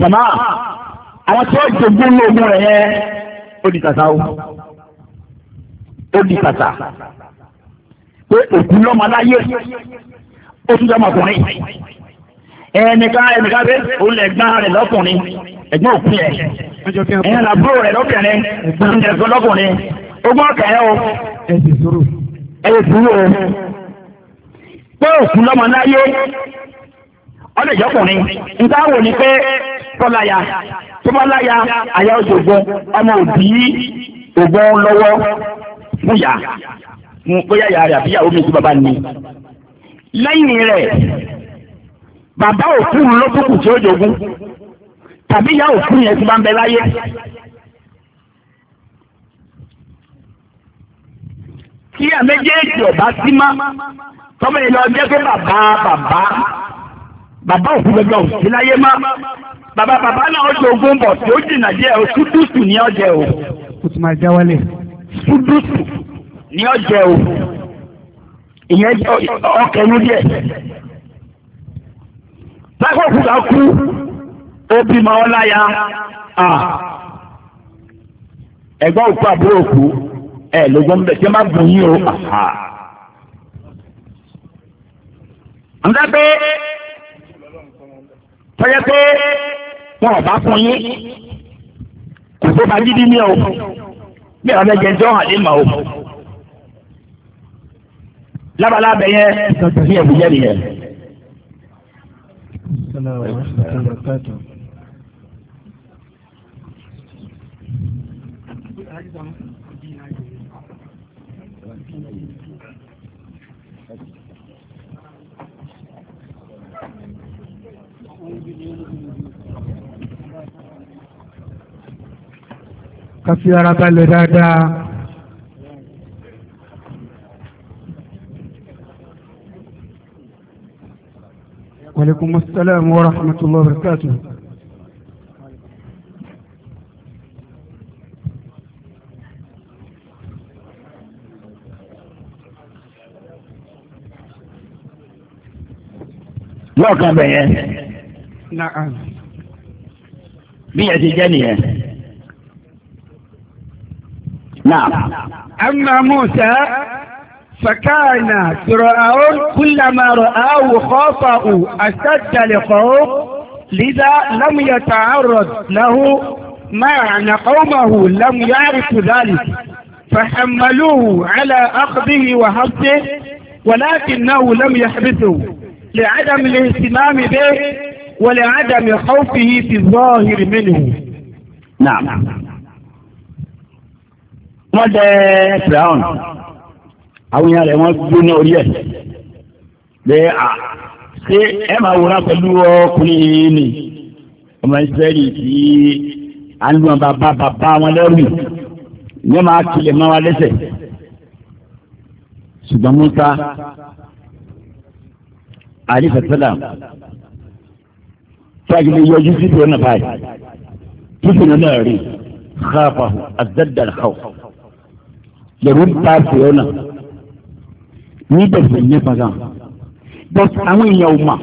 A: jàmáà àwọn tí wọ́n ti gbé ní ogun rẹ̀ yẹn ó di tàtà o ó di tàtà pé òkú lọ́mọ aláyé ó tún jẹ́ ọmọkùnrin ẹnìkan ẹnìkan pé òun lè gbá rẹ̀ lọ́kùnrin ẹ̀gbọ́n òkú yẹn ẹ̀yìn làbúrò rẹ̀ lọ́kùnrin ẹ̀gbọ́n ẹ̀gbọ́n lọ́kùnrin ogún ọ̀kẹ́ o ẹ̀yìn sùúrù o pé òkú lọ́mọ aláyé ó lè jọ́kùnrin nǹkan wò ni pé kọ́láya tó bá láya àyà oṣù gbọ́ ọmọ òbí ògbọ́n lọ́wọ́ fúyà mú bóyá ìyá rẹ̀ àbíyàwó mi ti bàbá ni. lẹ́yìn rẹ̀ bàbá òkú lókùkù tí ó jogún tàbí ìyá òkú yẹn ti bá ń bẹ láyé. kí à méjèèjì sí má tọ́mọ ìlọ jẹ́ pé bàbá bàbá bàbá òkú gbẹgbẹ òsì má bàbá bàbá náà jogún bọ̀ tí ó jìnnà díẹ̀ o ṣúdùsù ní ọ̀jẹ̀ o. o ti máa jáwálẹ̀. ṣúdùsù ní ọ̀jẹ̀ o ìyẹn ọkẹ̀yìn díẹ̀. láìpẹ́ òkúta kú ó bímọ ọláya ẹ̀gbọ́n òkú àbúrò òkú ẹ̀ lógún bẹ̀ tí wọ́n bá gùn yín o. ń dá pé tọ́jà pé wọn ò fún yín kò tó bá gidi ní o bí ẹ̀rọ bẹ jẹjọ́ hàn ní màá o lábalábẹ yẹn ní ẹ̀bùjẹ́ nìyẹn. Thank you. ká fi ara balẹ̀ dáadáa.
C: وعليكم السلام ورحمة الله وبركاته
A: lọ́ọ̀kan bẹ̀yẹn. bí ẹ ti jẹ́ nìyẹn. نعم أما موسى فكان فرعون كلما رآه خافه أشد لقوم لذا لم يتعرض له مع أن قومه لم يعرفوا ذلك فحملوه على أخذه وحبسه ولكنه لم يحبسه لعدم الاهتمام به ولعدم خوفه في الظاهر منه نعم wọ́n dẹ firaun àwọn èèyàn rẹ̀ wọ́n gbé ní orí ẹ̀ pé à ṣé ẹ máa wòran pẹ̀lú ọkùnrin ni ọmọ ìsírẹ́lì tí à ń lu àwọn bàbá bàbá wọn lẹ́rù ní máa tilẹ̀ máa wá lẹ́sẹ̀ ṣùgbọ́n Musa àlìfẹ́ sọ́dà fagilé yọjú sí ìdúró náà
B: báyìí
A: tó náà rí xaafahu azadal xawfa yẹ̀wò paasi ọ̀nà ní bẹ̀rẹ̀ ní pàgán but àwọn èèyàn ò mà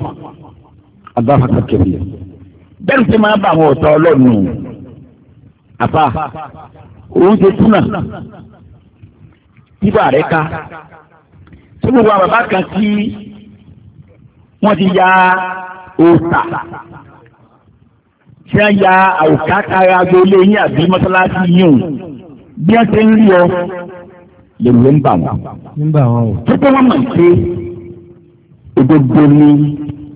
A: àbáfàkà kẹfì bẹ́ẹ̀ sì máa bá àwọn ọ̀tá ọlọ́run àbá òun ti túnà bíbá rẹ̀ ká tí gbogbo àwọn bàbá kan tí wọ́n ti ya òòtà tí wọ́n ya àwòká kára agboolé yín àbí mọ́sálásí yín o bí wọ́n ti ń rí ọ lèmi ń bà wọ́n. títí wọ́n mọ̀ pé òdodo ni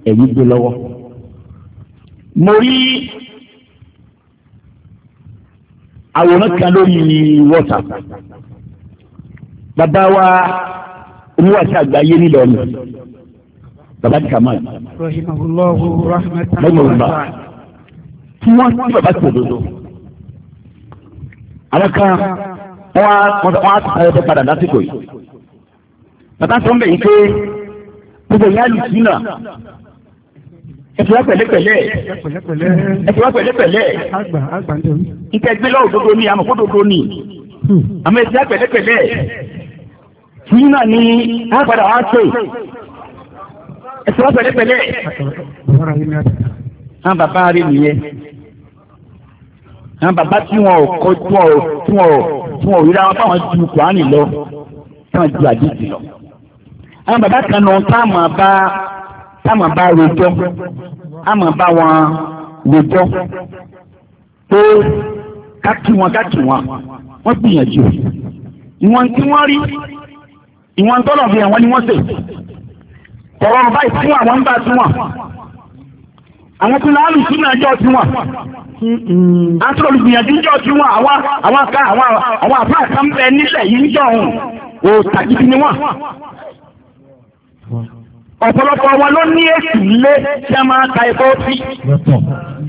A: ẹ̀yìn gbé lọ́wọ́. mo rí àwòrán kan lórí wọ́tà. bàbá wa oníwàsí àgbáyé nílọrin bàbá ti kàmáà. rahimahulahu rahmatulah. tí wọ́n ti bàbá sọ̀rọ̀ àwọn kan wọ́n á ti sáré padà lásìkò yìí.
B: bàtà sọ ń bẹ̀ yín pé gbogbo ìyá lù sí náà
A: ẹ̀fọ́ pẹ̀lẹ́pẹ̀lẹ́ ẹ̀fọ́ pẹ̀lẹ́pẹ̀lẹ́ ìkẹgbẹ́ lọ́wọ́ dodo ni àmọ́ kó dodo ni hmm. àmọ́ ẹ̀fọ́ pẹ̀lẹ́pẹ̀lẹ́ fún náà ni a padà wá pè ẹ̀fọ́ pẹ̀lẹ́pẹ̀lẹ́ àwọn bàbá rẹ̀ nìyẹn àwọn bàbá tí wọn ò kọ́ tí wọn ò tí wọn ò ríra wọn táwọn ju kùránì lọ táwọn ju àdìsí lọ. àwọn bàbá kan nù táwọn bá táwọn bá rojọ́ àmọ́ bá wọn rojọ́ pé kákì wọn kákì wọn wọ́n gbìyànjú ìwọ̀n tí wọ́n rí ìwọ̀n tọ́lọ̀ fi hàn wọ́n ni wọ́n sè ọ̀rọ̀ báyìí fún àwọn ń bá tún wọn. àwọn tó láàrù sí náà jọ tí wọn
B: àtúrọ̀lù gbìyànjú jọ tí wọn àwọn aká àwọn àbá kan bẹ yìí ń jọ òun ò tàgídí ni wọn. ọ̀pọ̀lọpọ̀ wọn ló ní èsì
A: ilé tí a máa ta epo sí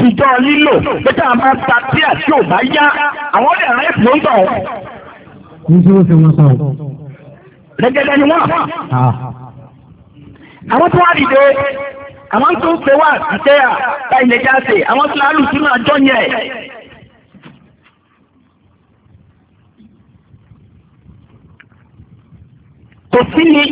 A: ìjọ lílò pé tí a máa ta tí àti ò bá yá àwọn ọ̀dẹ̀ ń àwọn tó ń pe wá àtúntẹ́ à ta ilẹ̀ já se àwọn tó lálù sínú àjọ yẹn. kò sí ni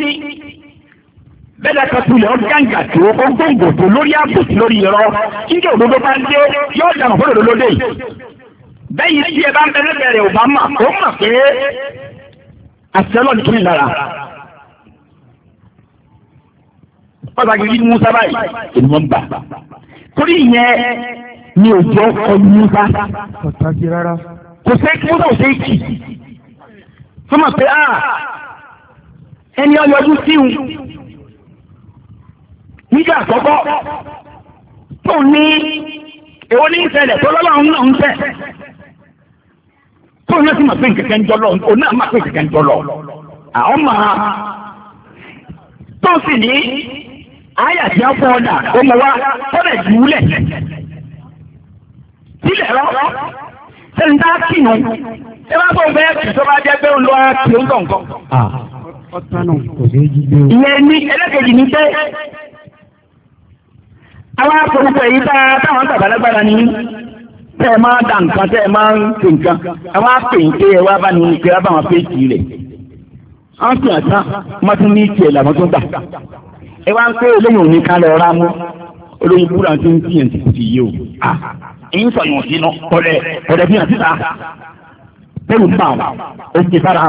A: bẹ́ẹ̀ kan tulẹ̀ ọ́ gàǹgà tó ó gbòǹgò tó lórí àbòsí lórí irọ́ kíkẹ́ òdodo bá ń dé yóò dànù fún òdodo lóde yìí bẹ́ẹ̀ yìí tí ẹ bá ń bẹ́ẹ̀ bẹ̀rẹ̀ ò bá mà ó mà pé àṣẹ lọ́ọ̀dì kí ni lára pàtàkì bí musa báyìí èmi mọ̀ ń torí ìyẹn ni òjò ọkọ musa kò sẹ́ kí musa ò sẹ́ kì fún mi pé ah, ẹni ọlọ́dún síhun nígbà àkọ́kọ́ tó ní èwo ní ìṣẹ̀lẹ̀ tó lọ́lọ́run náà ń tẹ̀ tó ní ẹ̀sìn màpé nkẹ̀kẹ́ ń jọlọ òun náà màpé nkẹ̀kẹ́ ń jọlọ àwọn máa tó sì ní àyà tí a fọ́ ọ̀dà ó mọ wá ọ̀rẹ́ jùúlẹ̀ sílẹ̀ rọ sẹ́ni tá a kì nù ẹ bá fọ́ bẹ́ẹ̀ kì tó bá jẹ́ pé ó lọ kì ó ń tọ̀ nǹkan. ìyẹn ní ẹlẹ́kẹ̀jì ní pé àwọn akọ̀rùkọ èyí tá táwọn tàbálágbára ní tẹ́ ẹ máa dà nǹkan tẹ́ ẹ máa ń pè nǹkan àwọn apè ń pé ẹ wá bá ní ìpè wá bá wọn pé jì rẹ̀. wọ́n sì àtàn mọ́tún ní ìtì ẹ̀ làwọn tó gbà ẹ wá ń pé olóyìn òní ká lọ rá mọ́ olóyìn búra tí ń tiẹ̀ ti ti yé o à ń sọ̀yìn òsì náà ọ̀rẹ́ ọ̀rẹ́ bí àtìta bẹ́ẹ̀ ń bà wọ́n ó ti fara.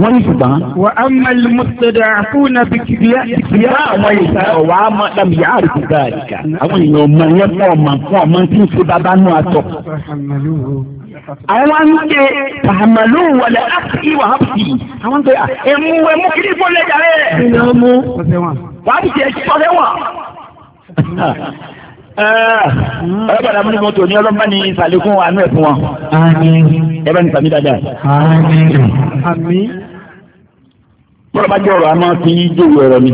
A: wọ́n ní ṣùgbọ́n. wà á mọ ìmọ̀tẹ́dà fún àbí kìdíyà. ìyá àwọn ìta ọ̀wà á mọ dàbí yàrá rẹ̀ gbàdìgà. àwọn èèyàn ọmọ yẹn fún ọmọ fún ọmọ tí ń ṣe bàbá náà tọ̀
B: àwọn wa ń ṣe àmàlú wọlé láti ìwà hapsi
A: àwọn tó yà ẹmu ẹmu kiri fọlẹ jàre. ìnà mú wàá bìí ṣe sọfẹ wà. Ọ̀rẹ́ bàdà mú ní mọ́tò ní ọlọ́mbà ní ìsàlékún àánú ẹ̀ fún wọn. Ẹ bá ní sàmì dáadáa. Bọ́lá bá jẹ́ ọ̀rọ̀ àmọ́ ti jòwó ẹ̀rọ ni.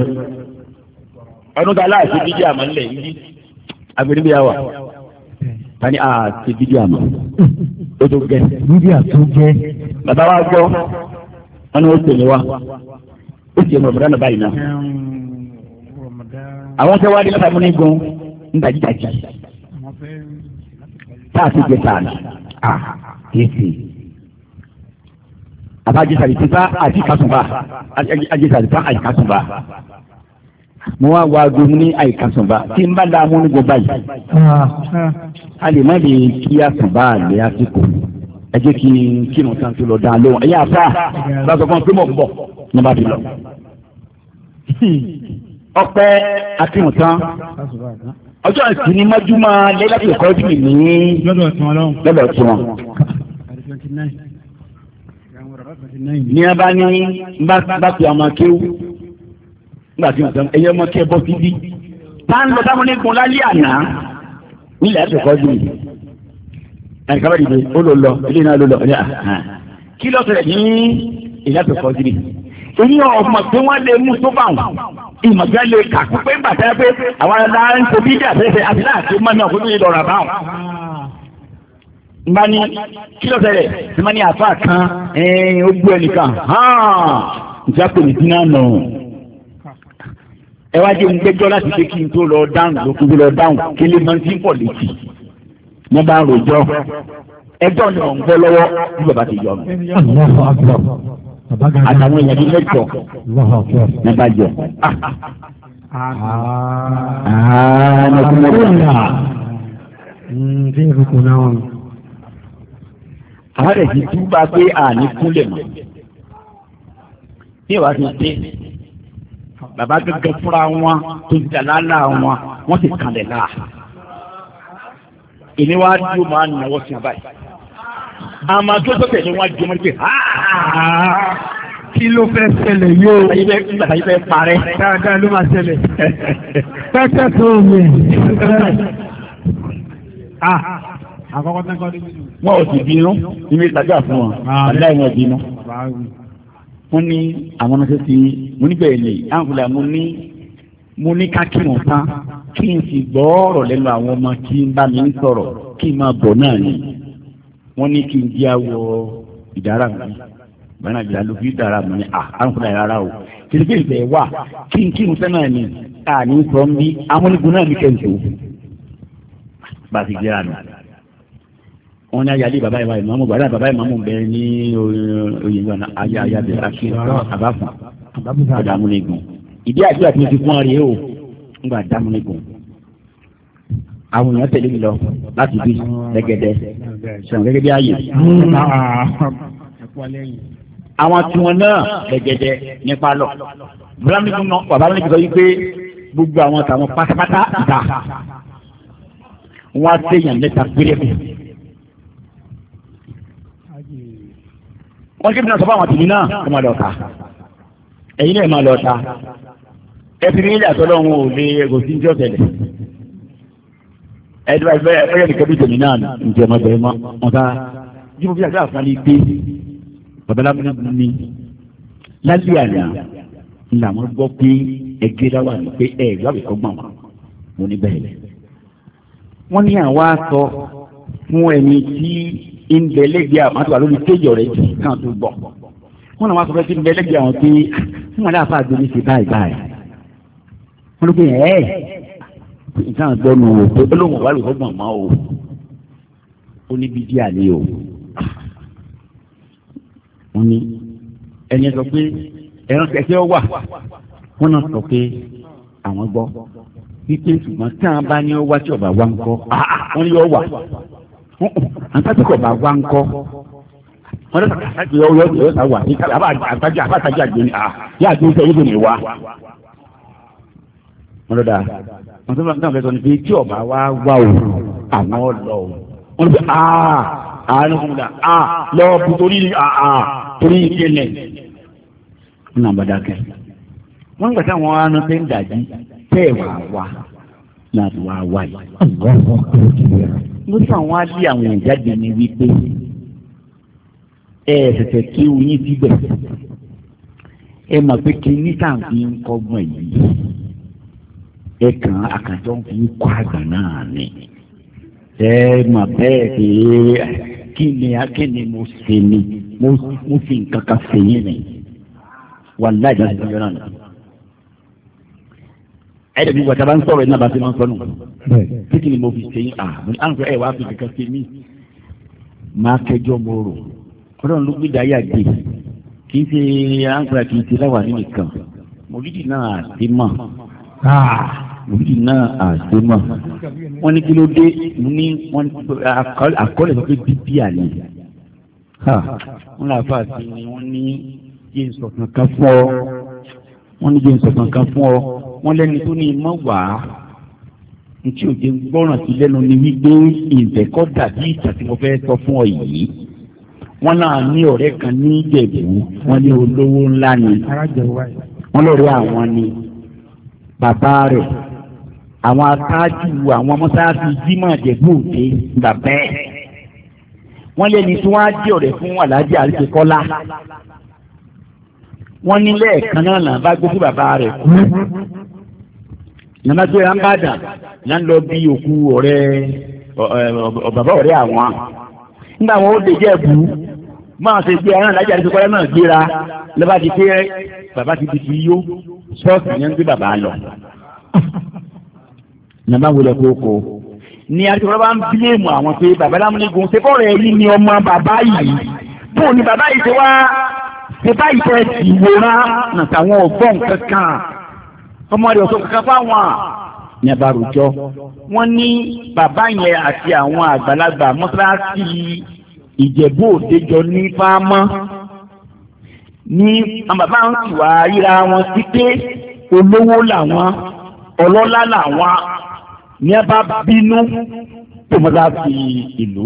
A: Ọdún tá láàṣì díjẹ́ àmọ́ ńlẹ̀ yìí. Àgbèrè bí a wà. Ta ni a ti díjẹ́ àmọ́? ó gẹ bíbí àtún gẹ bàbá wa gbọ́ wọn ni ó tẹ̀lé wa ó tẹ̀lé ọ̀bùdá náà báyìí náà àwọn tẹ́ wá dé mẹ́ta gun ńdàjídàjí
B: tá a ti jẹ tàn
A: á kéèké àbájẹsàlì ti bá àjíkàtúnbà àjẹsàlì bá àjíkàtúnbà mo wá wá gun ní àjíkàtúnbà tí n bá dá amúnigun báyìí.
B: Ah, ah.
A: a lè má lè kí àtúbà lè àsìkò ẹ jẹ́ kí kí nù tán tó lọ dá lóhùn ẹ̀yà àfà bá sọ fún un pé mò ń bọ̀ ní bá ti lọ. ọpẹ́ akínwó tán ọjọ́ ìsinmi mọ́júmọ́ lẹ́yìn ẹ̀kọ́ jù ní lọ́dọ̀ tí wọ́n. ní a bá ní bá pe ọmọ kéwú nígbà tí wọ́n sọ ẹ̀yẹ ọmọ kẹ́ bọ́ síbí. tá ń lọ sáwọn onígun lálẹ́ àná nílẹ̀ àti ẹ̀kọ́ bíi ẹnì kan bá dìde ó lò lọ ilé náà ló lọ ní àhà ah, ah. kí ló ṣẹlẹ̀ ní ilẹ̀ àti ẹ̀kọ́ bíi èyí ọmọ pé wọ́n lè mú tó bá wọn ìmọ̀já lè kà kú pé bàtà pé àwọn ará ń tóbi dé àtẹ́sẹ̀ àti láti mọ́ náà kó tó yẹ bá wọn mbani kí ló ṣẹlẹ̀ mbani àfa kan ẹ̀ẹ́n ó gbé ẹnìkan hàn ǹjẹ́ àpò nìkan náà ẹ wá jẹ́ gbẹ́jọ́ láti ṣe kí n tó lọ dáhùn lókun tó lọ dáhùn kí lè máa ń tí ń pọ̀ létí wọ́n bá ń rojọ́ ẹjọ́ ni ò ń gbọ́ lọ́wọ́ bí bàbá ti yọ àtàwọn èèyàn
B: bíi mẹ́jọ ní bá jọ. àwọn ah. ẹ̀sìn
A: ah, tún hmm, bá pé àní kúnlẹ̀ mọ́ bí wàá ti dé bàbá gẹ́gẹ́ fúnra wọn tó ti dà lálá wọn wọ́n ti kalẹ̀ láà. ìní wàá dúró máa ń náwó sí abáyé. àmọ́ tó tó tẹ̀lé wọn jẹ́ mọ́tò kí ló fẹ́ ṣẹlẹ̀ yóò. bàtà yìí fẹ́ parẹ́. dáadáa ló máa ṣẹlẹ̀. pẹ́pẹ́ tó o ah! mi. àkọ́kọ́ tẹ́kọ́ nínú. wọn ò sì bínú ibi ìtajà fún wọn aláìní ah. ọ̀bínú wọ́n ní àwọn ọmọ sẹ́sì mo níbẹ̀ ni àwọn fúlà mo ní mo ní ká kí wọn tán kí n sì gbọ́ ọ̀rọ̀ lẹ́nu àwọn ọmọ kí n bá mi ń sọ̀rọ̀ kí n máa bọ̀ náà ni wọ́n ní kí n di awọ ìdára mi bẹ́ẹ̀ni àgbà ló fi dára mi ni à àwọn rárá o kìlìkì ìfẹ́ wà kí n kí n sẹ́nà ni à ní sọ ń bí amúnigun náà ní kẹ́ńtò bá ti jẹ́ra nù wọ́n ní ayálé bàbá ìwà ìmọ̀mù bàbá bàbá ìmọ̀mù bẹ ní oyè ìgbà ayé ayábẹ̀ àti àbáfún ọ̀dàmúnigun ìdí àdúrà tí mo fi fún ọ rèé o ńgbà dàmúnigun àwọn èèyàn tẹ̀lé mi lọ láti bí gẹ́gẹ́dẹ́ sọ̀rọ̀ gẹ́gẹ́ bí ààyè. àwọn tiwọn náà gẹ́gẹ́dẹ́ nípa lọ. bùrámìkì náà bàbá mi sọ wípé gbogbo àwọn tàwọn pátápátá ìta wọn á tẹ̀yàn wọ́n kébìnà sọ fáwọn tìmí náà kó máa lọ ta ẹ̀yin náà máa lọ ta ẹtì ní ilé àtọ́lọ́hún ò lè egòsí ní ọ̀sẹ̀lẹ̀ ẹ̀dùn àìfẹ́ ẹ̀yẹ nìkan bí tèmi náà ǹjẹ́ ọmọ ẹgbẹ̀rún mọ́ wọn ta jíbo bí àgbà àfúnálí gbé babaláwo ní lálẹ́ àná làwọn gbọ́ pé ẹgbẹ́ láwà ní pé ẹ̀ gbàgbé kọ́ gbọ̀n wọn ní bẹ́ẹ̀ wọ́n ní àwa sọ fún ẹni tí ìbẹ̀lẹ́gbẹ̀ àwọn àti wà lórí téjọ rẹ̀ jù kàn tó gbọ̀. wọ́n náà wá sọ fẹ́ sí ìbẹ̀lẹ́gbẹ̀ àwọn pé fún wọn láàfáà gbé ní ṣe báyìí báyìí. wọ́n ló pé ẹ̀ ẹ́ nǹkan àgbọ̀nù o pé olóhùn wà lóhùn gbọ̀n mọ́ o ó ní bíi díà lé o. wọ́n ní ẹni sọ pé ẹran kẹsẹ́ wà wọ́n náà sọ pé àwọn gbọ́ wípé ṣùgbọ́n tí àwọn bá ní ọ wá tí ọba wa ń kọ́ wọ́n ní ọ àtàkùn ọba wa ń kọ́ wọ́n dẹ́sẹ̀ àtàkùn yọ yọ yọ sá wà ní àbá àtàkùn àbátàkùn àgbẹ̀ ni à yà á gbé sẹ́yìn ní wa. wọ́n lọ́dà wọ́n tó bá ń fẹ́ sọ ní bí tí ọba wa wà o àmọ́ lọ o wọ́n lọ́ bẹ aa àánú fún mi dà aa lọ bu torí aa torí ìkẹlẹ̀ ń nà bàdà kẹ wọ́n gbàtà wọn á nọ sẹ́yìn dàjí tẹ́ẹ̀ wà wá láti wá wá yìí ló sàwọn á lé àwọn ìjáde ní wípé ẹ tẹ̀tẹ̀ kí oyin bíbẹ̀
C: ẹ mọ̀ pé kí níta fi ń kọ́gbọ́n yìí ẹ kàn àkàtọ́ fi ń kọ́ àgbà náà ni ẹ mọ̀ bẹ́ẹ̀ pé
A: kí ni kí ni mo ṣe ni mo fi nǹkan kan ṣe yín ni wàláì náà ti ẹ̀rẹ̀ gbogbo àtàbà ń sọ̀rọ̀ ẹ̀ náà bá ti máa ń sọ nù. títí ni mo fi ṣe yín àmì àǹfẹ́ ẹ̀ wá fi kankan ṣe mí. máa kẹjọ mo rò ọlọ́run ló gbéjà yà dé kì í ṣe àǹfẹ́ kì í ṣe láwà nínú kan mòlídì náà àti mọ̀ mòlídì náà àti mọ̀ wọ́n ní kí ló dé ní wọ́n àkọọ́lẹ̀ sọ pé bíbí àlè wọ́n lè fà sí ni wọ́n ní jẹ́ nsọ̀kan kan fún ọ wọ́n ní jẹ́ nsọ̀kan kan fún ọ wọ́n lẹ́ni tó ní ìmọ̀ wá ntí òjò ń gbọ́ràn sí lẹ́nu ni wípé ìfẹ́kọ́ dàbí ìtàn tí mo fẹ́ sọ fún ọ yìí wọ́n náà ní ọ̀rẹ́ kan ní ìjẹ̀bú wọ́n ní olówó ńlá ni wọ́n lọ́ọ̀rẹ́ àwọn ni bàbá rẹ̀ àwọn aṣáájú àwọn mọ́sáàsì jímọ̀ ìjẹ̀bú òde bàbá ẹ̀ wọ́n lẹ́ni tí wọ́n á dé ọ̀rẹ́ fún aláàjì àríṣe kọ́lá ní lẹ́ẹ̀kan náà bá gbé bàbá rẹ̀ kú nàmásí ẹ̀ ń bá dà là ń lọ bí òkú ọ̀rẹ́ bàbá ọ̀rẹ́ àwọn nígbà wọn ó dé jẹ́ bù ú máa ṣe gbé aráàlú ajá àdìsí kọ́lá náà gbéra lọ́ba ti pé bàbá baba di ti yó ṣọ́ọ̀ṣì yẹn ń gbé bàbá lọ. nàmá wọlé kókó ni àdìsí bá ń bílẹ̀mù àwọn pé bàbá lámúnigun ṣe bọ́ọ̀rọ̀ ẹ̀yìn ni baba bàbá yìí bóun ni bàbá yìí ṣe wá ṣe báyìí tẹ̀ sí wòrán kankan ọmọ rẹ̀ ọ̀sọ́ kankan fáwọn ní abarujọ wọ́n ní bàbá yẹn àti àwọn àgbàlagbà mọ́sálásí ìjẹ̀bú òdejọ ní fáámọ́ ní bàbá ń wà ríra wọn sí pé olówó làwọn ọlọ́lá làwọn ní a bá bínú tó mọ́sálásí ìlú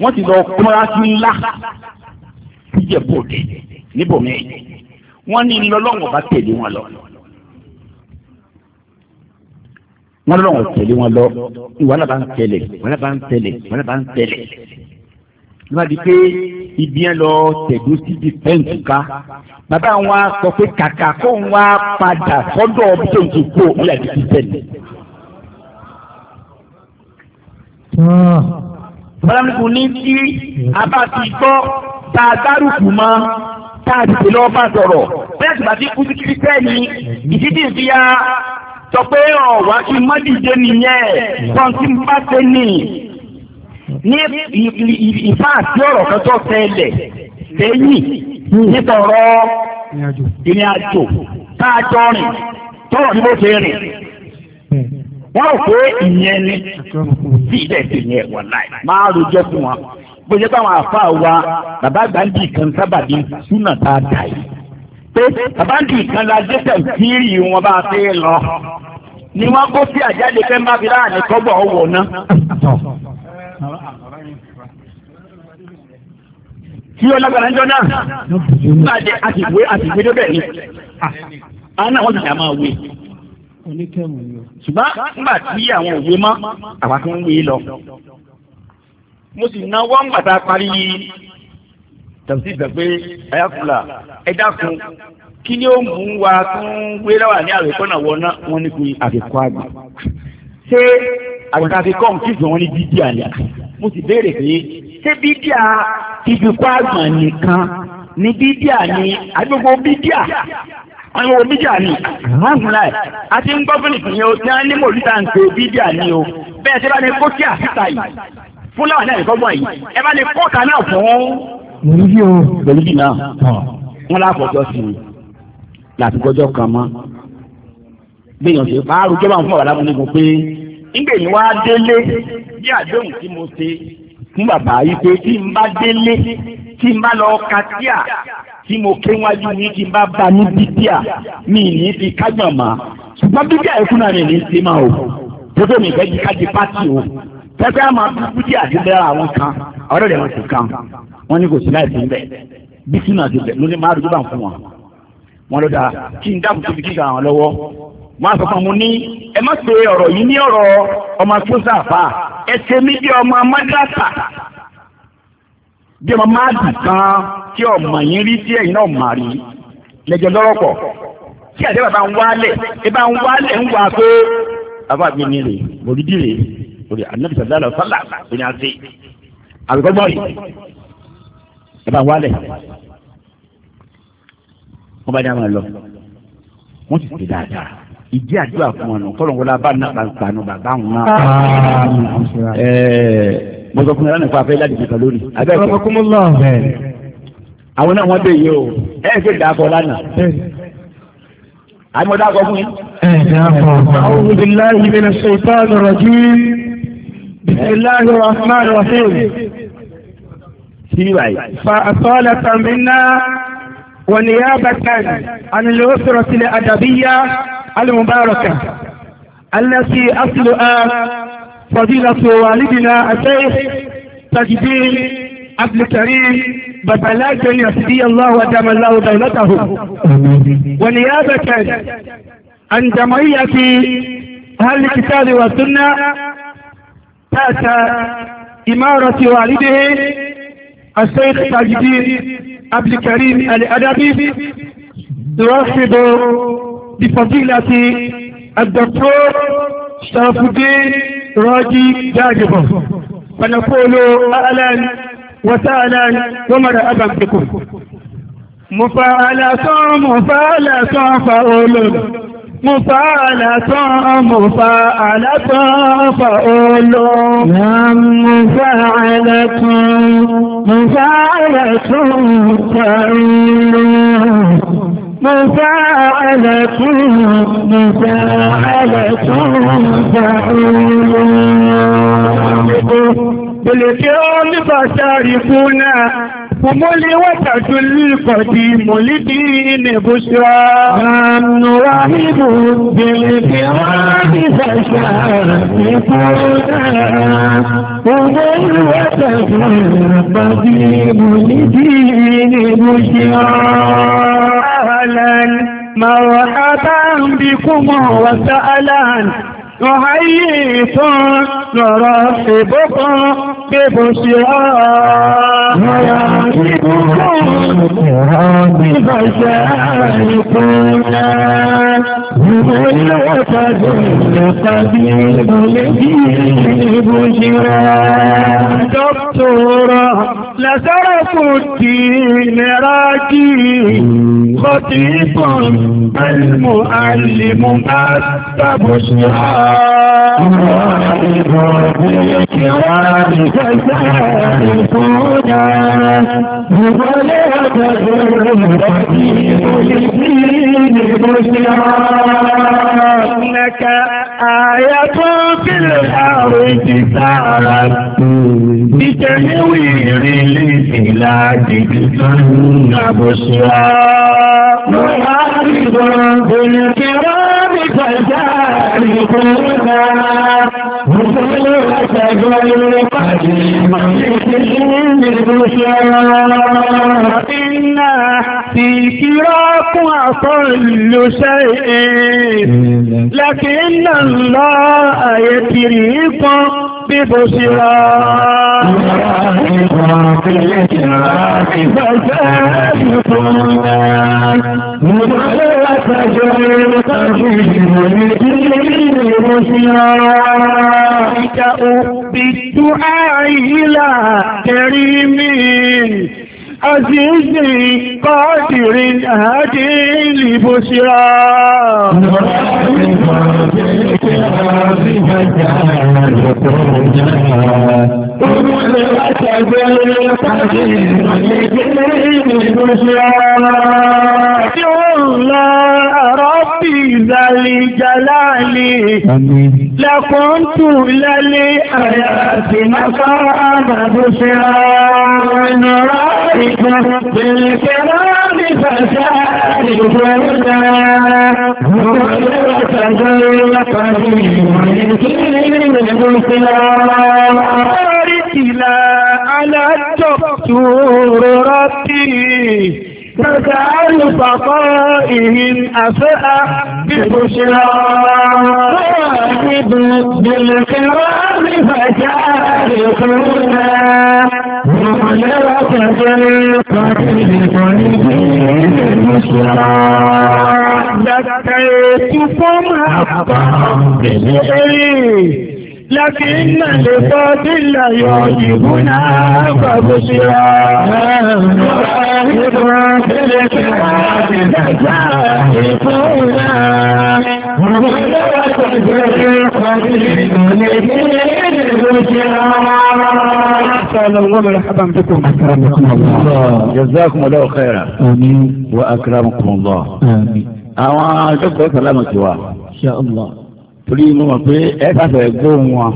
A: wọ́n ti lọ kọ́mọ́sálásí ńlá ìjẹ̀bú òde níbòmí wọ́n ní lọ́lọ́wọ́n bá tẹ̀lé wọn lọ. wọn lọ́wọ́ tẹ̀lé wọn lọ ìwọ́n náà bá ń tẹ̀lé wọn náà bá ń tẹ̀lé wọn náà bá ń tẹ̀lé wọn náà di pé ibi yẹn lọ tẹ̀dú síbi pẹ́ǹtì ká bàbá wọn sọ pé kàkà kó wọn padà sọ́dọ̀ pẹ́ǹtì kó wọn yàtí ti tẹ̀lé. Bọ́lámùkù ní tí a bá ti gbọ́ tá a dárúkù mọ́ tá a ti tẹ̀lé ọba sọ̀rọ̀ bẹ́ẹ̀ tí bàtí kú sí kíkẹ́ ni ìdíje sọ pé ọ̀wá kí má dìde nìyẹn tán tí ń bá ṣe ní ní ìfá àti ọ̀rọ̀ kan tó ṣẹlẹ̀ lẹ́yìn nítorọ̀ ìrìn àjò tá a jọ rìn tọ́rọ̀ ní bó ṣe rìn wọ́n rò pé ìyẹn ni sí ilẹ̀ sí yẹn wọ̀ láì máa rojọ́ fún wọn bó ṣe báwọn àfa wa bàbá àgbà ń bì kan sábàbí súnà tá a dà yìí pé àbáǹdì kan la dẹ́sẹ̀ kírì wọn bá fi lọ
B: ni wọ́n kó sí àjáde fẹ́ má fi láàánú kọ́bọ̀ ọ̀wọ̀ náà. Tí ó lágbára ń jọ náà, nígbà jẹ́ àtìwé àtìwé tó bẹ̀ ni. Àánà wọn kìí máa wé.
A: Ṣùgbọ́n nígbà tí àwọn òwe mọ́, àwa tó ń wé lọ. Mo sì náwó ń gbàtà parí tàbí ìgbà pé ayáfúlà ẹ dákun kí ni ó mú wa tún wéláwà ní àrèkọ́nà wọná wọn ní kí àrèkọ́ àgbà ṣé àgbàkà fi kọ́ kí ìgbà wọn ní bíbí àlẹ́ mo sì béèrè pé ṣé bíbí à ìdìkọ́ àgbà nìkan ní bíbí à ní agbègbè bíbí à àwọn ohun bíjà ni rọ́ǹgùn láì àti ń gọ́fìnì fún yẹn o tí wọ́n ní mò ń ta nǹkan bíjà ni o bẹ́ẹ̀ tí wọ́n bá ní kókí àfíta yìí fúláwà náà ìkọ́gbọ̀n yìí ẹ bá ní kọ́ọ̀kà náà fún mòlídìí o. mòlídìí náà wọn lákòókò sí i láti gbọ́jọ́ kan mọ́ gbìyànjú ṣe fàárù jọba fún ọ̀làmú nígun pé nígbà yìí wá délé bí àdéhùn tí mo ṣe fún bàbá yìí pé tí n bá délé tí n bá lọ ka tíà tí mo ké wájú yìí tí n bá ba ní bíbíà mi ní fi kájọ̀ mọ́ ṣùgbọ́n bíbíà yìí rẹ̀ ní ṣe máa o tó tó mi fẹ́ di kájí pátì o. tẹ́tẹ́ a máa tí àdúgbò àwọn kan ọ̀rẹ́ rẹ̀ wọ́n ti kan wọ́n ní kò sí láì fún bẹ́ẹ̀ bí sínú àti bẹ́ẹ̀ ló máa dúdú bá ń fún wọn. kí n dáàbò tóbi kíkà lọ́wọ́ sọ fún mi ní ẹ má pe ọ̀rọ̀ yìí ní ọ̀rọ̀ ọmọ ẹ ṣe mí bí ọmọ bí ọmọ torí anabi sallallahu alaihi wasallam kò ní a ṣe àbíkọ́ gbọ́ yìí ẹ bá wálẹ̀ wọ́n bá ní àwọn lọ wọ́n ti ṣe dáadáa ìdí àdúrà fún ọ̀nà kọ́lọ́ńgọ́lá bá ní àpàǹpàǹ bàbá àwọn náà. mo sọ fún yàrá nípa afẹ́ láti fi kan lórí. àwọn náà wọ́n bèèrè o ẹ̀ ẹ́ ṣe dàákọ̀ lánàá. àmọ́ dàákọ̀ fún yín. ẹ̀ dàákọ̀. àwọn olùdílá ìbẹ̀rẹ̀ ṣe ìpá àgbọ̀rọ̀ jí. بسم الله الرحمن الرحيم فأصالة منا ونيابة عن الأسرة الأدبية المباركة التي أصلها فضيلة والدنا الشيخ تجديد عبد الكريم بفلاج يسدي الله ودم الله دولته ونيابة عن جمعية أهل الكتاب والسنة تحت إمارة والده الشيخ تاج الدين عبد الكريم الأدبي نرحب بفضيلة الدكتور شرف الدين راجي جاجبه فنقول أهلا وسهلا ومرحبا بكم مفاعلة مفاعلة فأولو مفعلة مفعلة فأول نعم مفعلة
B: مفعلة فأول مفاعلة
A: مفاعلة Fòmólé wọ́ta tó lílùkọ̀ di mòlídí ní ìbúṣọ́. Àmì wá nínú bèèrè fi wọ́n
B: ní ṣẹ̀ṣà ní kúrò náà. Fòmólé wọ́ta tó
A: lílùkọ̀ di mòlídí ní ìbúṣọ́. Àhàlàn, màwàhábà ń bí kúmọ̀ wọ́ta aláhàn. نحييكم نرحبكم ببشرى
B: ويعجبكم ببشائكم هو الوفد
A: القديم الذي بشرى دكتورة لزرف الدين راجي خطيب المعلم أستبشرى
B: الكرام فسالكونا ولا تغر قديم
A: للدين بشرى إنك آية في الأرض سارت بتنوير البلاد بسنة بشرى محارب بالكرام فجاربنا
B: مثلك جل قديما إنا
A: في فراق أقل شيء لكن الله يتريق bíbò sí wa. Ìjà òbí dùn àìlà kẹrí mi àjíjì kọ́ọ̀dìrí àájí ìlìbò síra.
B: Olúwẹ̀lẹ́ láti
A: ẹgbẹ́ pàdé ìrìnlẹ̀ ìgbẹ́ ìlìbò síra. Tí ó ń lọ àrọ́ ذل جلال لكنت للآيات مقام بشرى رأيت بالكرام فسائر هدى إلى على الدكتور ربي فجعل بطائهم أفأ ببشرى واجبت بالكرام فتعرفونا
B: وخلقت القتل طريقين المشرى ذكرتكم حقا بالعلم لكن لا يعجبنا فبصرا نراهب في الاتحاد نزاهبنا
A: جزاكم الله خيرا آمين وأكرمكم الله آمين أوعى شكرا سلامك الله إن شاء الله torí mo mọ̀ pé ẹ sáfẹ́ gbóhùn wọn.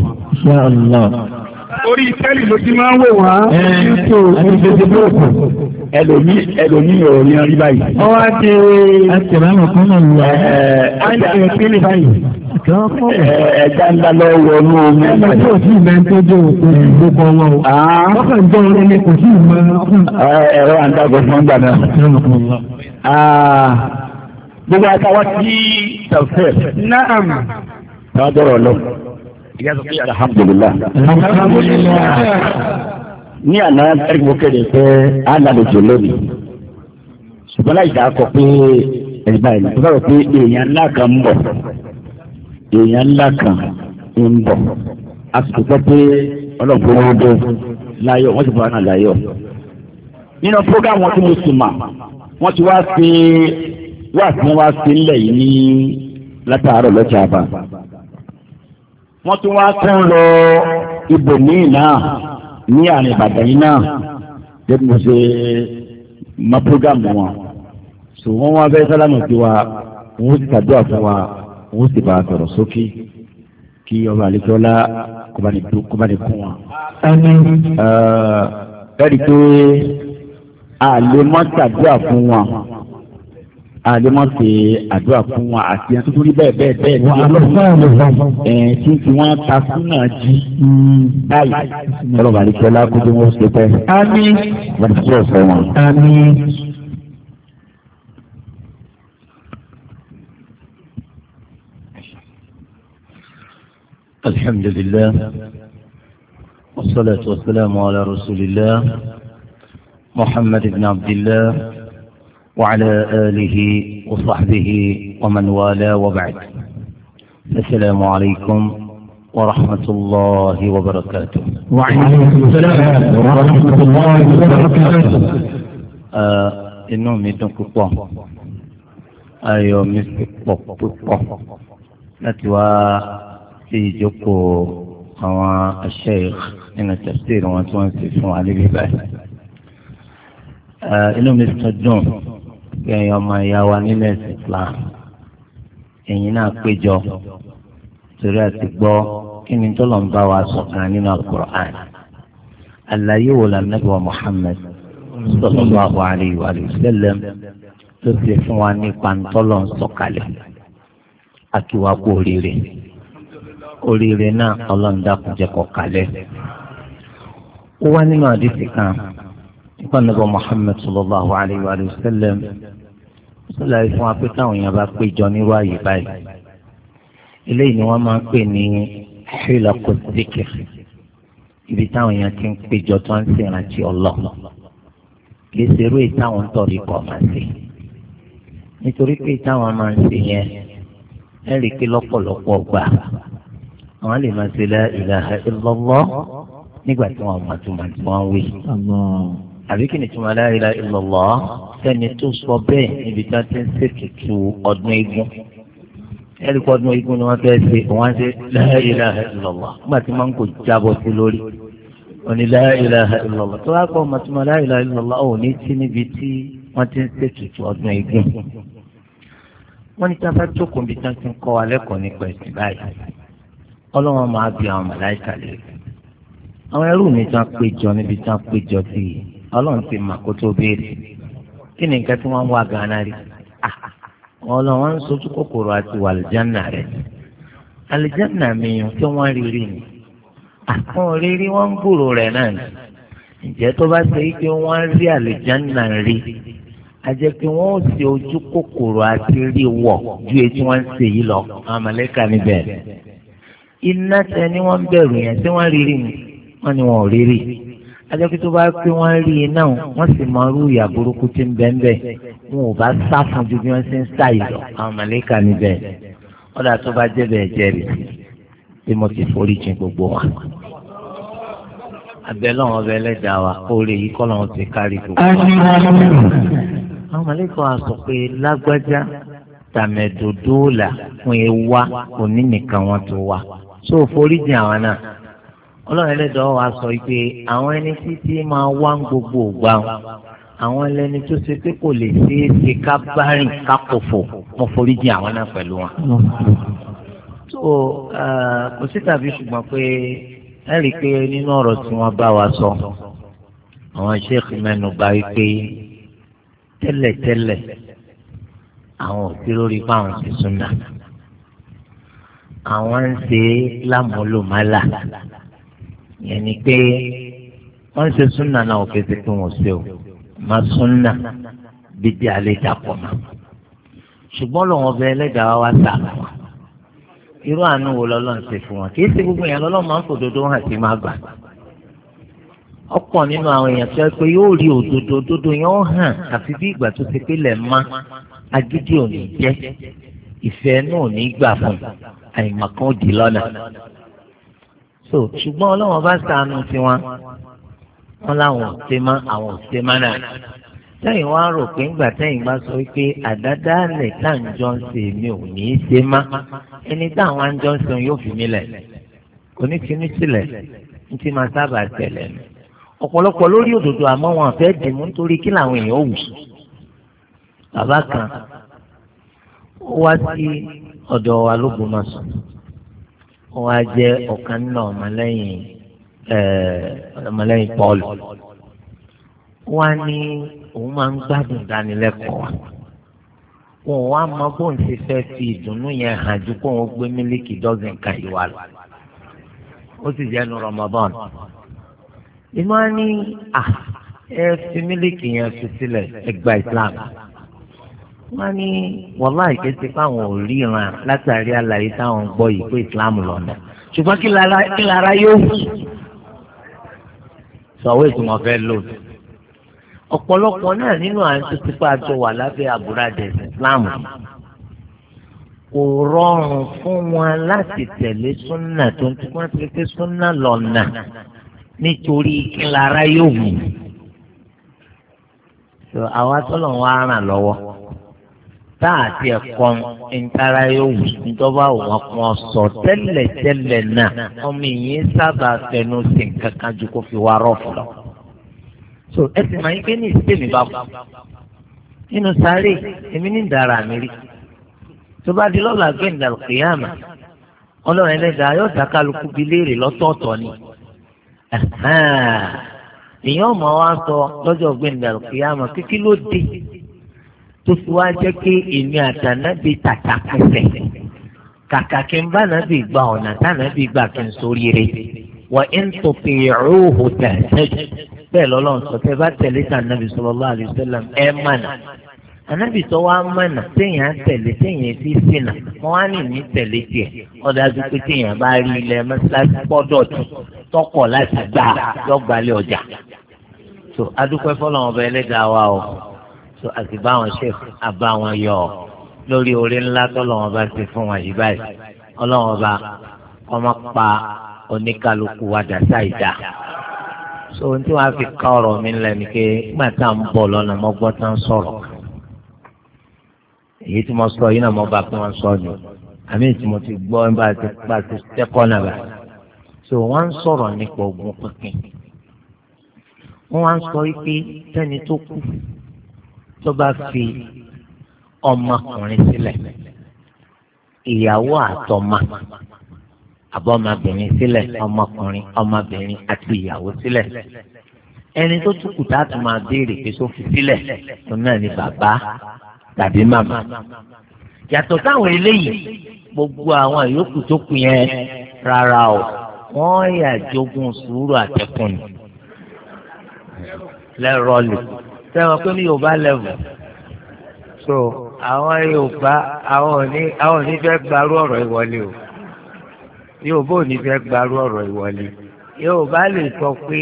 A: orí tẹ́lì ló ti máa ń wò wá. ẹ eh, ẹ Facebook ẹlòmí ẹlòmí ò ní rí báyìí. ọ wá ti àtìrámù kan náà lọ. ẹ ẹ kílì báyìí. Eh, eh, ẹja ń dá lọ́wọ́ ní omi. ẹgbẹ́ tí o sì ah. mẹ́ tó dé òkú gbogbo ọwọ́ o. ọkàn jẹ́ orin ni kò sí ìmọ̀. ẹ̀rọ àǹdàgọ̀ fún ọgbà náà. Ah. gbogbo àtàwọn tí tàfẹ́. náà. ká dọ̀rọ̀ lọ. ní àná ẹ̀rìgbò kéde pé á lálejò lónìí. ṣùgbọ́n láì dáa kọ pé ẹ̀gbá ìlú tó pé èèyàn ńlá kan ń bọ̀ èèyàn ńlá kan ń bọ̀ a sì gbọ́ pé ọlọ́gbọ́n wọn láyọ̀ wọ́n ti náà láyọ̀. nínú tí mo mà wọ́n ti wá sí wá sí wọ́n tún wá tún lọ ibòmíì náà ní àrùn ìbàdàn yìí náà bí mo ṣe mọ programu wọn so wọ́n wá bẹ́ẹ̀ sálámù sí wa wọ́n sì tàdúrà fún wa wọ́n sì bá a sọ̀rọ̀ sókè kí ọba àlejòọ́lá kó bá ní kún wọn. ẹ̀rí pé a lè fún wọn alimọ ṣe àdúrà fún wa àti ẹni tuntun bẹ́ẹ̀ bẹ́ẹ̀ bẹ́ẹ̀ ní ọlọ́run ẹ tí tí wọn ta súnà jí hmm. báyìí ọlọ́run àdìsẹlá kójú
B: wọn ṣe pẹ. àmín
A: bàtìsí
C: الحمد لله والصلاة والسلام على رسول الله محمد بن عبد الله وعلى آله وصحبه ومن والاه وبعد السلام عليكم ورحمة الله وبركاته وعليكم السلام ورحمة الله وبركاته آه، إنه ميتون كطا أيو ميتون كطا نتوى في جوكو قوى الشيخ إن التفسير وانتوان سيسو علي بباس آه، إنه ميتون kẹyìn ọmọ ìyá wa nílẹ̀ Islam ẹ̀yin náà péjọ torí àti gbọ́ kí ni tó lọ́n bá wa sọ̀kan nínú alukur'an àlàyé wo la Nábì wa Muhammad sallallahu alayhi wa sallam tó ti fún wa nípa ntọ́lọ̀ sọ̀kalẹ̀ àtiwá kú oríire oríire náà ọlọ́ndàkùnjẹ́ kọ̀kalẹ̀ ó wá nínú àdìsí kan ìpànàbọ̀ Muhammad sallallahu alayhi wa sallam sọláyé fún wa pé táwọn èèyàn bá péjọ nírú àyè báyìí eléyìí ni wọ́n máa ń pè ní hilaqu dhikr ibi táwọn èèyàn ti ń péjọ tó ń ṣèrántí ọlọ́ọ̀ kì í ṣe eré táwọn ń tọ̀rí kọ̀ máa ṣe nítorí pé táwọn máa ń ṣe yẹn ẹ rí pé lọ́pọ̀lọpọ̀ gbà àwọn lè máa ṣe la ilaha illallah nígbà tí wọ́n máa tún máa tún wọ́n wí àbí kí ni túmọ̀ la ilaha illallah sẹ́ni tó sọ bẹ́ẹ̀ níbi tí wọ́n ti ń ṣètùtù ọdún eégún ẹ̀rí kọ́ ọdún eégún ni wọ́n fẹ́ ṣe wọ́n ṣe la ilaha illallah nígbà tí wọ́n kò jábọ̀ sí lórí òní la ilaha illallah tó wá kọ́ ọmọtúmọ̀ la ilaha illallah ò ní sí níbi tí wọ́n ti ń ṣètùtù ọdún eégún wọ́n ní táfẹ́ tó kùn bí tán ti ń kọ́ alẹ́ nípa ẹ̀sìn báyìí ọlọ́run ti mà kó tó béèrè kí ni nǹkan tí wọ́n ń wá gan-an rí ah, ọlọ́run ń sojú kòkòrò àti wà àlìjánà rẹ̀ àlìjánà mìíràn tí wọ́n rí rí ni àwọn ah, òrírí wọ́n ń gbòòrò rẹ̀ náà ni ǹjẹ́ tó bá ṣe é pé wọ́n rí àlìjánà rí àjẹ́ pé wọ́n ò ṣe ojú kòkòrò àti rí wọ̀ ju etí wọ́n ń ṣe yìí lọ àwọn níbẹ̀ iná tẹ ni wọ́n bẹ̀rù yẹn tí wọ́n rí rí ni wọ́n ni wọ́n ò rí rí ni ajẹ́pẹ́ tó bá pé wọ́n rí i náà wọ́n sì mọ irú ìyà burúkú tí ń bẹ́ẹ̀ bẹ́ẹ̀ wọn ò bá sá fún ju bí wọ́n ṣe ń sá yìí lọ àwọn màlẹ́kà níbẹ̀ ọ̀dà tó bá jẹ́ bẹ́ẹ̀ jẹ́rìí tí mo ti forí jìn gbogbo wa abẹ́lẹ́ wọn bẹ lẹ́dàá wa oore yìí kọ́ lọ́wọ́ ti kárí gbogbo wa. àwọn màlẹ́kà wa sọ pé lágbájá tàmẹ̀dòdó là fún ewa òní wọn tó wa tó forí jìn àwọn náà ọlọ́run ẹlẹ́dọ̀ wa sọ pé àwọn ẹni títí máa wá gbogbo ògbà àwọn ẹlẹ́ni tó ṣe pé kò lè ṣeé ṣe ká bá rìn ká kòfò mo forí jìn àwọn náà pẹ̀lú wọn. so kò sí tàbí ṣùgbọ́n pé
A: ẹ rí i pé nínú ọ̀rọ̀ tí wọ́n bá wa sọ
C: àwọn sheikh mẹ́nu bà wípé tẹ́lẹ̀tẹ́lẹ̀ àwọn ò lórí fáwọn ti súnà àwọn ń ṣe lámúlòmálà yẹn ni pé wọ́n ṣe súnà náà òkè tí kò wọ́n ṣe o má súnà bíbí alẹ́ dàpọ̀ mọ́ ṣùgbọ́n lọ́wọ́ bẹ ẹlẹ́dàá wa sàlà wa irú àánú wo lọ́lọ́run ṣe fún wọn kì í ṣe gbogbo yẹn lọ́lọ́run máa ń fòdodo hàn sí máa gbà ọ̀pọ̀ nínú àwọn èèyàn tó pé yóò rí òdodo òdodo yẹn hàn àfi bí ìgbà tó ṣe pé lẹ̀ má agídí ò jẹ́ ìfẹ́ náà ní gbà fún àìmọ̀kan ó lọ́nà so ṣùgbọ́n ọlọ́wọ́n bá sànù tiwọn wọn láwọn ò ṣe má àwọn ò ṣe má náà sẹ́yìn wá rò pé ńgbà sẹ́yìn bá sọ pé àdádálẹ̀ tá à ń jọ ń ṣe mi ò ní í ṣe má ẹni tá àwọn à ń jọ ń ṣe yóò fi mí lẹ̀ kò ní fi mí sílẹ̀ ní ti máa sábà tẹ̀lẹ̀ mi ọ̀pọ̀lọpọ̀ lórí òdòdó àmọ́ wọn fẹ́ dì mú nítorí kí làwọn èèyàn wù bàbá kan ó wá sí ọ̀dọ̀ wa lógun ó wá jẹ́ ọ̀kan náà ọmọlẹ́yìn ọmọlẹ́yìn Pọ́ọ̀lù wá ní òun máa ń gbádùn dánilẹ́kọ̀ọ́ wa wọn wá mọ bóun ti fẹ́ fi ìdùnnú yẹn hàn ju kó wọn gbé mílíkì dọ́sìn kan yìí lọ ó sì jẹ́ nu Ramadan ìmọ̀ á ní ẹ fi mílíkì yẹn fi sílẹ̀ ẹgbà Islam. Islam wọ́n ní wàhálà ìkéṣe fáwọn ò ríran látàrí àlàyé táwọn gbọ́ yìí pé islam lọ́nà ṣùgbọ́n kí lára yóò wù sọ̀wọ́ ìtumọ̀ fẹ́ lòdì ọ̀pọ̀lọpọ̀ náà nínú àti tipa àjọ wà lábẹ́ àbúradẹ islam kò rọrùn fún wọn láti tẹ̀lé súnà tó ń tipa ti fi súnà lọ́nà nítorí kí lára yóò wù. àwa tọ́lọ̀ wọn á ràn lọ́wọ́ táàtì ẹ̀kọ́ ntara yóò wù ńdọ́bà wọn kan sọ tẹ́lẹ̀tẹ́lẹ̀ náà ọmọ ìyẹn sábà fẹnu sí kankan ju kó fi wá rọ́ọ̀fù lọ. so ẹ sì máa ń gbé ní ìsèmi bá kú
A: nínú sáré èmi
C: ní ìdára mi rí tó bá di lọ́la gbé ìdàlù kìyàmà ọlọ́run ẹlẹ́dàá yóò dá kálukú bi léèrè lọ́tọ̀ọ̀tọ̀ ni èèyàn mọ̀ wá sọ lọ́jọ́ gbé ìdàlù kìyàmà kíkí ló dé tó fi wá jẹ́ pé èmi àtànábì tàtà pẹ̀sẹ̀ kàkà kí n bá nàbì gba ọ̀nà tànàbì gbà kí n sórí rẹ̀ wà ń tòkè rúhù tẹ̀sẹ̀jù bẹ́ẹ̀ lọ́lọ́run sọ pé bá tẹ̀lé tànàbì sallallahu alaihi wasallam ẹ̀ mànà ànábì tó wá mànà téèyàn tẹ̀lé téèyàn fi sínà wọ́n á nì ní tẹ̀lé tiẹ̀ ọ̀dà tó pé téèyàn bá rí ilẹ̀ mọ́sálásí pọ́dọ̀ tọkọ̀ láti gbà lọ́gbàlẹ̀ so àti báwọn ṣe àbáwọn yọ ọ lórí orí ńlá tọ́lọ́wọ́n bá ti fún wọn yìí báyìí ọlọ́wọ́n bá ọmọ pa oníkálukú wa dàsá ìdá so ohun tí wọ́n á fi ká ọ̀rọ̀ mi ńlẹ̀ ni pé nígbà tá à ń bọ̀ lọ́nà mo gbọ́ tá à ń sọ̀rọ̀ èyí tí mo sọ yìí náà mo bá fún wọn sọ ni àmì tí mo ti gbọ́ nígbà tí bá ti tẹ́kọ̀ọ́ náà bá so wọ́n ń sọ̀rọ̀ nípa ogun pínpín
B: wọ́n wá ń sọ wípé tẹ́ni tó kú tó bá fi ọmọkùnrin sílẹ̀
C: ìyàwó àtọmọ àbọ̀mọbìnrin sílẹ̀ ọmọkùnrin ọmọbìnrin àti ìyàwó sílẹ̀ ẹni tó túkù tá a tún máa béèrè pé tó fi sílẹ̀ tó náà ni bàbá tàbí màmá yàtọ̀ táwọn eléyìí gbogbo àwọn ìyókù tó kù yẹn rárá o wọ́n yà jogún sùúrù àtẹkùn lẹ́rọ̀ọ́lù sẹ́wọ̀n pé ní yorùbá level so àwọn yorùbá àwọn òní àwọn òní fẹ́ gbarú ọ̀rọ̀ ìwọlé o yorùbá òní fẹ́ gbarú ọ̀rọ̀ ìwọlé yorùbá lè sọ pé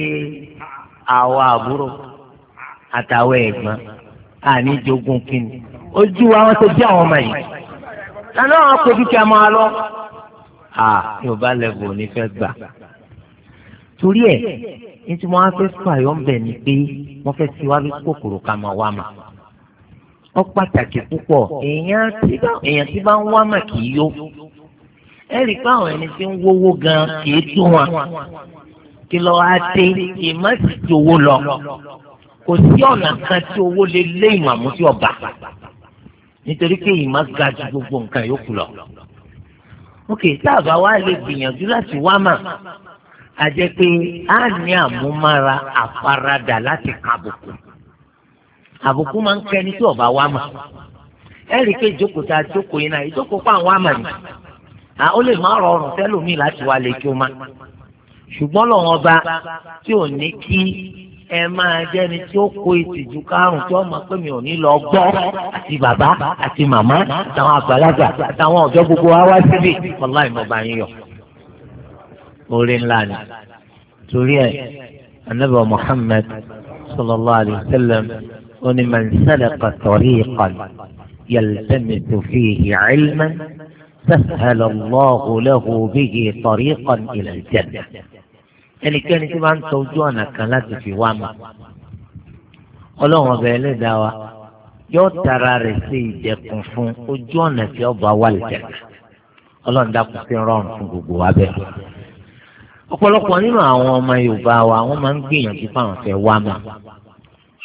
C: àwọn àbúrò àtàwọn ẹ̀gbọ́n àní jogún kínní ojú àwọn tó bí àwọn ọmọ yìí lánàá àwọn kò dúkìá máa lọ yorùbá level òní fẹ́ gbà torí ẹ̀ ní tí wọ́n á fẹ́ sọ àyọ̀ ń bẹ̀ ni pé wọ́n fẹ́ ti wá lójú kòkòrò ká máa wá mà ó pàtàkì púpọ̀ èèyàn tí bá ń wá mà kì í yó ẹ rí i pé àwọn ẹni tí ń wówó gan kì í tún wọn kí lọ́ọ́ á dé kì í má sì ti owó lọ kò sí ọ̀nà kan tí owó lè lé ìmọ̀ àmú sí ọba nítorí pé ìmọ̀ ga ju gbogbo nǹkan yòókù lọ. ok tá a bá wá lè gbìyànjú láti wá mà àjẹ́ pé a ní àmúmára àfaradà láti kàbùkù àbùkù máa ń kẹni tí ọba wa mà ẹ̀rí pé ìjókòó tá a jókòó yìí náà ìjókòó pa àwọn àmà nì à ó lè má rọrùn fẹ́lòmíì láti wá lè kí o má ṣùgbọ́n lọ́wọ́n ọba tí ò ní kí ẹ máa jẹ́ni tí ó kó ìtìjú kárùn tí ó mọ̀ pé mi ò ní lọ gbọ́ àti bàbá àti màmá àtàwọn àgbàlagbà àtàwọn ọ̀dọ́ gbogbo wa wá síbí ọláìmọba yín yọ orí ńlá ni torí ẹ anábà muhammed sallallahu alayhi wa sallam ó ní man salaka tariqan yaltamisu fihi ilman sahala allahu lahu bihi tariqan ila aljanna ẹnikẹ́ni tí wọ́n ń tọ́jú ọ̀nà kan láti fi wá ma ọlọ́run ọbẹ̀ ẹlẹ́dàá wa yóò tara rẹ̀ sí ìdẹ̀kùn fún ojú ọ̀nà tí ọba wà lẹ́jẹ̀ ọlọ́run dákun sí rọrùn fún gbogbo wa bẹ́ẹ̀ ọ̀pọ̀lọpọ̀ nínú àwọn ọmọ Yorùbá wa wọ́n máa ń gbìyànjú fáwọn fẹ́ wá mà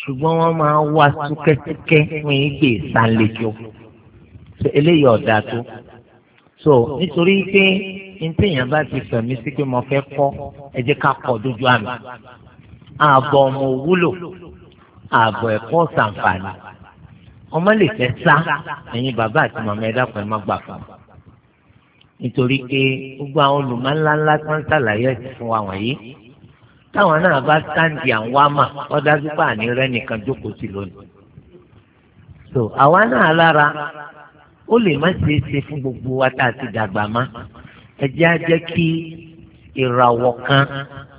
C: ṣùgbọ́n wọ́n máa ń wá súkẹ́súkẹ́ fún ìgbè ìsàlẹ̀jọ́ eléyìí ọ̀dà tó so nítorí pé ntẹ̀yìn bá ti fẹ̀mí sí pé mo fẹ́ kọ́ ẹ jẹ́ ká kọ́ dójú àmì ààbọ̀ ọmọ wúlò ààbọ̀ ẹ̀kọ́ ṣàǹfààní ọmọ lè fẹ́ sá ẹ̀yin bàbá àti màmá ẹ̀dá kan ẹ̀ má gbà fún un nítorí pé gbogbo àwọn olùmọ̀ ńláńlá tó ń ṣàlàyé ẹ̀sìn fún wa wọ̀nyí táwọn náà bá sáǹdì àwọn àmà ọ̀dájú pé àní rẹ nìkan jókòó sí lónìí. so àwa náà lára ó lè má ṣeé ṣe fún gbogbo wa tá a ti dàgbà má ẹ jẹ́ á jẹ́ kí ìràwọ̀ kan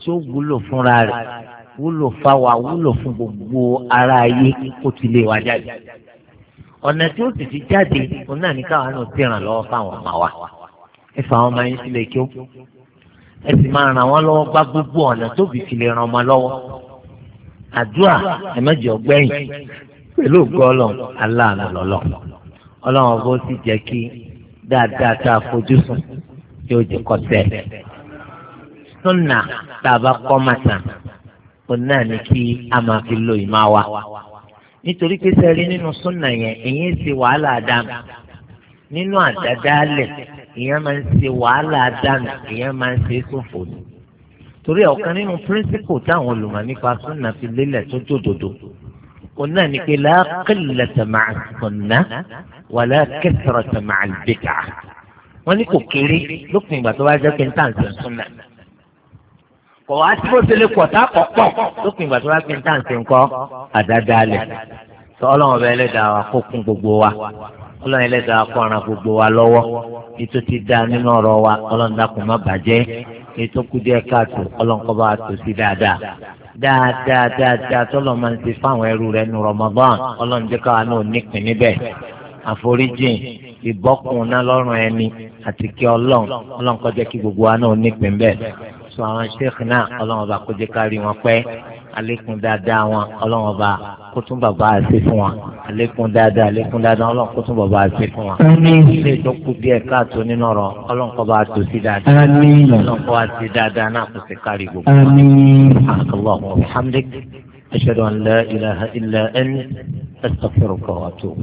C: tí ó wúlò fúnra rẹ̀ wúlò fáwa wúlò fún gbogbo ara ayé kó ti lè wá jáde ọ̀nà tí ó sì fi jáde òun náà ní káwa náà ti ràn lọ́wọ́ fáwọn ọmọ wa ẹ fà wọn máa yín sílẹ̀ kí ó ẹ sì máa ràn wọ́n lọ́wọ́ gbá gbogbo ọ̀nà tóbi fi lè ràn ọmọ lọ́wọ́ àdúrà ẹ mẹ́jọ gbẹ̀yìn pẹ̀lú gọ́ọ̀lọ̀ aláàánú lọ́lọ́ ọlọ́run bó sì jẹ́ kí dáadáa tá a fojú sùn yóò jẹ́ kọ́sẹ́ súnà tá a bá kọ́ màtà ó náà ní kí a máa fi lo ìmọ̀ wa nítorí pé sẹ́rí nínú súnà yẹn èyí ń wàhálà àdáàmú nínú àdádálẹ̀ ìyẹn máa ń ṣe wàhálà dànù ìyẹn máa ń ṣe sófò ni torí ọ̀kan nínú píríncípù táwọn olùmọ̀ nípa súnà fi lélẹ̀ tó jòdòdò òun náà ni pé láàkìlẹ̀ tẹ̀mà àtúnná wà láàkẹ́sọ̀rọ̀ tẹ̀mà àlùbẹ́kà wọ́n ní kò kéré lópin ìgbà tó bá jẹ́ pé ń tà ń súnà kò wá tí mo pọ̀ tá pọ̀ pọ̀ lópin ìgbà tó bá pé ń tà ń sẹ́ ńkọ́ àdáda alẹ̀ ọlọ́run ẹlẹ́dàá kó ara gbogbo wa lọ́wọ́ ètò ti da nínú ọ̀rọ̀ wa ọlọ́run dákun má bàjẹ́ ètò kù díẹ̀ káàtó ọlọ́run kọ́ bá tó sí dáadáa dáadáa dáadáa tọ́lọ̀ máa ń ṣe fáwọn ẹrú rẹ̀ nu Ramadan ọlọ́run jẹ́ káwa náà nípìn níbẹ̀ àforíjìn ìbọ́kùn náà lọ́rùn ẹni àti kí ọlọ́run ọlọ́run kó jẹ́ kí gbogbo wa náà nípìn bẹ́ẹ̀ sọ àwọn ṣéèkì náà ọlọ́run ọba kó jẹ́ ká rí wọn pẹ́ àlékún dáadáa wọn ọlọ́run ọba kó tún bàbá àṣẹ fún wọn àlékún dáadáa àlékún dáadáa ọlọ́run kó tún bàbá àṣẹ fún wọn. ilé ìdókù díẹ̀ káàtó nínú ọ̀rọ̀ ọlọ́run kó bá tó sí dáadáa ọlọ́run kó bá sí dáadáa náà kó sì kárí gbogbo. akọlọ́hún alhamdulilayi ashhadu an la ilaha illa anta astaghfiruka wa atubu.